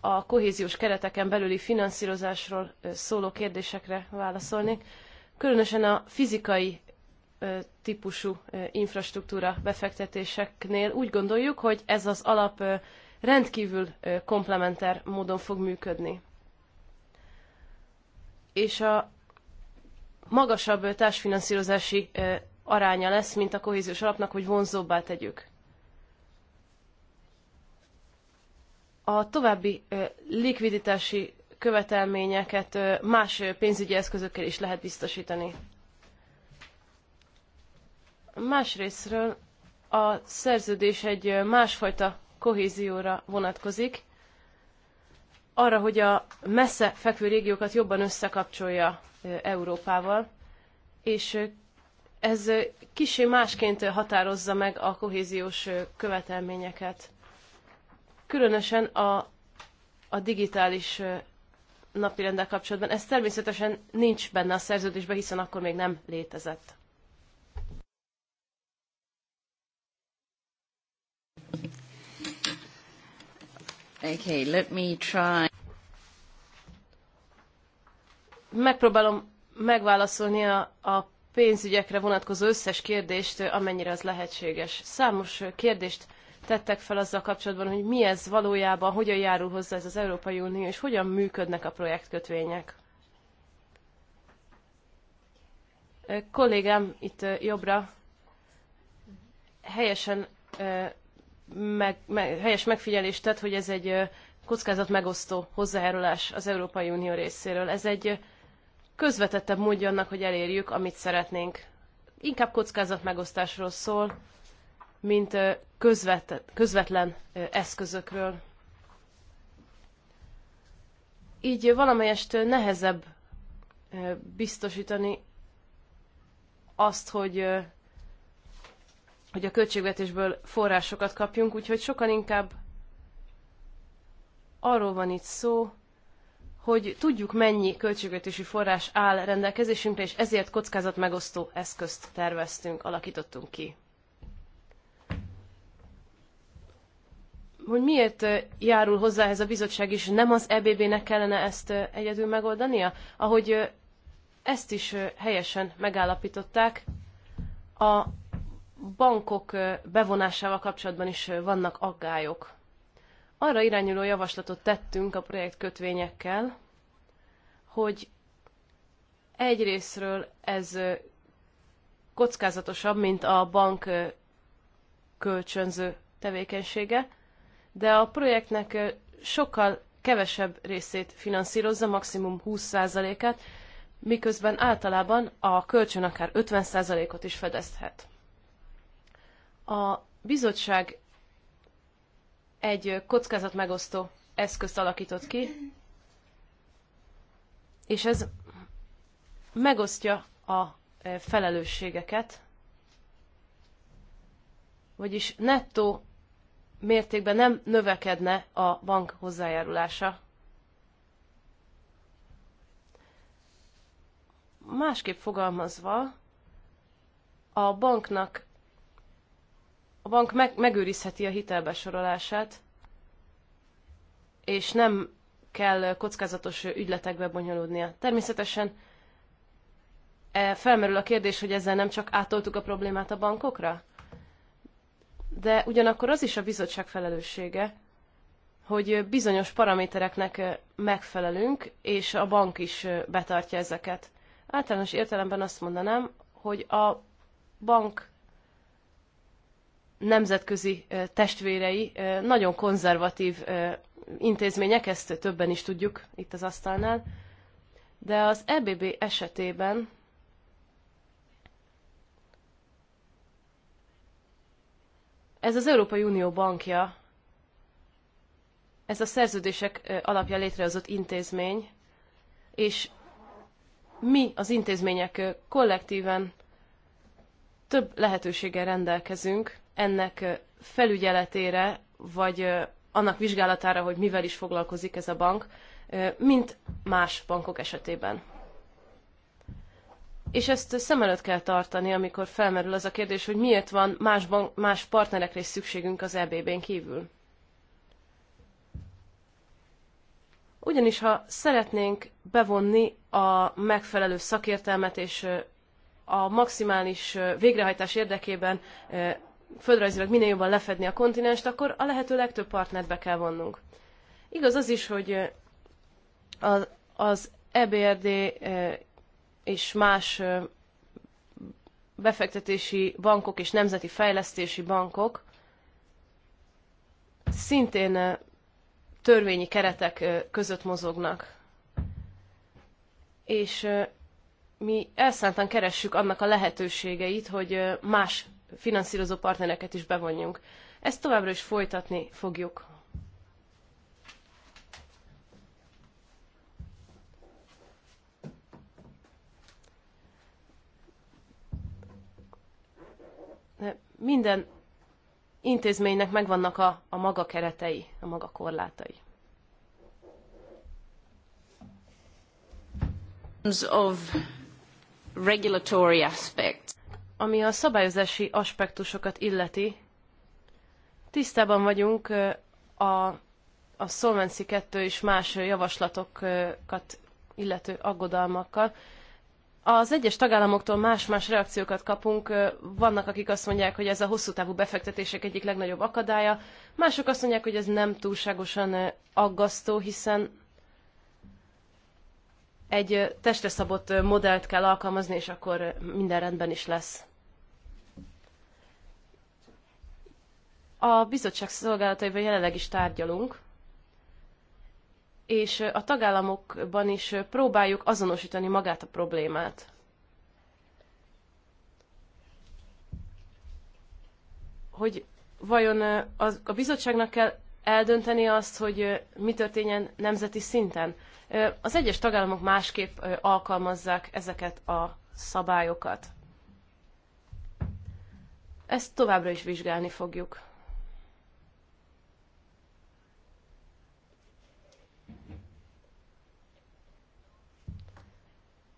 a kohéziós kereteken belüli finanszírozásról szóló kérdésekre válaszolnék. Különösen a fizikai típusú infrastruktúra befektetéseknél úgy gondoljuk, hogy ez az alap rendkívül komplementer módon fog működni és a magasabb társfinanszírozási aránya lesz, mint a kohéziós alapnak, hogy vonzóbbá tegyük. A további likviditási követelményeket más pénzügyi eszközökkel is lehet biztosítani. Másrésztről a szerződés egy másfajta kohézióra vonatkozik, arra, hogy a messze fekvő régiókat jobban összekapcsolja Európával, és ez kicsi másként határozza meg a kohéziós követelményeket. Különösen a, a digitális napirendel kapcsolatban. Ez természetesen nincs benne a szerződésben, hiszen akkor még nem létezett. Okay, let me try. Megpróbálom megválaszolni a, a pénzügyekre vonatkozó összes kérdést, amennyire az lehetséges. Számos kérdést tettek fel azzal kapcsolatban, hogy mi ez valójában, hogyan járul hozzá ez az Európai Unió, és hogyan működnek a projektkötvények. Kollégám itt jobbra helyesen meg, meg, helyes megfigyelést tett, hogy ez egy kockázat megosztó hozzájárulás az Európai Unió részéről. Ez egy közvetettebb módja annak, hogy elérjük, amit szeretnénk. Inkább kockázat megosztásról szól, mint közvet, közvetlen eszközökről. Így valamelyest nehezebb biztosítani azt, hogy hogy a költségvetésből forrásokat kapjunk, úgyhogy sokan inkább arról van itt szó, hogy tudjuk, mennyi költségvetési forrás áll rendelkezésünkre, és ezért kockázatmegosztó eszközt terveztünk, alakítottunk ki. Hogy miért eh, járul hozzá ez a bizottság is, nem az EBB-nek kellene ezt eh, egyedül megoldania? Ahogy eh, ezt is helyesen megállapították, a bankok bevonásával kapcsolatban is vannak aggályok. Arra irányuló javaslatot tettünk a projekt kötvényekkel, hogy egyrésztről ez kockázatosabb, mint a bank kölcsönző tevékenysége, de a projektnek sokkal kevesebb részét finanszírozza, maximum 20%-át, miközben általában a kölcsön akár 50%-ot is fedezhet. A bizottság egy kockázatmegosztó eszközt alakított ki, és ez megosztja a e, felelősségeket, vagyis nettó mértékben nem növekedne a bank hozzájárulása. Másképp fogalmazva, a banknak a bank meg, megőrizheti a hitelbesorolását, és nem kell kockázatos ügyletekbe bonyolódnia. Természetesen e, felmerül a kérdés, hogy ezzel nem csak átoltuk a problémát a bankokra? De ugyanakkor az is a bizottság felelőssége, hogy bizonyos paramétereknek megfelelünk, és a bank is betartja ezeket. Általános értelemben azt mondanám, hogy a bank nemzetközi testvérei nagyon konzervatív intézmények, ezt többen is tudjuk itt az asztalnál, de az EBB esetében ez az Európai Unió bankja, ez a szerződések alapján létrehozott intézmény, és mi az intézmények kollektíven több lehetőséggel rendelkezünk, ennek felügyeletére, vagy annak vizsgálatára, hogy mivel is foglalkozik ez a bank, mint más bankok esetében. És ezt szem előtt kell tartani, amikor felmerül az a kérdés, hogy miért van más, bank, más partnerekre is szükségünk az EBB-n kívül. Ugyanis ha szeretnénk bevonni a megfelelő szakértelmet és a maximális végrehajtás érdekében földrajzilag minél jobban lefedni a kontinenst, akkor a lehető legtöbb partnert be kell vonnunk. Igaz az is, hogy az, EBRD és más befektetési bankok és nemzeti fejlesztési bankok szintén törvényi keretek között mozognak. És mi elszántan keressük annak a lehetőségeit, hogy más finanszírozó partnereket is bevonjunk. Ezt továbbra is folytatni fogjuk. minden intézménynek megvannak a, a maga keretei, a maga korlátai. Of regulatory aspects. Ami a szabályozási aspektusokat illeti, tisztában vagyunk a, a Solvency 2 és más javaslatokat illető aggodalmakkal. Az egyes tagállamoktól más-más reakciókat kapunk. Vannak, akik azt mondják, hogy ez a hosszú távú befektetések egyik legnagyobb akadálya, mások azt mondják, hogy ez nem túlságosan aggasztó, hiszen egy testre szabott modellt kell alkalmazni, és akkor minden rendben is lesz. A bizottság szolgálataival jelenleg is tárgyalunk, és a tagállamokban is próbáljuk azonosítani magát a problémát. Hogy vajon a bizottságnak kell eldönteni azt, hogy mi történjen nemzeti szinten. Az egyes tagállamok másképp alkalmazzák ezeket a szabályokat. Ezt továbbra is vizsgálni fogjuk.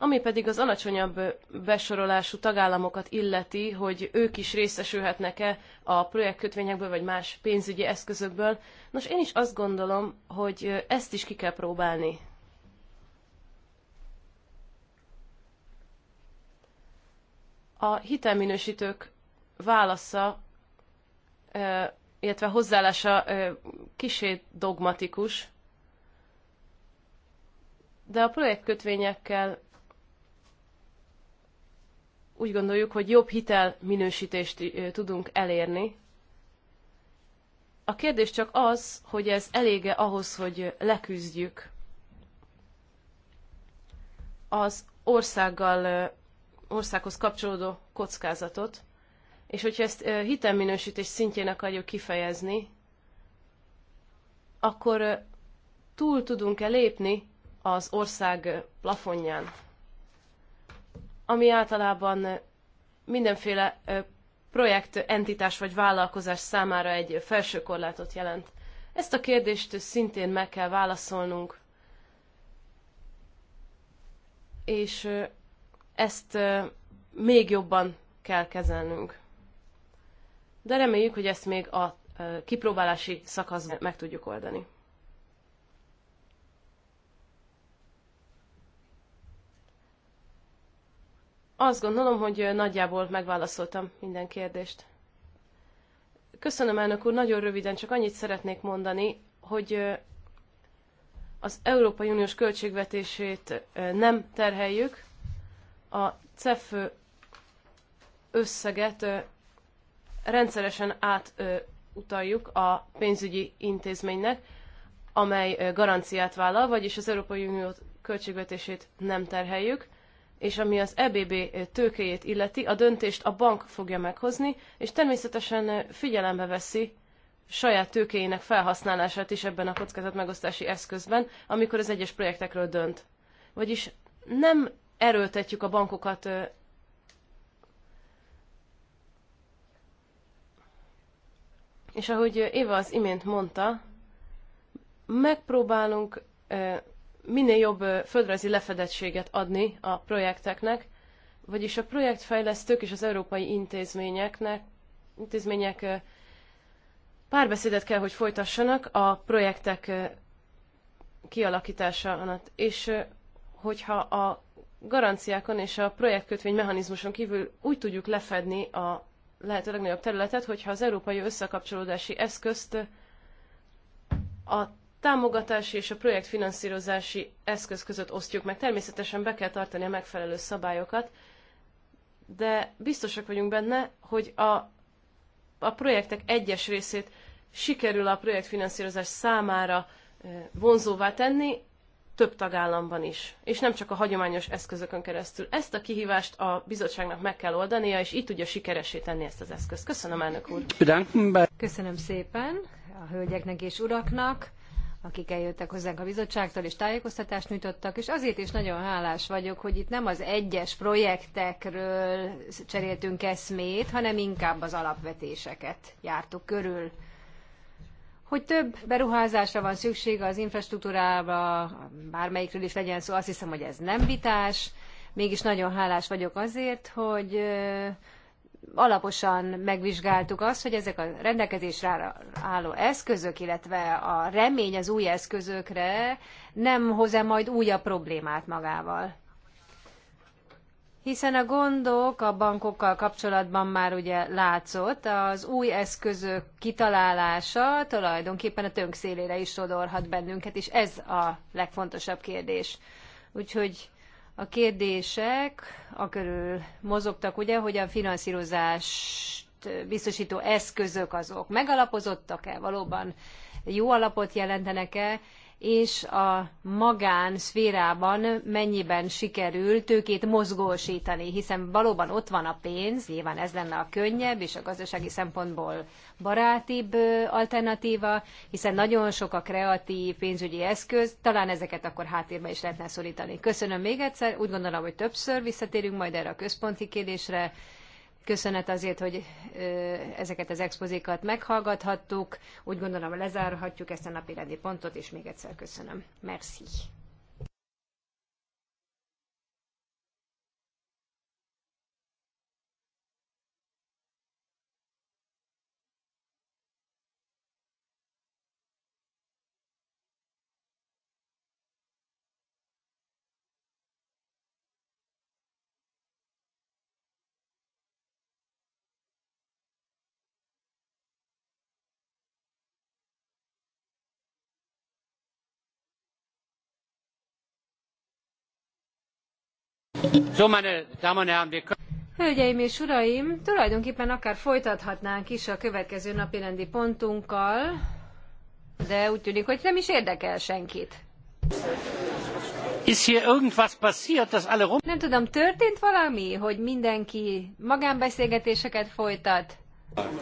Ami pedig az alacsonyabb besorolású tagállamokat illeti, hogy ők is részesülhetnek-e a projektkötvényekből vagy más pénzügyi eszközökből, nos én is azt gondolom, hogy ezt is ki kell próbálni. A hitelminősítők válasza, illetve hozzáállása kisé dogmatikus, de a projektkötvényekkel úgy gondoljuk, hogy jobb hitel minősítést tudunk elérni. A kérdés csak az, hogy ez elége ahhoz, hogy leküzdjük az országgal, országhoz kapcsolódó kockázatot, és hogyha ezt hitelminősítés szintjén akarjuk kifejezni, akkor túl tudunk-e lépni az ország plafonján ami általában mindenféle projekt, entitás vagy vállalkozás számára egy felső korlátot jelent. Ezt a kérdést szintén meg kell válaszolnunk, és ezt még jobban kell kezelnünk. De reméljük, hogy ezt még a kipróbálási szakaszban meg tudjuk oldani. Azt gondolom, hogy nagyjából megválaszoltam minden kérdést. Köszönöm, elnök úr, nagyon röviden csak annyit szeretnék mondani, hogy az Európai Uniós költségvetését nem terheljük, a CEF összeget rendszeresen átutaljuk a pénzügyi intézménynek, amely garanciát vállal, vagyis az Európai Unió költségvetését nem terheljük, és ami az EBB tőkéjét illeti, a döntést a bank fogja meghozni, és természetesen figyelembe veszi saját tőkéjének felhasználását is ebben a kockázatmegosztási eszközben, amikor az egyes projektekről dönt. Vagyis nem erőltetjük a bankokat És ahogy Éva az imént mondta, megpróbálunk minél jobb földrajzi lefedettséget adni a projekteknek, vagyis a projektfejlesztők és az európai intézményeknek, intézmények párbeszédet kell, hogy folytassanak a projektek kialakítása alatt. És hogyha a garanciákon és a projektkötvény mechanizmuson kívül úgy tudjuk lefedni a lehető legnagyobb területet, hogyha az európai összekapcsolódási eszközt a támogatási és a projektfinanszírozási eszköz között osztjuk meg. Természetesen be kell tartani a megfelelő szabályokat, de biztosak vagyunk benne, hogy a, a projektek egyes részét sikerül a projektfinanszírozás számára eh, vonzóvá tenni, több tagállamban is, és nem csak a hagyományos eszközökön keresztül. Ezt a kihívást a bizottságnak meg kell oldania, és így tudja sikeresé tenni ezt az eszközt. Köszönöm, elnök úr! Köszönöm szépen a hölgyeknek és uraknak! akik eljöttek hozzánk a bizottságtól, és tájékoztatást nyújtottak, és azért is nagyon hálás vagyok, hogy itt nem az egyes projektekről cseréltünk eszmét, hanem inkább az alapvetéseket jártuk körül. Hogy több beruházásra van szüksége az infrastruktúrába, bármelyikről is legyen szó, azt hiszem, hogy ez nem vitás. Mégis nagyon hálás vagyok azért, hogy alaposan megvizsgáltuk azt, hogy ezek a rendelkezésre álló eszközök, illetve a remény az új eszközökre nem hoz-e majd újabb problémát magával. Hiszen a gondok a bankokkal kapcsolatban már ugye látszott, az új eszközök kitalálása tulajdonképpen a tönk szélére is sodorhat bennünket, és ez a legfontosabb kérdés. Úgyhogy a kérdések a körül mozogtak, ugye, hogy a finanszírozást biztosító eszközök azok megalapozottak-e, valóban jó alapot jelentenek-e, és a magán szférában mennyiben sikerül tőkét mozgósítani, hiszen valóban ott van a pénz, nyilván ez lenne a könnyebb és a gazdasági szempontból barátibb alternatíva, hiszen nagyon sok a kreatív pénzügyi eszköz, talán ezeket akkor háttérbe is lehetne szorítani. Köszönöm még egyszer, úgy gondolom, hogy többször visszatérünk majd erre a központi kérdésre, Köszönet azért, hogy ezeket az expozékat meghallgathattuk. Úgy gondolom, lezárhatjuk ezt a napi rendi pontot, és még egyszer köszönöm. Merci. Hölgyeim és uraim, tulajdonképpen akár folytathatnánk is a következő napi rendi pontunkkal, de úgy tűnik, hogy nem is érdekel senkit. Is hier irgendwas passiert, dass alle rum... Nem tudom, történt valami, hogy mindenki magánbeszélgetéseket folytat? Um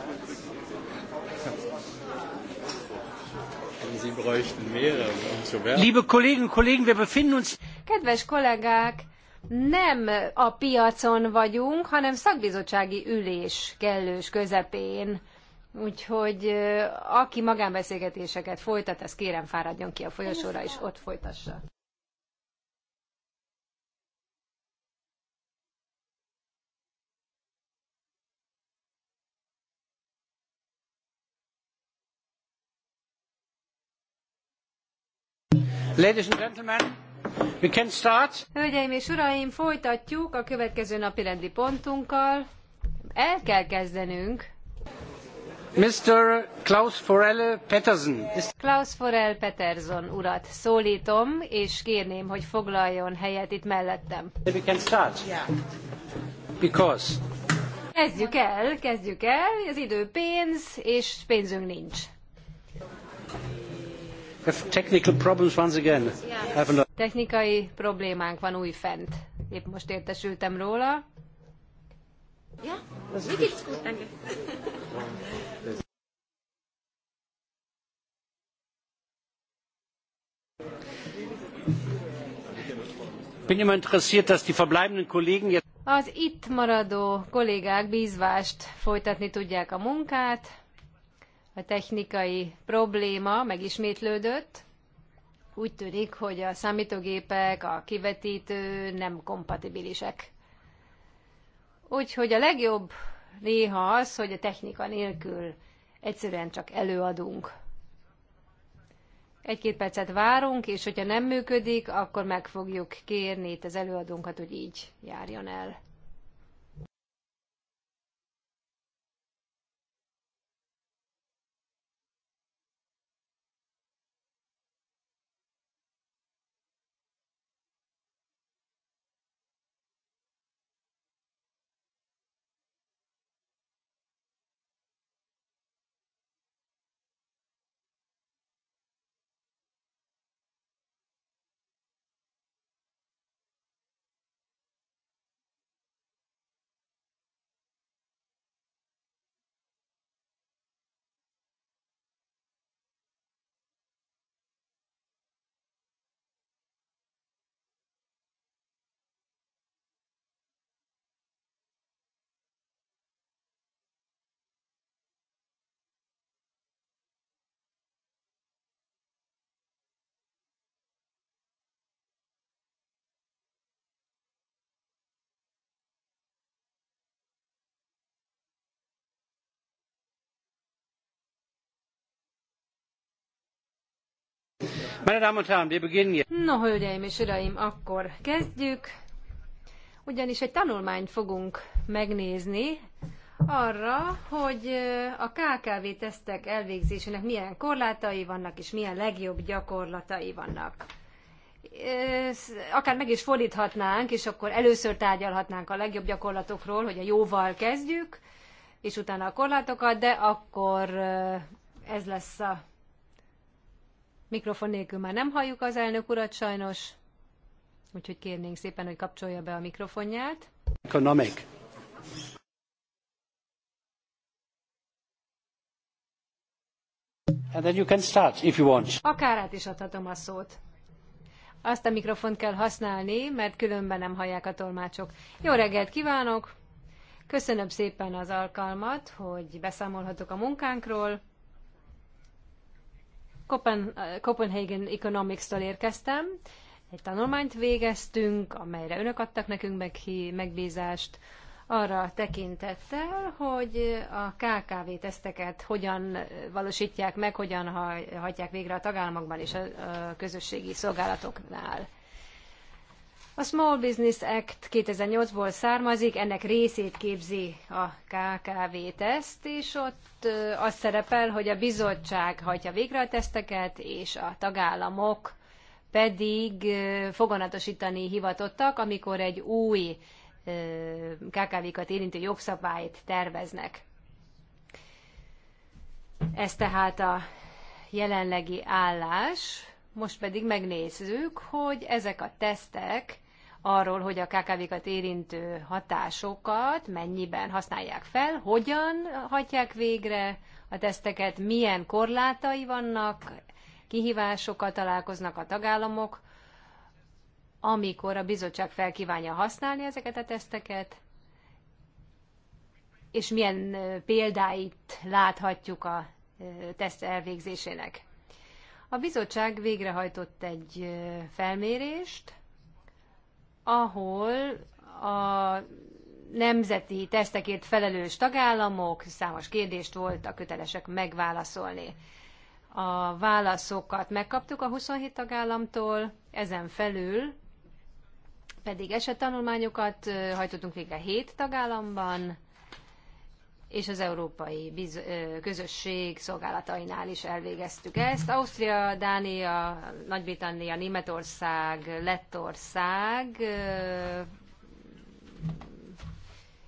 Liebe Kolleginnen und Kollegen, wir befinden uns... Kedves kollégák, nem a piacon vagyunk, hanem szakbizottsági ülés kellős közepén. Úgyhogy aki magánbeszélgetéseket folytat, ezt kérem fáradjon ki a folyosóra, és ott folytassa. Ladies and gentlemen, We can start. Hölgyeim és uraim, folytatjuk a következő napi rendi pontunkkal. El kell kezdenünk. Mr. Klaus Forel Peterson. Klaus Forel Peterson urat szólítom, és kérném, hogy foglaljon helyet itt mellettem. We can start. Yeah. Because. Kezdjük el, kezdjük el, az idő pénz, és pénzünk nincs technikai problémánk van újfent. Épp most értesültem róla. Az itt maradó kollégák bízvást folytatni tudják a munkát a technikai probléma megismétlődött. Úgy tűnik, hogy a számítógépek, a kivetítő nem kompatibilisek. Úgyhogy a legjobb néha az, hogy a technika nélkül egyszerűen csak előadunk. Egy-két percet várunk, és hogyha nem működik, akkor meg fogjuk kérni itt az előadónkat, hogy így járjon el. No, hölgyeim és uraim, akkor kezdjük. Ugyanis egy tanulmányt fogunk megnézni arra, hogy a KKV tesztek elvégzésének milyen korlátai vannak, és milyen legjobb gyakorlatai vannak. Akár meg is fordíthatnánk, és akkor először tárgyalhatnánk a legjobb gyakorlatokról, hogy a jóval kezdjük, és utána a korlátokat, de akkor ez lesz a Mikrofon nélkül már nem halljuk az elnök urat sajnos, úgyhogy kérnénk szépen, hogy kapcsolja be a mikrofonját. Economic. And then you can start, if you want. Akár át is adhatom a szót. Azt a mikrofont kell használni, mert különben nem hallják a tolmácsok. Jó reggelt kívánok! Köszönöm szépen az alkalmat, hogy beszámolhatok a munkánkról. Copen Copenhagen Economics-től érkeztem, egy tanulmányt végeztünk, amelyre önök adtak nekünk meg, megbízást, arra tekintettel, hogy a KKV teszteket hogyan valósítják meg, hogyan hajtják végre a tagállamokban és a közösségi szolgálatoknál. A Small Business Act 2008-ból származik, ennek részét képzi a KKV teszt, és ott az szerepel, hogy a bizottság hagyja végre a teszteket, és a tagállamok pedig foganatosítani hivatottak, amikor egy új KKV-kat érintő jogszabályt terveznek. Ez tehát a jelenlegi állás, most pedig megnézzük, hogy ezek a tesztek arról, hogy a KKV-kat érintő hatásokat mennyiben használják fel, hogyan hagyják végre a teszteket, milyen korlátai vannak, kihívásokkal találkoznak a tagállamok, amikor a bizottság felkívánja használni ezeket a teszteket, és milyen példáit láthatjuk a teszt elvégzésének. A bizottság végrehajtott egy felmérést, ahol a nemzeti tesztekért felelős tagállamok számos kérdést voltak kötelesek megválaszolni. A válaszokat megkaptuk a 27 tagállamtól, ezen felül pedig esettanulmányokat hajtottunk végre 7 tagállamban, és az Európai Biz Közösség szolgálatainál is elvégeztük ezt. Ausztria, Dánia, Nagy-Britannia, Németország, Lettország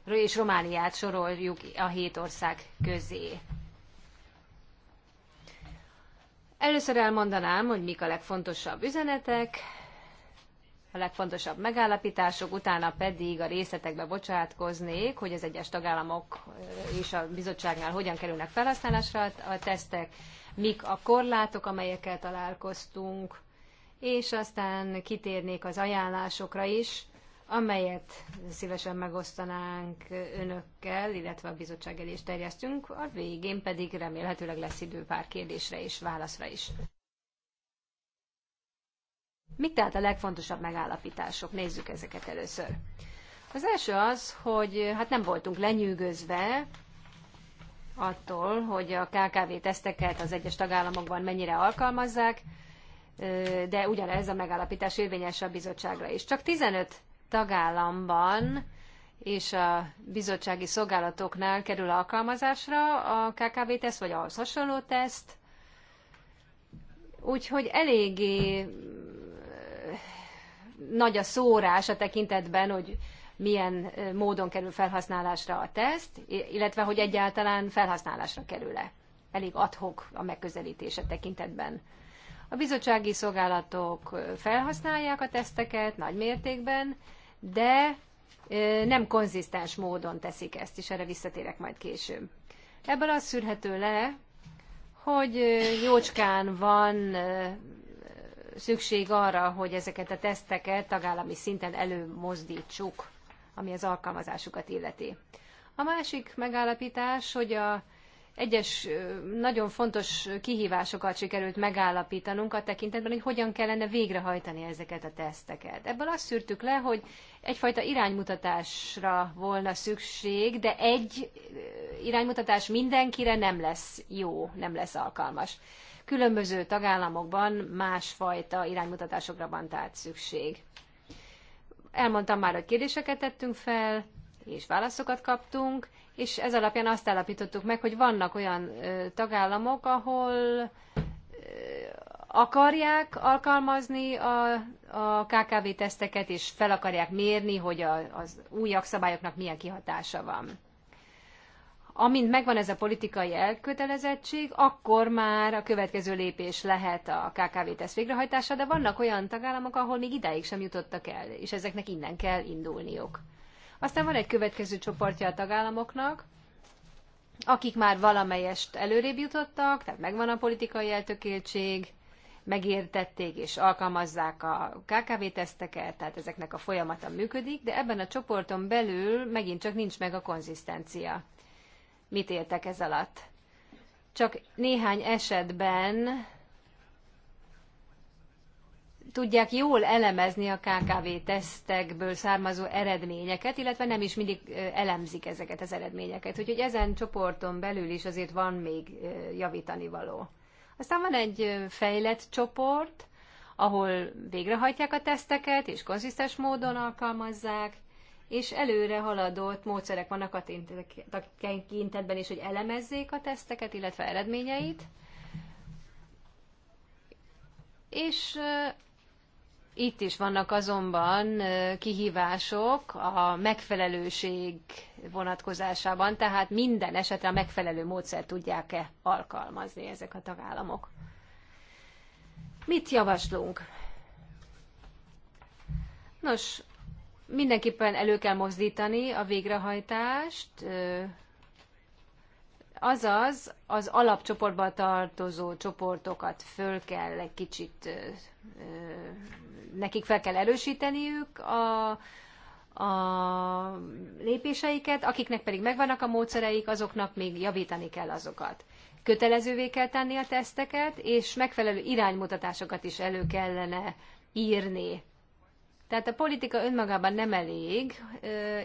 és Romániát soroljuk a hét ország közé. Először elmondanám, hogy mik a legfontosabb üzenetek, a legfontosabb megállapítások, utána pedig a részletekbe bocsátkoznék, hogy az egyes tagállamok és a bizottságnál hogyan kerülnek felhasználásra a tesztek, mik a korlátok, amelyekkel találkoztunk, és aztán kitérnék az ajánlásokra is, amelyet szívesen megosztanánk önökkel, illetve a bizottság elé is terjesztünk, a végén pedig remélhetőleg lesz idő pár kérdésre és válaszra is. Mik tehát a legfontosabb megállapítások? Nézzük ezeket először. Az első az, hogy hát nem voltunk lenyűgözve attól, hogy a KKV teszteket az egyes tagállamokban mennyire alkalmazzák, de ugyanez a megállapítás érvényes a bizottságra is. Csak 15 tagállamban és a bizottsági szolgálatoknál kerül alkalmazásra a KKV-teszt, vagy ahhoz hasonló teszt. Úgyhogy eléggé nagy a szórás a tekintetben, hogy milyen módon kerül felhasználásra a teszt, illetve hogy egyáltalán felhasználásra kerül-e. Elég adhok a megközelítése tekintetben. A bizottsági szolgálatok felhasználják a teszteket nagy mértékben, de nem konzisztens módon teszik ezt, és erre visszatérek majd később. Ebből az szűrhető le, hogy jócskán van szükség arra, hogy ezeket a teszteket tagállami szinten előmozdítsuk, ami az alkalmazásukat illeti. A másik megállapítás, hogy a egyes nagyon fontos kihívásokat sikerült megállapítanunk a tekintetben, hogy hogyan kellene végrehajtani ezeket a teszteket. Ebből azt szűrtük le, hogy egyfajta iránymutatásra volna szükség, de egy iránymutatás mindenkire nem lesz jó, nem lesz alkalmas különböző tagállamokban másfajta iránymutatásokra van tehát szükség. Elmondtam már, hogy kérdéseket tettünk fel, és válaszokat kaptunk, és ez alapján azt állapítottuk meg, hogy vannak olyan ö, tagállamok, ahol ö, akarják alkalmazni a, a KKV teszteket, és fel akarják mérni, hogy a, az új jogszabályoknak milyen kihatása van amint megvan ez a politikai elkötelezettség, akkor már a következő lépés lehet a KKV tesz végrehajtása, de vannak olyan tagállamok, ahol még idáig sem jutottak el, és ezeknek innen kell indulniuk. Aztán van egy következő csoportja a tagállamoknak, akik már valamelyest előrébb jutottak, tehát megvan a politikai eltökéltség, megértették és alkalmazzák a KKV-teszteket, tehát ezeknek a folyamata működik, de ebben a csoporton belül megint csak nincs meg a konzisztencia mit éltek ez alatt. Csak néhány esetben tudják jól elemezni a KKV tesztekből származó eredményeket, illetve nem is mindig elemzik ezeket az eredményeket. Úgyhogy ezen csoporton belül is azért van még javítani való. Aztán van egy fejlett csoport, ahol végrehajtják a teszteket, és konzisztens módon alkalmazzák, és előre haladott módszerek vannak a tekintetben is, hogy elemezzék a teszteket, illetve eredményeit. És itt is vannak azonban kihívások a megfelelőség vonatkozásában, tehát minden esetre a megfelelő módszert tudják-e alkalmazni ezek a tagállamok. Mit javaslunk? Nos, Mindenképpen elő kell mozdítani a végrehajtást, azaz az alapcsoportba tartozó csoportokat föl kell egy kicsit, nekik fel kell erősíteniük a, a lépéseiket, akiknek pedig megvannak a módszereik, azoknak még javítani kell azokat. Kötelezővé kell tenni a teszteket, és megfelelő iránymutatásokat is elő kellene írni tehát a politika önmagában nem elég,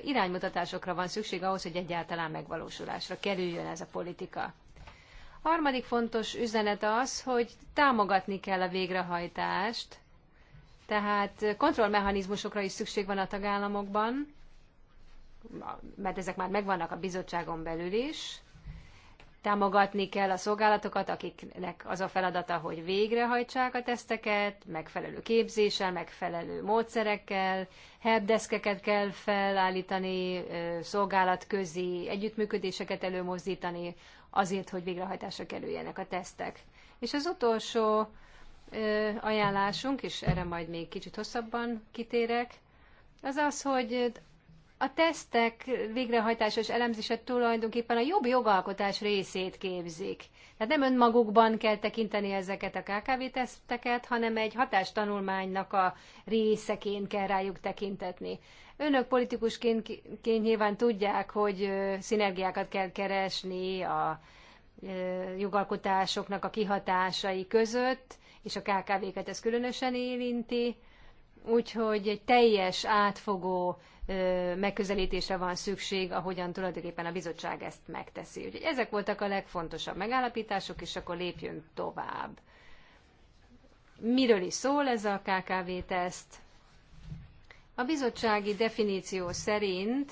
iránymutatásokra van szükség ahhoz, hogy egyáltalán megvalósulásra kerüljön ez a politika. Harmadik fontos üzenet az, hogy támogatni kell a végrehajtást, tehát kontrollmechanizmusokra is szükség van a tagállamokban, mert ezek már megvannak a bizottságon belül is, támogatni kell a szolgálatokat, akiknek az a feladata, hogy végrehajtsák a teszteket, megfelelő képzéssel, megfelelő módszerekkel, helpdeszkeket kell felállítani, szolgálatközi együttműködéseket előmozdítani, azért, hogy végrehajtásra kerüljenek a tesztek. És az utolsó ajánlásunk, és erre majd még kicsit hosszabban kitérek, az az, hogy a tesztek végrehajtásos elemzése tulajdonképpen a jobb jogalkotás részét képzik. Tehát nem önmagukban kell tekinteni ezeket a KKV-teszteket, hanem egy hatástanulmánynak a részeként kell rájuk tekintetni. Önök politikusként nyilván tudják, hogy szinergiákat kell keresni a jogalkotásoknak a kihatásai között, és a KKV-ket ez különösen érinti Úgyhogy egy teljes, átfogó megközelítésre van szükség, ahogyan tulajdonképpen a bizottság ezt megteszi. Úgyhogy ezek voltak a legfontosabb megállapítások, és akkor lépjünk tovább. Miről is szól ez a KKV-teszt? A bizottsági definíció szerint,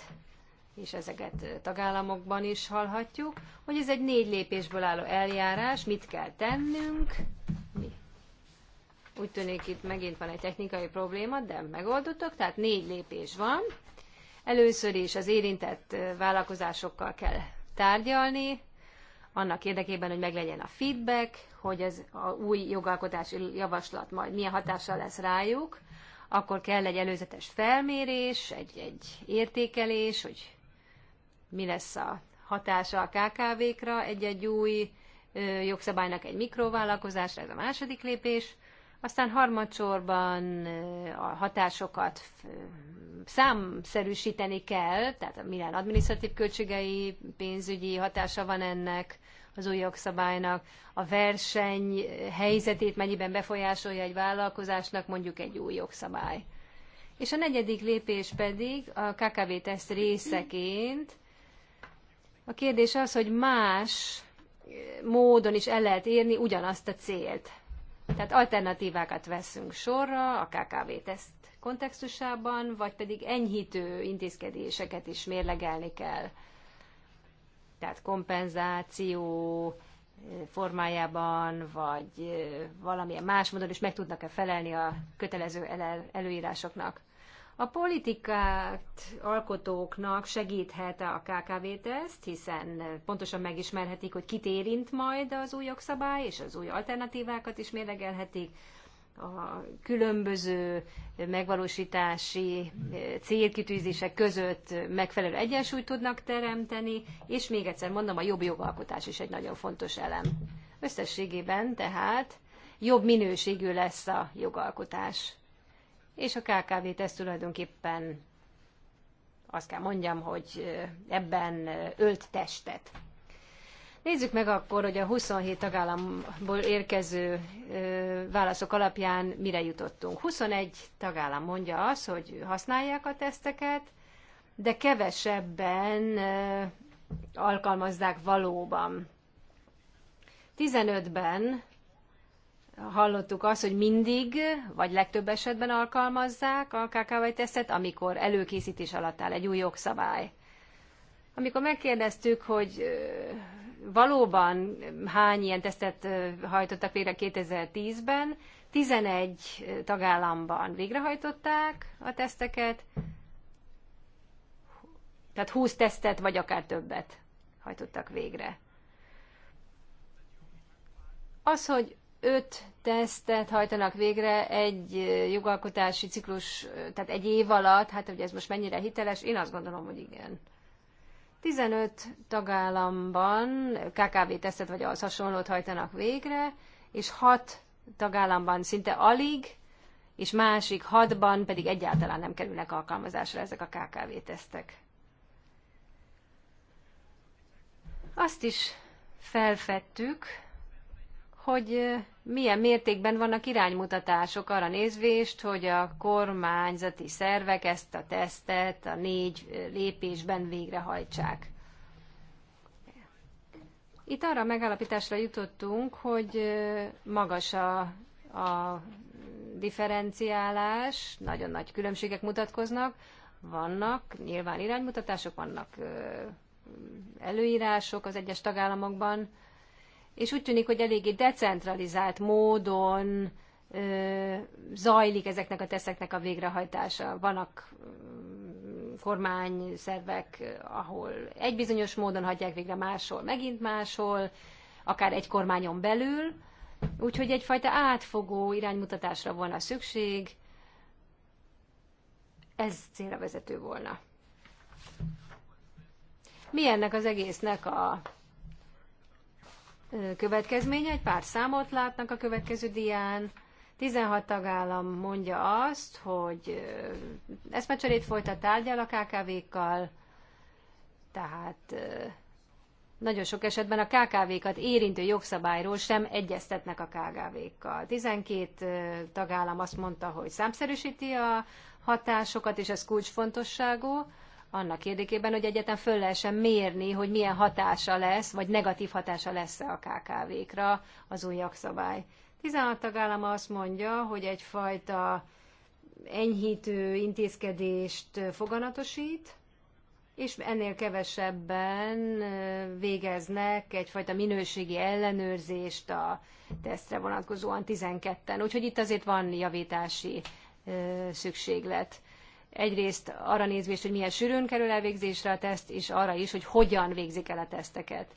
és ezeket tagállamokban is hallhatjuk, hogy ez egy négy lépésből álló eljárás, mit kell tennünk, úgy tűnik itt megint van egy technikai probléma, de megoldottak, tehát négy lépés van. Először is az érintett vállalkozásokkal kell tárgyalni, annak érdekében, hogy meglegyen a feedback, hogy ez a új jogalkotási javaslat majd milyen hatással lesz rájuk, akkor kell egy előzetes felmérés, egy, egy értékelés, hogy mi lesz a hatása a KKV-kra egy-egy új jogszabálynak egy mikrovállalkozásra, ez a második lépés. Aztán harmadsorban a hatásokat számszerűsíteni kell, tehát milyen adminisztratív költségei, pénzügyi hatása van ennek az új jogszabálynak, a verseny helyzetét mennyiben befolyásolja egy vállalkozásnak mondjuk egy új jogszabály. És a negyedik lépés pedig a KKV-teszt részeként. A kérdés az, hogy más módon is el lehet érni ugyanazt a célt. Tehát alternatívákat veszünk sorra, a KKV teszt kontextusában, vagy pedig enyhítő intézkedéseket is mérlegelni kell. Tehát kompenzáció eh, formájában, vagy eh, valamilyen más módon is meg tudnak-e felelni a kötelező előírásoknak. A politikát alkotóknak segíthet a KKV-teszt, hiszen pontosan megismerhetik, hogy kit érint majd az új jogszabály, és az új alternatívákat is mérlegelhetik. A különböző megvalósítási eh, célkitűzések között megfelelő egyensúlyt tudnak teremteni, és még egyszer mondom, a jobb jogalkotás is egy nagyon fontos elem. Összességében tehát jobb minőségű lesz a jogalkotás és a KKV ez tulajdonképpen azt kell mondjam, hogy ebben ölt testet. Nézzük meg akkor, hogy a 27 tagállamból érkező válaszok alapján mire jutottunk. 21 tagállam mondja azt, hogy használják a teszteket, de kevesebben alkalmazzák valóban. 15-ben hallottuk azt, hogy mindig, vagy legtöbb esetben alkalmazzák a kkv tesztet, amikor előkészítés alatt áll egy új jogszabály. Amikor megkérdeztük, hogy valóban hány ilyen tesztet hajtottak végre 2010-ben, 11 tagállamban végrehajtották a teszteket, tehát 20 tesztet, vagy akár többet hajtottak végre. Az, hogy öt tesztet hajtanak végre egy jogalkotási ciklus, tehát egy év alatt, hát hogy ez most mennyire hiteles, én azt gondolom, hogy igen. 15 tagállamban KKV-tesztet vagy az hasonlót hajtanak végre, és 6 tagállamban szinte alig, és másik 6-ban pedig egyáltalán nem kerülnek alkalmazásra ezek a KKV-tesztek. Azt is felfedtük, hogy milyen mértékben vannak iránymutatások arra nézvést, hogy a kormányzati szervek ezt a tesztet a négy lépésben végrehajtsák. Itt arra a megállapításra jutottunk, hogy magas a, a differenciálás, nagyon nagy különbségek mutatkoznak, vannak nyilván iránymutatások, vannak előírások az egyes tagállamokban, és úgy tűnik, hogy eléggé decentralizált módon ö, zajlik ezeknek a teszeknek a végrehajtása. Vannak mm, kormányszervek, ahol egy bizonyos módon hagyják végre máshol, megint máshol, akár egy kormányon belül, úgyhogy egyfajta átfogó iránymutatásra volna szükség, ez célra vezető volna. Mi ennek az egésznek a következménye, egy pár számot látnak a következő dián. 16 tagállam mondja azt, hogy eszmecserét folytat tárgyal a KKV-kkal, tehát nagyon sok esetben a KKV-kat érintő jogszabályról sem egyeztetnek a KKV-kkal. 12 tagállam azt mondta, hogy számszerűsíti a hatásokat, és ez kulcsfontosságú annak érdekében, hogy egyetem föl lehessen mérni, hogy milyen hatása lesz, vagy negatív hatása lesz-e a KKV-kra az új jogszabály. 16 tagállama azt mondja, hogy egyfajta enyhítő intézkedést foganatosít, és ennél kevesebben végeznek egyfajta minőségi ellenőrzést a tesztre vonatkozóan 12-en. Úgyhogy itt azért van javítási szükséglet egyrészt arra nézvést, hogy milyen sűrűn kerül elvégzésre a teszt, és arra is, hogy hogyan végzik el a teszteket.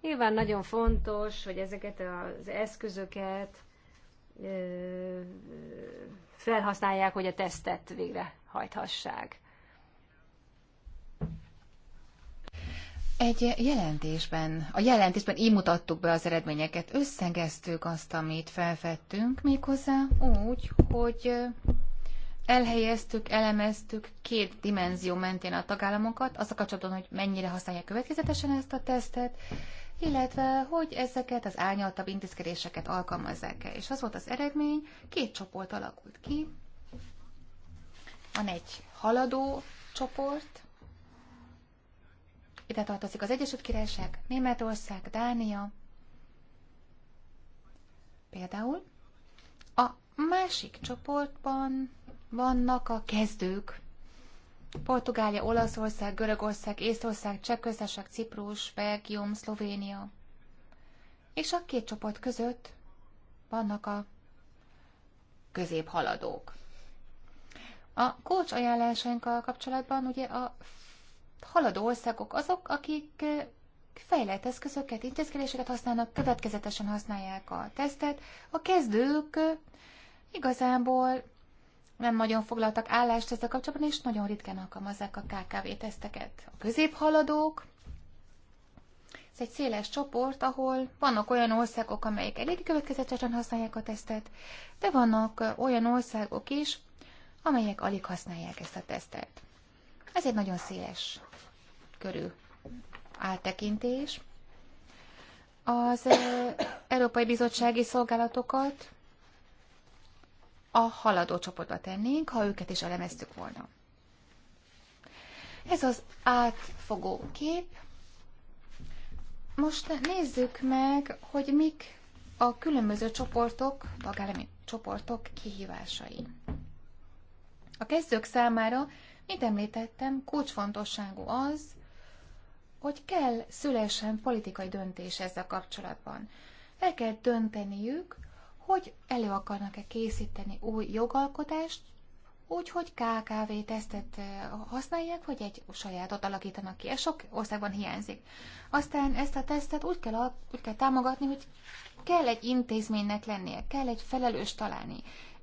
Nyilván nagyon fontos, hogy ezeket az eszközöket felhasználják, hogy a tesztet végrehajthassák. Egy jelentésben, a jelentésben így mutattuk be az eredményeket, összegeztük azt, amit felvettünk, méghozzá úgy, hogy elhelyeztük, elemeztük két dimenzió mentén a tagállamokat, az a kapcsolatban, hogy mennyire használják következetesen ezt a tesztet, illetve hogy ezeket az árnyaltabb intézkedéseket alkalmazzák-e. És az volt az eredmény, két csoport alakult ki. Van egy haladó csoport, ide tartozik az Egyesült Királyság, Németország, Dánia, például. A másik csoportban vannak a kezdők. Portugália, Olaszország, Görögország, Észtország, Csehköztársaság, Ciprus, Belgium, Szlovénia. És a két csoport között vannak a középhaladók. A kócs ajánlásainkkal kapcsolatban ugye a haladó országok azok, akik eh, fejlett eszközöket, intézkedéseket használnak, következetesen használják a tesztet. A kezdők eh, igazából nem nagyon foglaltak állást ezzel kapcsolatban, és nagyon ritkán alkalmazzák a KKV-teszteket. A középhaladók, ez egy széles csoport, ahol vannak olyan országok, amelyek elég következetesen használják a tesztet, de vannak olyan országok is, amelyek alig használják ezt a tesztet. Ez egy nagyon széles körű áttekintés. Az Európai Bizottsági Szolgálatokat a haladó csoportba tennénk, ha őket is elemeztük volna. Ez az átfogó kép. Most nézzük meg, hogy mik a különböző csoportok, tagállami csoportok kihívásai. A kezdők számára, mint említettem, kulcsfontosságú az, hogy kell szülesen politikai döntés ezzel kapcsolatban. El kell dönteniük, hogy elő akarnak-e készíteni új jogalkotást, úgy, hogy KKV-tesztet használják, vagy egy sajátot alakítanak ki. Ez sok országban hiányzik. Aztán ezt a tesztet úgy kell, úgy kell támogatni, hogy kell egy intézménynek lennie, kell egy felelős találni,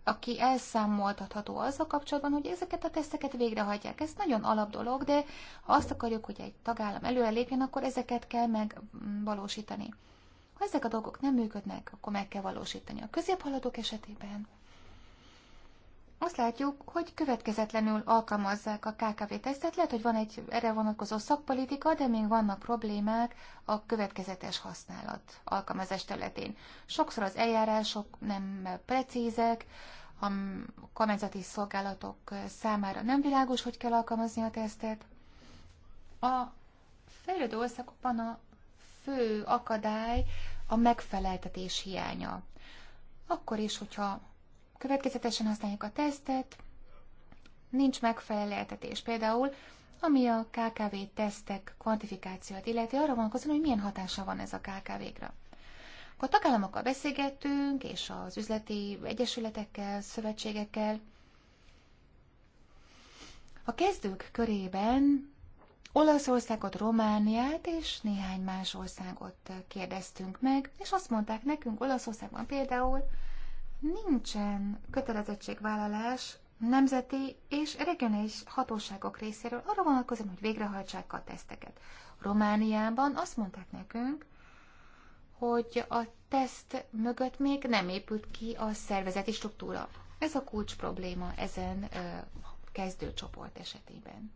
aki elszámoltatható azzal kapcsolatban, hogy ezeket a teszteket végrehajtják. Ez nagyon alap dolog, de ha azt akarjuk, hogy egy tagállam lépjen, akkor ezeket kell megvalósítani. Ha ezek a dolgok nem működnek, akkor meg kell valósítani. A középhaladók esetében azt látjuk, hogy következetlenül alkalmazzák a KKV-tesztet. Lehet, hogy van egy erre vonatkozó szakpolitika, de még vannak problémák a következetes használat alkalmazás területén. Sokszor az eljárások nem precízek, a kormányzati szolgálatok számára nem világos, hogy kell alkalmazni a tesztet. A fejlődő országokban a fő akadály a megfeleltetés hiánya. Akkor is, hogyha következetesen használjuk a tesztet, nincs megfeleltetés. Például, ami a KKV tesztek kvantifikációt illeti, arra vonatkozóan, hogy milyen hatása van ez a KKV-kra. A tagállamokkal beszélgettünk, és az üzleti egyesületekkel, szövetségekkel. A kezdők körében Olaszországot, Romániát és néhány más országot kérdeztünk meg, és azt mondták nekünk, Olaszországban például nincsen kötelezettségvállalás nemzeti és regionális hatóságok részéről arra vonatkozóan, hogy végrehajtsák a teszteket. Romániában azt mondták nekünk, hogy a teszt mögött még nem épült ki a szervezeti struktúra. Ez a kulcs probléma ezen kezdőcsoport esetében.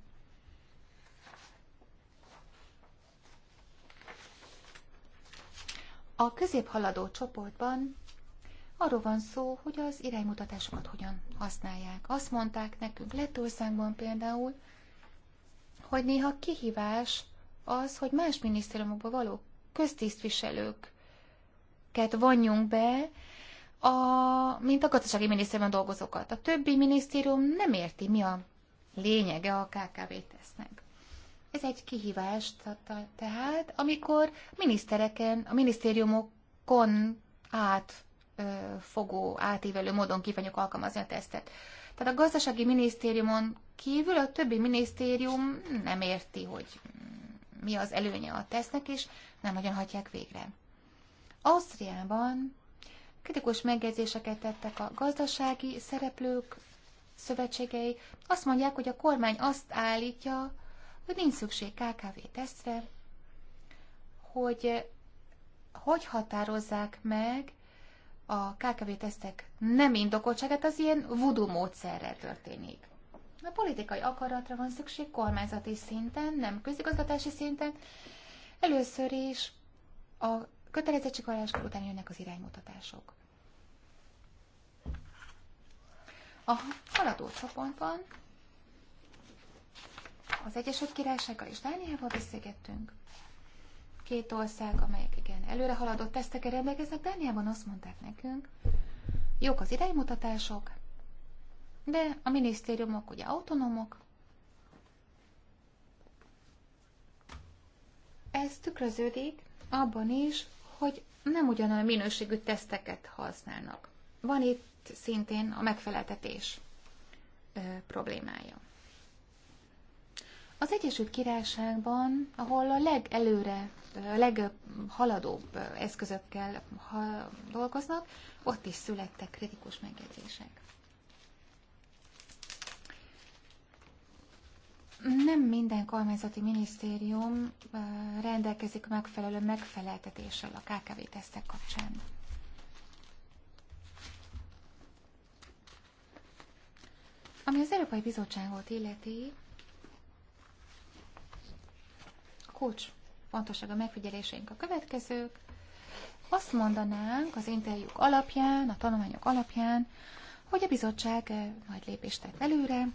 A középhaladó csoportban arról van szó, hogy az iránymutatásokat hogyan használják. Azt mondták nekünk Lettországban például, hogy néha kihívás az, hogy más minisztériumokba való köztisztviselőket vonjunk be, a, mint a gazdasági minisztériumban dolgozókat. A többi minisztérium nem érti, mi a lényege a KKV tesznek. Ez egy kihívást tehát, amikor minisztereken, a minisztériumokon át fogó, átívelő módon kívánjuk alkalmazni a tesztet. Tehát a gazdasági minisztériumon kívül a többi minisztérium nem érti, hogy mi az előnye a tesznek, és nem nagyon hagyják végre. Ausztriában kritikus megjegyzéseket tettek a gazdasági szereplők szövetségei. Azt mondják, hogy a kormány azt állítja, hogy nincs szükség KKV tesztre, hogy hogy határozzák meg a KKV tesztek nem indokoltságát, az ilyen voodoo módszerrel történik. A politikai akaratra van szükség kormányzati szinten, nem közigazgatási szinten. Először is a kötelezettségvállaláskor után jönnek az iránymutatások. A haladó csoportban az Egyesült Királysággal és Dániával beszélgettünk. Két ország, amelyek igen előre haladott tesztekkel rendelkeznek, Dániában azt mondták nekünk, jók az iránymutatások, de a minisztériumok ugye autonómok. Ez tükröződik abban is, hogy nem ugyanolyan minőségű teszteket használnak. Van itt szintén a megfeleltetés ö, problémája. Az Egyesült Királyságban, ahol a legelőre, a leghaladóbb eszközökkel dolgoznak, ott is születtek kritikus megjegyzések. Nem minden kormányzati minisztérium rendelkezik megfelelő megfeleltetéssel a KKV-tesztek kapcsán. Ami az Európai Bizottságot illeti, kulcs fontosság a megfigyeléseink a következők. Azt mondanánk az interjúk alapján, a tanulmányok alapján, hogy a bizottság eh, nagy lépést tett előre,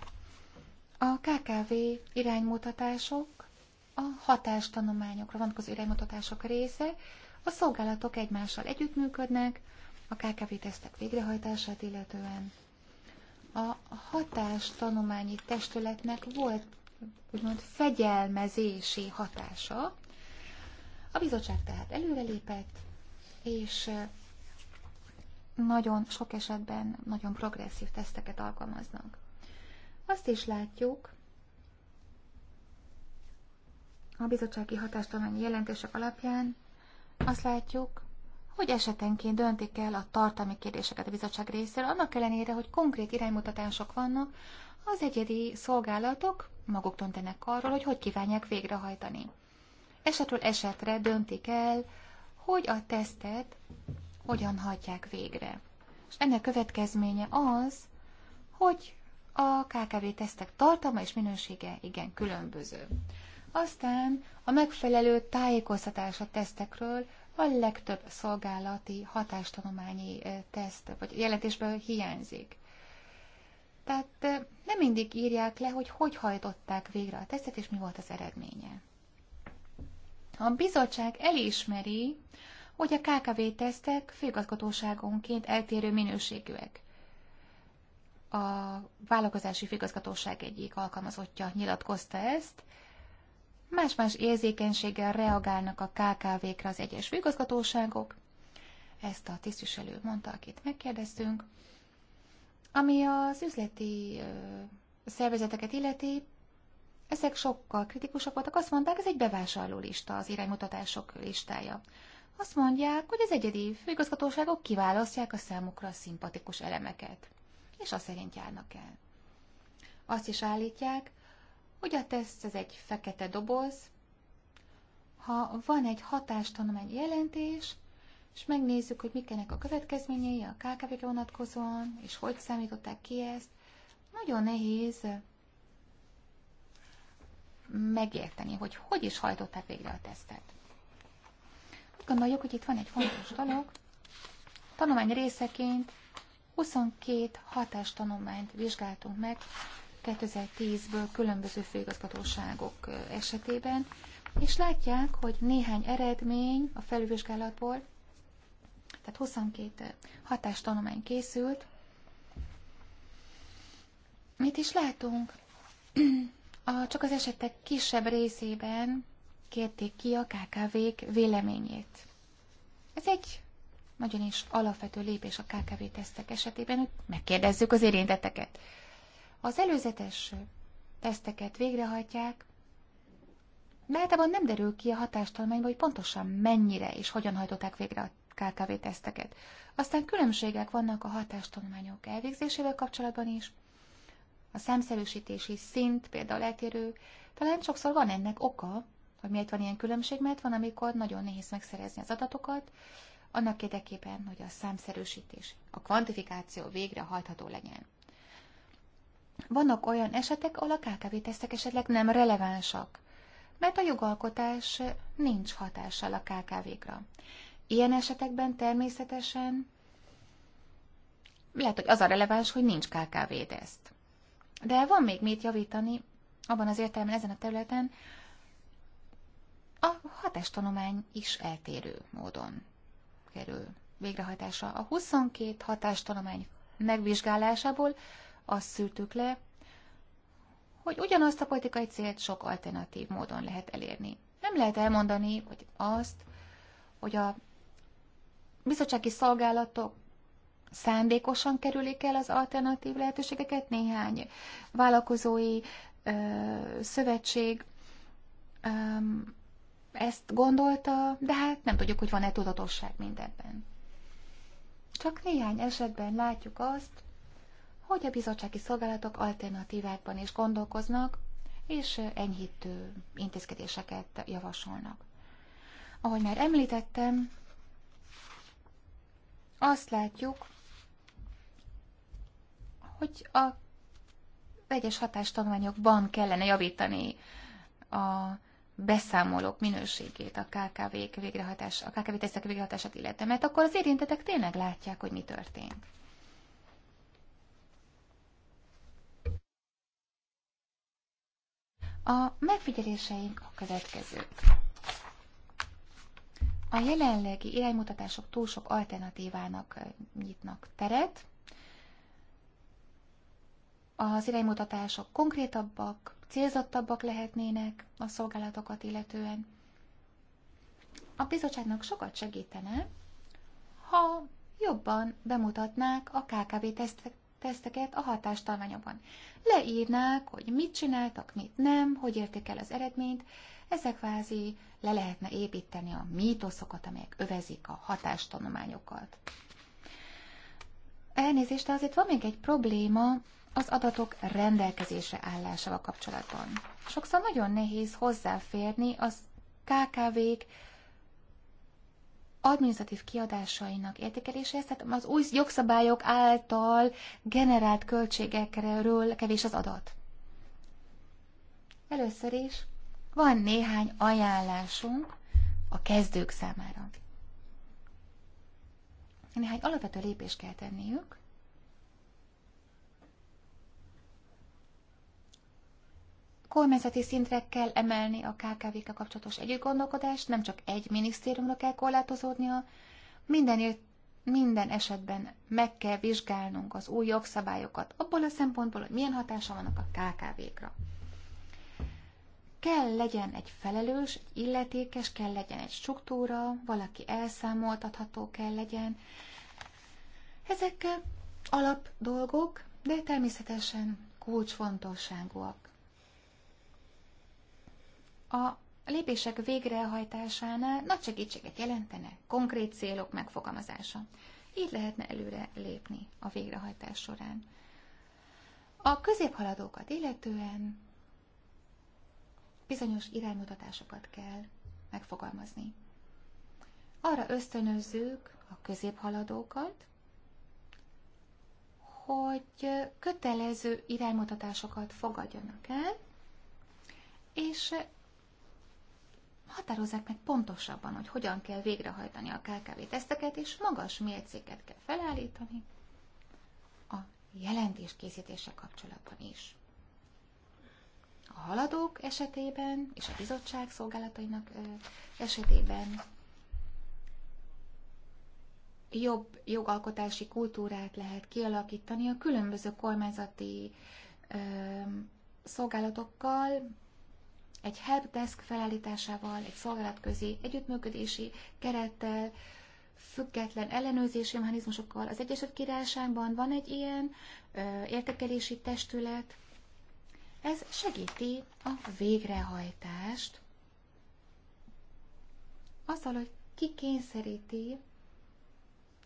a KKV iránymutatások, a hatástanulmányokra vonatkozó iránymutatások része, a szolgálatok egymással együttműködnek, a KKV tesztek végrehajtását illetően. A hatástanományi testületnek volt úgymond fegyelmezési hatása. A bizottság tehát előrelépett, és nagyon sok esetben nagyon progresszív teszteket alkalmaznak. Azt is látjuk, a bizottsági hatástalmányi jelentések alapján azt látjuk, hogy esetenként döntik el a tartalmi kérdéseket a bizottság részéről, annak ellenére, hogy konkrét iránymutatások vannak, az egyedi szolgálatok maguk döntenek arról, hogy hogy kívánják végrehajtani. Esetről esetre döntik el, hogy a tesztet hogyan hajtják végre. És ennek következménye az, hogy a KKV tesztek tartalma és minősége igen különböző. Aztán a megfelelő tájékoztatás a tesztekről a legtöbb szolgálati hatástanulmányi eh, teszt vagy jelentésből hiányzik. Tehát eh, nem mindig írják le, hogy hogy hajtották végre a tesztet, és mi volt az eredménye. A bizottság elismeri, hogy a KKV-tesztek főigazgatóságonként eltérő minőségűek. A vállalkozási főigazgatóság egyik alkalmazottja nyilatkozta ezt, más-más érzékenységgel reagálnak a KKV-kre az egyes főigazgatóságok, ezt a tisztviselő mondta, akit megkérdeztünk, ami az üzleti szervezeteket illeti, ezek sokkal kritikusak voltak. Azt mondták, ez egy bevásárló lista, az iránymutatások listája. Azt mondják, hogy az egyedi főigazgatóságok kiválasztják a számukra a szimpatikus elemeket, és azt szerint járnak el. Azt is állítják, hogy a teszt ez egy fekete doboz, ha van egy hatástanulmány jelentés, és megnézzük, hogy mik ennek a következményei a KKV-re vonatkozóan, és hogy számították ki ezt. Nagyon nehéz megérteni, hogy hogy is hajtották végre a tesztet. Úgy gondoljuk, hogy itt van egy fontos dolog. Tanulmány részeként 22 hatás tanulmányt vizsgáltunk meg 2010-ből különböző főigazgatóságok esetében, és látják, hogy néhány eredmény a felülvizsgálatból tehát 22 hatástanulmány készült. Mit is látunk? A, csak az esetek kisebb részében kérték ki a KKV-k véleményét. Ez egy nagyon is alapvető lépés a KKV-tesztek esetében, hogy megkérdezzük az érintetteket. Az előzetes teszteket végrehajtják, de általában nem derül ki a hatástalmányba, hogy pontosan mennyire és hogyan hajtották végre a KKV teszteket. Aztán különbségek vannak a hatástanulmányok elvégzésével kapcsolatban is. A szemszerűsítési szint például eltérő, talán sokszor van ennek oka, hogy miért van ilyen különbség, mert van, amikor nagyon nehéz megszerezni az adatokat, annak érdekében, hogy a számszerűsítés, a kvantifikáció végre hajtható legyen. Vannak olyan esetek, ahol a KKV-tesztek esetleg nem relevánsak, mert a jogalkotás nincs hatással a KKV-kra. Ilyen esetekben természetesen lehet, hogy az a releváns, hogy nincs KKV ezt. De van még mit javítani abban az értelemben ezen a területen, a hatástanulmány is eltérő módon kerül végrehajtásra. A 22 hatástanulmány megvizsgálásából azt szűrtük le, hogy ugyanazt a politikai célt sok alternatív módon lehet elérni. Nem lehet elmondani hogy azt, hogy a bizottsági szolgálatok szándékosan kerülik el az alternatív lehetőségeket, néhány vállalkozói ö, szövetség ö, ezt gondolta, de hát nem tudjuk, hogy van-e tudatosság mindebben. Csak néhány esetben látjuk azt, hogy a bizottsági szolgálatok alternatívákban is gondolkoznak, és enyhítő intézkedéseket javasolnak. Ahogy már említettem, azt látjuk, hogy a vegyes hatástanulmányokban kellene javítani a beszámolók minőségét a KKV-k a KKV tesztek végrehatását illetve, mert akkor az érintetek tényleg látják, hogy mi történt. A megfigyeléseink a következők. A jelenlegi iránymutatások túl sok alternatívának eh, nyitnak teret. Az iránymutatások konkrétabbak, célzottabbak lehetnének a szolgálatokat illetően. A bizottságnak sokat segítene, ha jobban bemutatnák a KKV teszteket a hatástalványokban. Leírnák, hogy mit csináltak, mit nem, hogy érték el az eredményt, ezek kvázi le lehetne építeni a mítoszokat, amelyek övezik a hatástanományokat. Elnézést, de azért van még egy probléma az adatok rendelkezésre állásával kapcsolatban. Sokszor nagyon nehéz hozzáférni az KKV-k adminisztratív kiadásainak értékeléséhez, tehát az új jogszabályok által generált költségekről kevés az adat. Először is van néhány ajánlásunk a kezdők számára. Néhány alapvető lépést kell tenniük. Kormányzati szintre kell emelni a KKV-kkel kapcsolatos együttgondolkodást, nem csak egy minisztériumra kell korlátozódnia, minden, minden esetben meg kell vizsgálnunk az új jogszabályokat abból a szempontból, hogy milyen hatása vannak a KKV-kra kell legyen egy felelős, egy illetékes, kell legyen egy struktúra, valaki elszámoltatható kell legyen. Ezek alap dolgok, de természetesen kulcsfontosságúak. A lépések végrehajtásánál nagy segítséget jelentene konkrét célok megfogalmazása. Így lehetne előre lépni a végrehajtás során. A középhaladókat illetően bizonyos iránymutatásokat kell megfogalmazni. Arra ösztönözzük a középhaladókat, hogy kötelező iránymutatásokat fogadjanak el, és határozzák meg pontosabban, hogy hogyan kell végrehajtani a KKV teszteket, és magas mércéket kell felállítani a jelentéskészítése készítése kapcsolatban is. A haladók esetében és a bizottság szolgálatainak esetében jobb jogalkotási kultúrát lehet kialakítani a különböző kormányzati ö, szolgálatokkal, egy helpdesk felállításával, egy szolgálatközi együttműködési kerettel, független ellenőrzési mechanizmusokkal. Az Egyesült Királyságban van egy ilyen ö, értékelési testület, ez segíti a végrehajtást, azzal, hogy kikényszeríti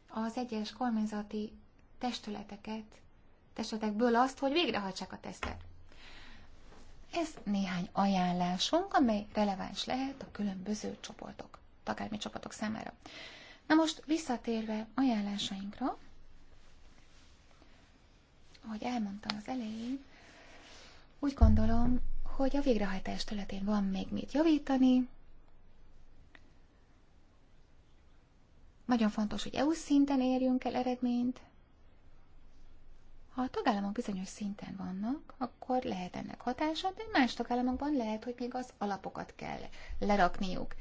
az egyes kormányzati testületeket, testületekből azt, hogy végrehajtsák a tesztet. Ez néhány ajánlásunk, amely releváns lehet a különböző csoportok, tagármi csoportok számára. Na most visszatérve ajánlásainkra, ahogy elmondtam az elején, úgy gondolom, hogy a végrehajtás területén van még mit javítani. Nagyon fontos, hogy EU szinten érjünk el eredményt. Ha a tagállamok bizonyos szinten vannak, akkor lehet ennek hatása, de más tagállamokban lehet, hogy még az alapokat kell lerakniuk.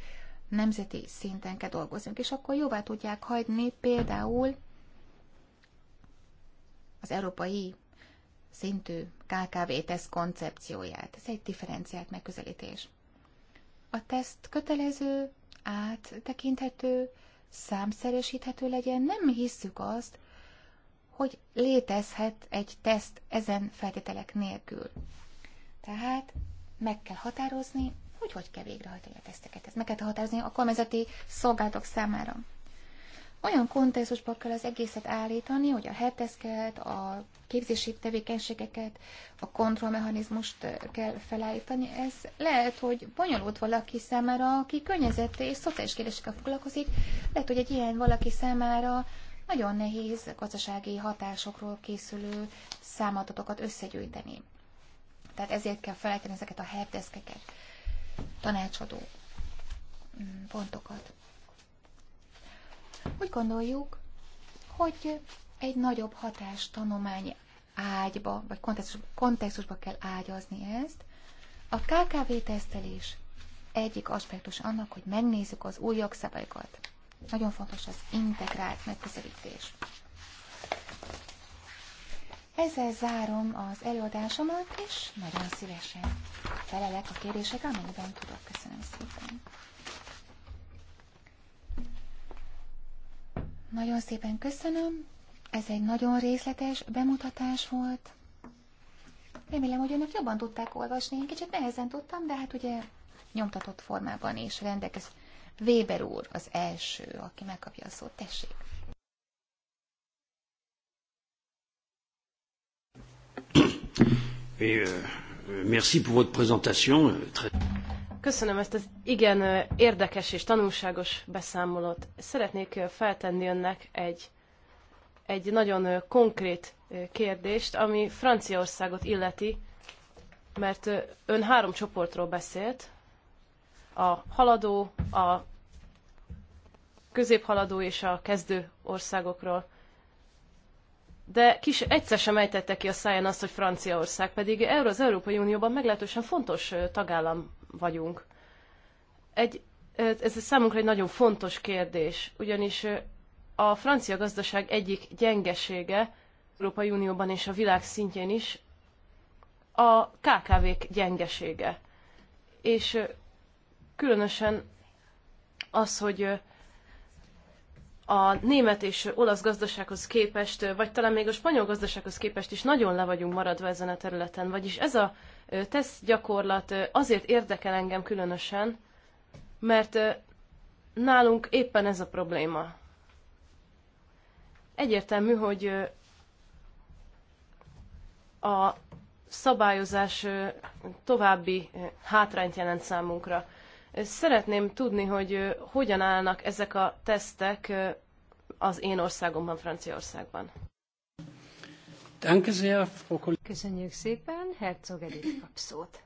Nemzeti szinten kell dolgoznunk, és akkor jóvá tudják hagyni például az európai szintű KKV teszt koncepcióját. Ez egy differenciált megközelítés. A teszt kötelező, áttekinthető, számszeresíthető legyen. Nem hisszük azt, hogy létezhet egy teszt ezen feltételek nélkül. Tehát meg kell határozni, hogy hogy kell végrehajtani a teszteket. Ezt meg kell határozni a kormányzati szolgálatok számára. Olyan kontextusba kell az egészet állítani, hogy a heteszket, a képzési tevékenységeket, a kontrollmechanizmust kell felállítani. Ez lehet, hogy bonyolult valaki számára, aki környezet és szociális kérdésekkel foglalkozik, lehet, hogy egy ilyen valaki számára nagyon nehéz gazdasági hatásokról készülő számadatokat összegyűjteni. Tehát ezért kell felállítani ezeket a helpdeskeket, tanácsadó mm, pontokat. Úgy gondoljuk, hogy egy nagyobb hatás tanulmány ágyba, vagy kontextusba, kontextusba kell ágyazni ezt. A KKV tesztelés egyik aspektus annak, hogy megnézzük az új jogszabályokat. Nagyon fontos az integrált megközelítés. Ezzel zárom az előadásomat, és nagyon szívesen felelek a kérdésekre, amennyiben tudok. Köszönöm szépen! Nagyon szépen köszönöm. Ez egy nagyon részletes bemutatás volt. Remélem, hogy önök jobban tudták olvasni. Én kicsit nehezen tudtam, de hát ugye nyomtatott formában is rendelkez. Weber úr az első, aki megkapja a szót. Tessék! Euh, merci pour votre présentation. Euh, très... Köszönöm ezt az igen érdekes és tanulságos beszámolót. Szeretnék feltenni önnek egy, egy nagyon konkrét kérdést, ami Franciaországot illeti, mert ön három csoportról beszélt, a haladó, a középhaladó és a kezdő országokról. De kis egyszer sem ejtette ki a száján azt, hogy Franciaország pedig az Európai Unióban meglehetősen fontos tagállam vagyunk. Egy, ez számunkra egy nagyon fontos kérdés, ugyanis a francia gazdaság egyik gyengesége, Európai Unióban és a világ szintjén is, a KKV-k gyengesége. És különösen az, hogy a német és olasz gazdasághoz képest, vagy talán még a spanyol gazdasághoz képest is nagyon le vagyunk maradva ezen a területen. Vagyis ez a teszt gyakorlat azért érdekel engem különösen, mert nálunk éppen ez a probléma. Egyértelmű, hogy a szabályozás további hátrányt jelent számunkra. Szeretném tudni, hogy hogyan állnak ezek a tesztek az én országomban, Franciaországban. Köszönjük szépen, Herzog Edith kap szót.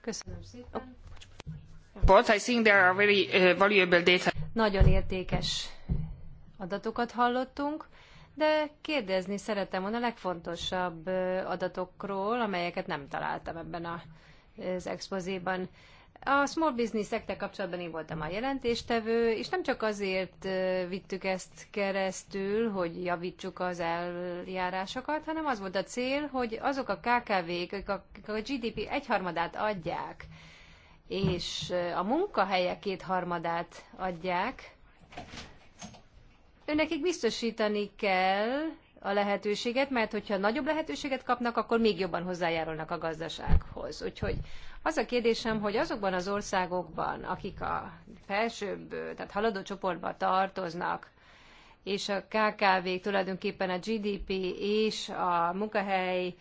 Köszönöm szépen. But I think there are very uh, valuable data. Nagyon értékes adatokat hallottunk, de kérdezni szeretem volna a legfontosabb adatokról, amelyeket nem találtam ebben a az expozéban. A Small Business act kapcsolatban én voltam a jelentéstevő, és nem csak azért vittük ezt keresztül, hogy javítsuk az eljárásokat, hanem az volt a cél, hogy azok a KKV-k, akik a GDP egyharmadát adják, és a munkahelyek kétharmadát adják, önnekik biztosítani kell, a lehetőséget, mert hogyha nagyobb lehetőséget kapnak, akkor még jobban hozzájárulnak a gazdasághoz. Úgyhogy az a kérdésem, hogy azokban az országokban, akik a felsőbb, tehát haladó csoportba tartoznak, és a KKV tulajdonképpen a GDP és a munkahely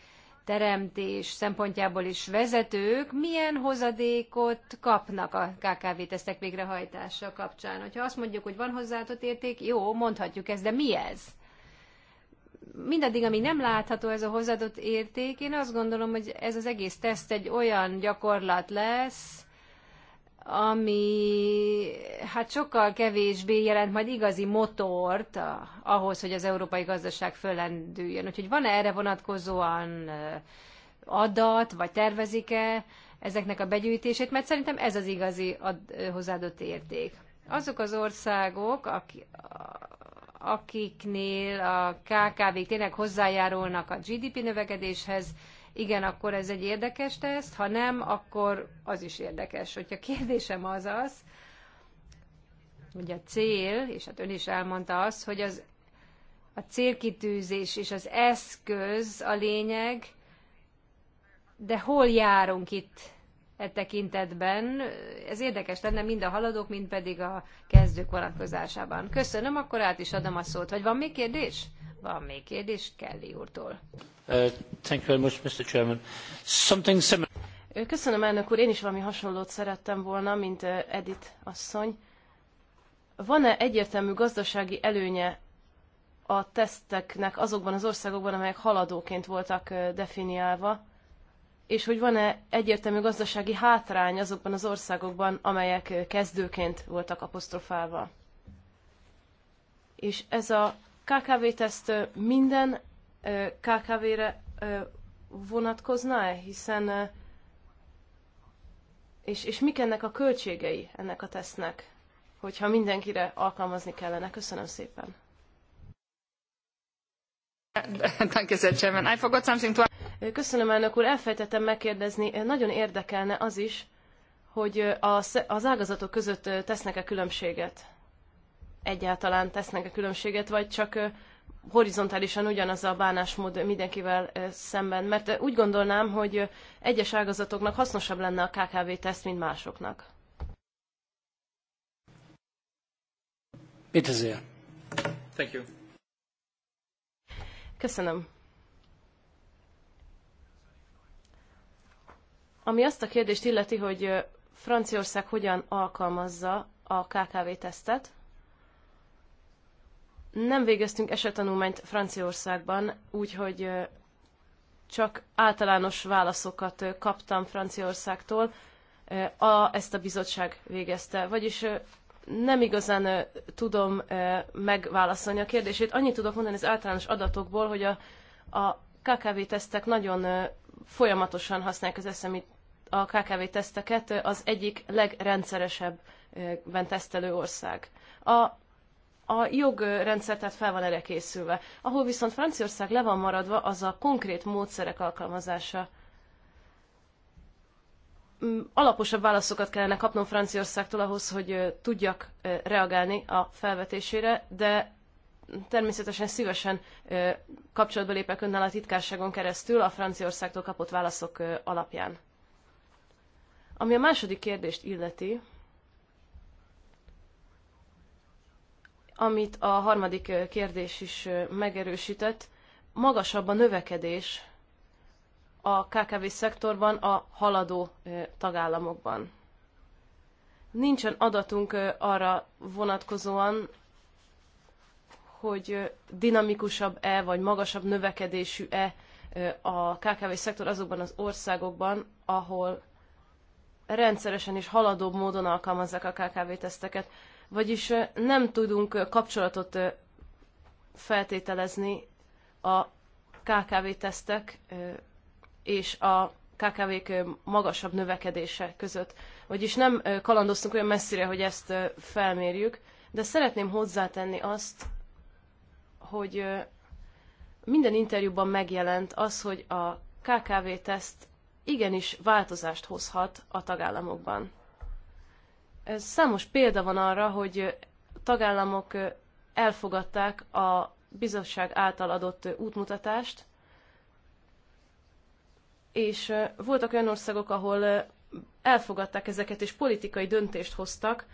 teremtés szempontjából is vezetők milyen hozadékot kapnak a KKV tesztek végrehajtása kapcsán. Hogyha azt mondjuk, hogy van hozzáadott érték, jó, mondhatjuk ezt, de mi ez? mindaddig, amíg nem látható ez a hozadott érték, én azt gondolom, hogy ez az egész teszt egy olyan gyakorlat lesz, ami hát sokkal kevésbé jelent majd igazi motort ahhoz, hogy az európai gazdaság föllendüljön. Úgyhogy van-e erre vonatkozóan adat, vagy tervezik-e ezeknek a begyűjtését, mert szerintem ez az igazi ad, hozzáadott érték. Azok az országok, akik akiknél a KKV tényleg hozzájárulnak a GDP növekedéshez, igen, akkor ez egy érdekes teszt, ha nem, akkor az is érdekes. Hogyha kérdésem az az, hogy a cél, és hát ön is elmondta az, hogy az, a célkitűzés és az eszköz a lényeg, de hol járunk itt e tekintetben. Ez érdekes lenne mind a haladók, mind pedig a kezdők vonatkozásában. Köszönöm, akkor át is adom a szót. Vagy van még kérdés? Van még kérdés Kelly úrtól. Uh, thank you very much, Mr. Chairman. Something similar. Köszönöm, elnök úr. Én is valami hasonlót szerettem volna, mint Edith asszony. Van-e egyértelmű gazdasági előnye a teszteknek azokban az országokban, amelyek haladóként voltak definiálva? és hogy van-e egyértelmű gazdasági hátrány azokban az országokban, amelyek kezdőként voltak apostrofálva. És ez a KKV-teszt minden KKV-re vonatkozna-e, hiszen és, és mik ennek a költségei ennek a tesznek, hogyha mindenkire alkalmazni kellene? Köszönöm szépen. Thank you, Chairman. I forgot something to... Köszönöm, elnök úr. Elfejtettem megkérdezni, nagyon érdekelne az is, hogy az, ágazatok között tesznek-e különbséget? Egyáltalán tesznek-e különbséget, vagy csak horizontálisan ugyanaz a bánásmód mindenkivel szemben? Mert úgy gondolnám, hogy egyes ágazatoknak hasznosabb lenne a KKV-teszt, mint másoknak. Thank you. Köszönöm. Ami azt a kérdést illeti, hogy Franciaország hogyan alkalmazza a KKV-tesztet, nem végeztünk esetanulmányt Franciaországban, úgyhogy csak általános válaszokat kaptam Franciaországtól. A, ezt a bizottság végezte. Vagyis nem igazán tudom megválaszolni a kérdését. Annyit tudok mondani az általános adatokból, hogy a, a KKV-tesztek nagyon folyamatosan használják az SMI a KKV teszteket, az egyik legrendszeresebben tesztelő ország. A a jogrendszer tehát fel van erre készülve. Ahol viszont Franciaország le van maradva, az a konkrét módszerek alkalmazása. Mm, alaposabb válaszokat kellene kapnom Franciaországtól ahhoz, hogy tudjak reagálni a felvetésére, de természetesen szívesen kapcsolatba lépek önnel a titkárságon keresztül a Franciaországtól kapott válaszok alapján. Ami a második kérdést illeti, amit a harmadik kérdés is megerősített, magasabb a növekedés a KKV szektorban a haladó tagállamokban. Nincsen adatunk arra vonatkozóan, hogy dinamikusabb-e, vagy magasabb növekedésű-e a KKV szektor azokban az országokban, ahol rendszeresen és haladóbb módon alkalmazzák a KKV-teszteket. Vagyis nem tudunk kapcsolatot feltételezni a KKV-tesztek és a KKV-k magasabb növekedése között. Vagyis nem kalandoztunk olyan messzire, hogy ezt felmérjük, de szeretném hozzátenni azt, hogy minden interjúban megjelent az, hogy a KKV-teszt igenis változást hozhat a tagállamokban. Ez számos példa van arra, hogy tagállamok elfogadták a bizottság által adott útmutatást, és voltak olyan országok, ahol elfogadták ezeket, és politikai döntést hoztak,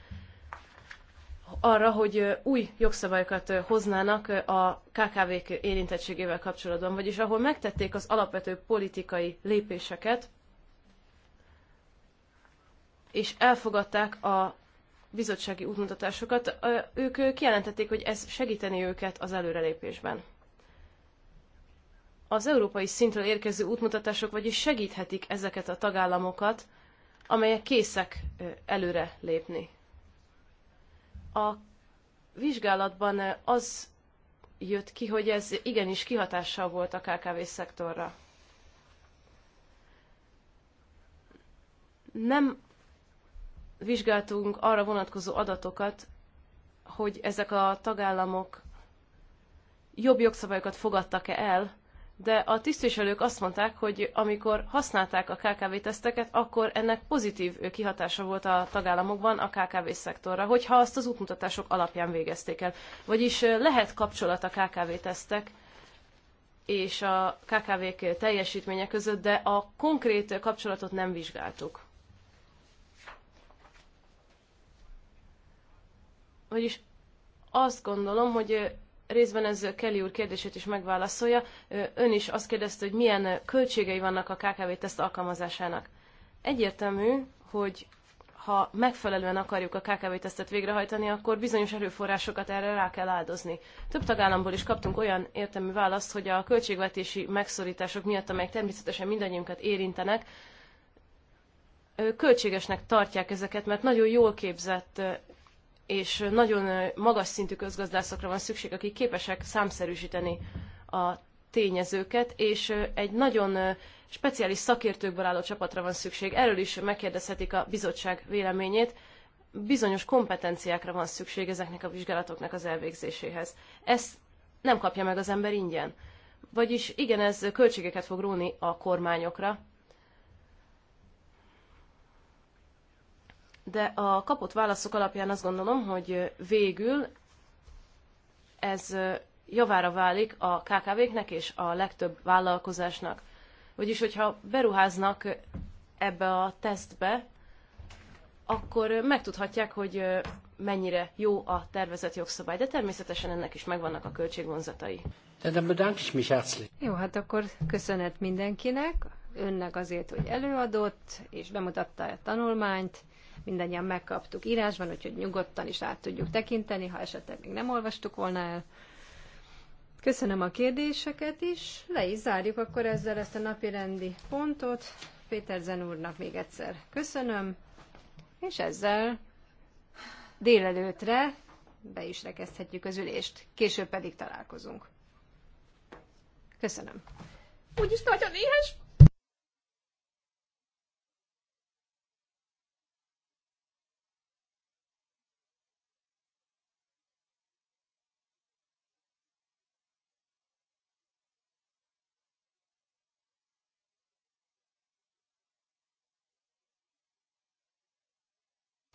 arra, hogy új jogszabályokat hoznának a KKV-k érintettségével kapcsolatban, vagyis ahol megtették az alapvető politikai lépéseket, és elfogadták a bizottsági útmutatásokat, ők kijelentették, hogy ez segíteni őket az előrelépésben. Az európai szintről érkező útmutatások vagyis segíthetik ezeket a tagállamokat, amelyek készek előre lépni. A vizsgálatban az jött ki, hogy ez igenis kihatással volt a KKV szektorra. Nem vizsgáltunk arra vonatkozó adatokat, hogy ezek a tagállamok jobb jogszabályokat fogadtak-e el, de a tisztviselők azt mondták, hogy amikor használták a KKV-teszteket, akkor ennek pozitív kihatása volt a tagállamokban a KKV-szektorra, hogyha azt az útmutatások alapján végezték el. Vagyis lehet kapcsolat a KKV-tesztek és a KKV-k teljesítménye között, de a konkrét kapcsolatot nem vizsgáltuk. Vagyis azt gondolom, hogy részben ez Kelly úr kérdését is megválaszolja. Ön is azt kérdezte, hogy milyen költségei vannak a KKV teszt alkalmazásának. Egyértelmű, hogy ha megfelelően akarjuk a KKV tesztet végrehajtani, akkor bizonyos erőforrásokat erre rá kell áldozni. Több tagállamból is kaptunk olyan értelmű választ, hogy a költségvetési megszorítások miatt, amelyek természetesen mindannyiunkat érintenek, költségesnek tartják ezeket, mert nagyon jól képzett és nagyon magas szintű közgazdászokra van szükség, akik képesek számszerűsíteni a tényezőket, és egy nagyon speciális szakértőkből álló csapatra van szükség. Erről is megkérdezhetik a bizottság véleményét. Bizonyos kompetenciákra van szükség ezeknek a vizsgálatoknak az elvégzéséhez. Ezt nem kapja meg az ember ingyen. Vagyis igen, ez költségeket fog róni a kormányokra, de a kapott válaszok alapján azt gondolom, hogy végül ez javára válik a KKV-knek és a legtöbb vállalkozásnak. Vagyis, hogyha beruháznak ebbe a tesztbe, akkor megtudhatják, hogy mennyire jó a tervezett jogszabály, de természetesen ennek is megvannak a költségvonzatai. Jó, hát akkor köszönet mindenkinek, önnek azért, hogy előadott és bemutatta a tanulmányt mindannyian megkaptuk írásban, úgyhogy nyugodtan is át tudjuk tekinteni, ha esetleg még nem olvastuk volna el. Köszönöm a kérdéseket is. Le is zárjuk akkor ezzel ezt a napi rendi pontot. Péter Zen úrnak még egyszer köszönöm, és ezzel délelőtre be is rekezthetjük az ülést, később pedig találkozunk. Köszönöm. Úgyis nagyon éhes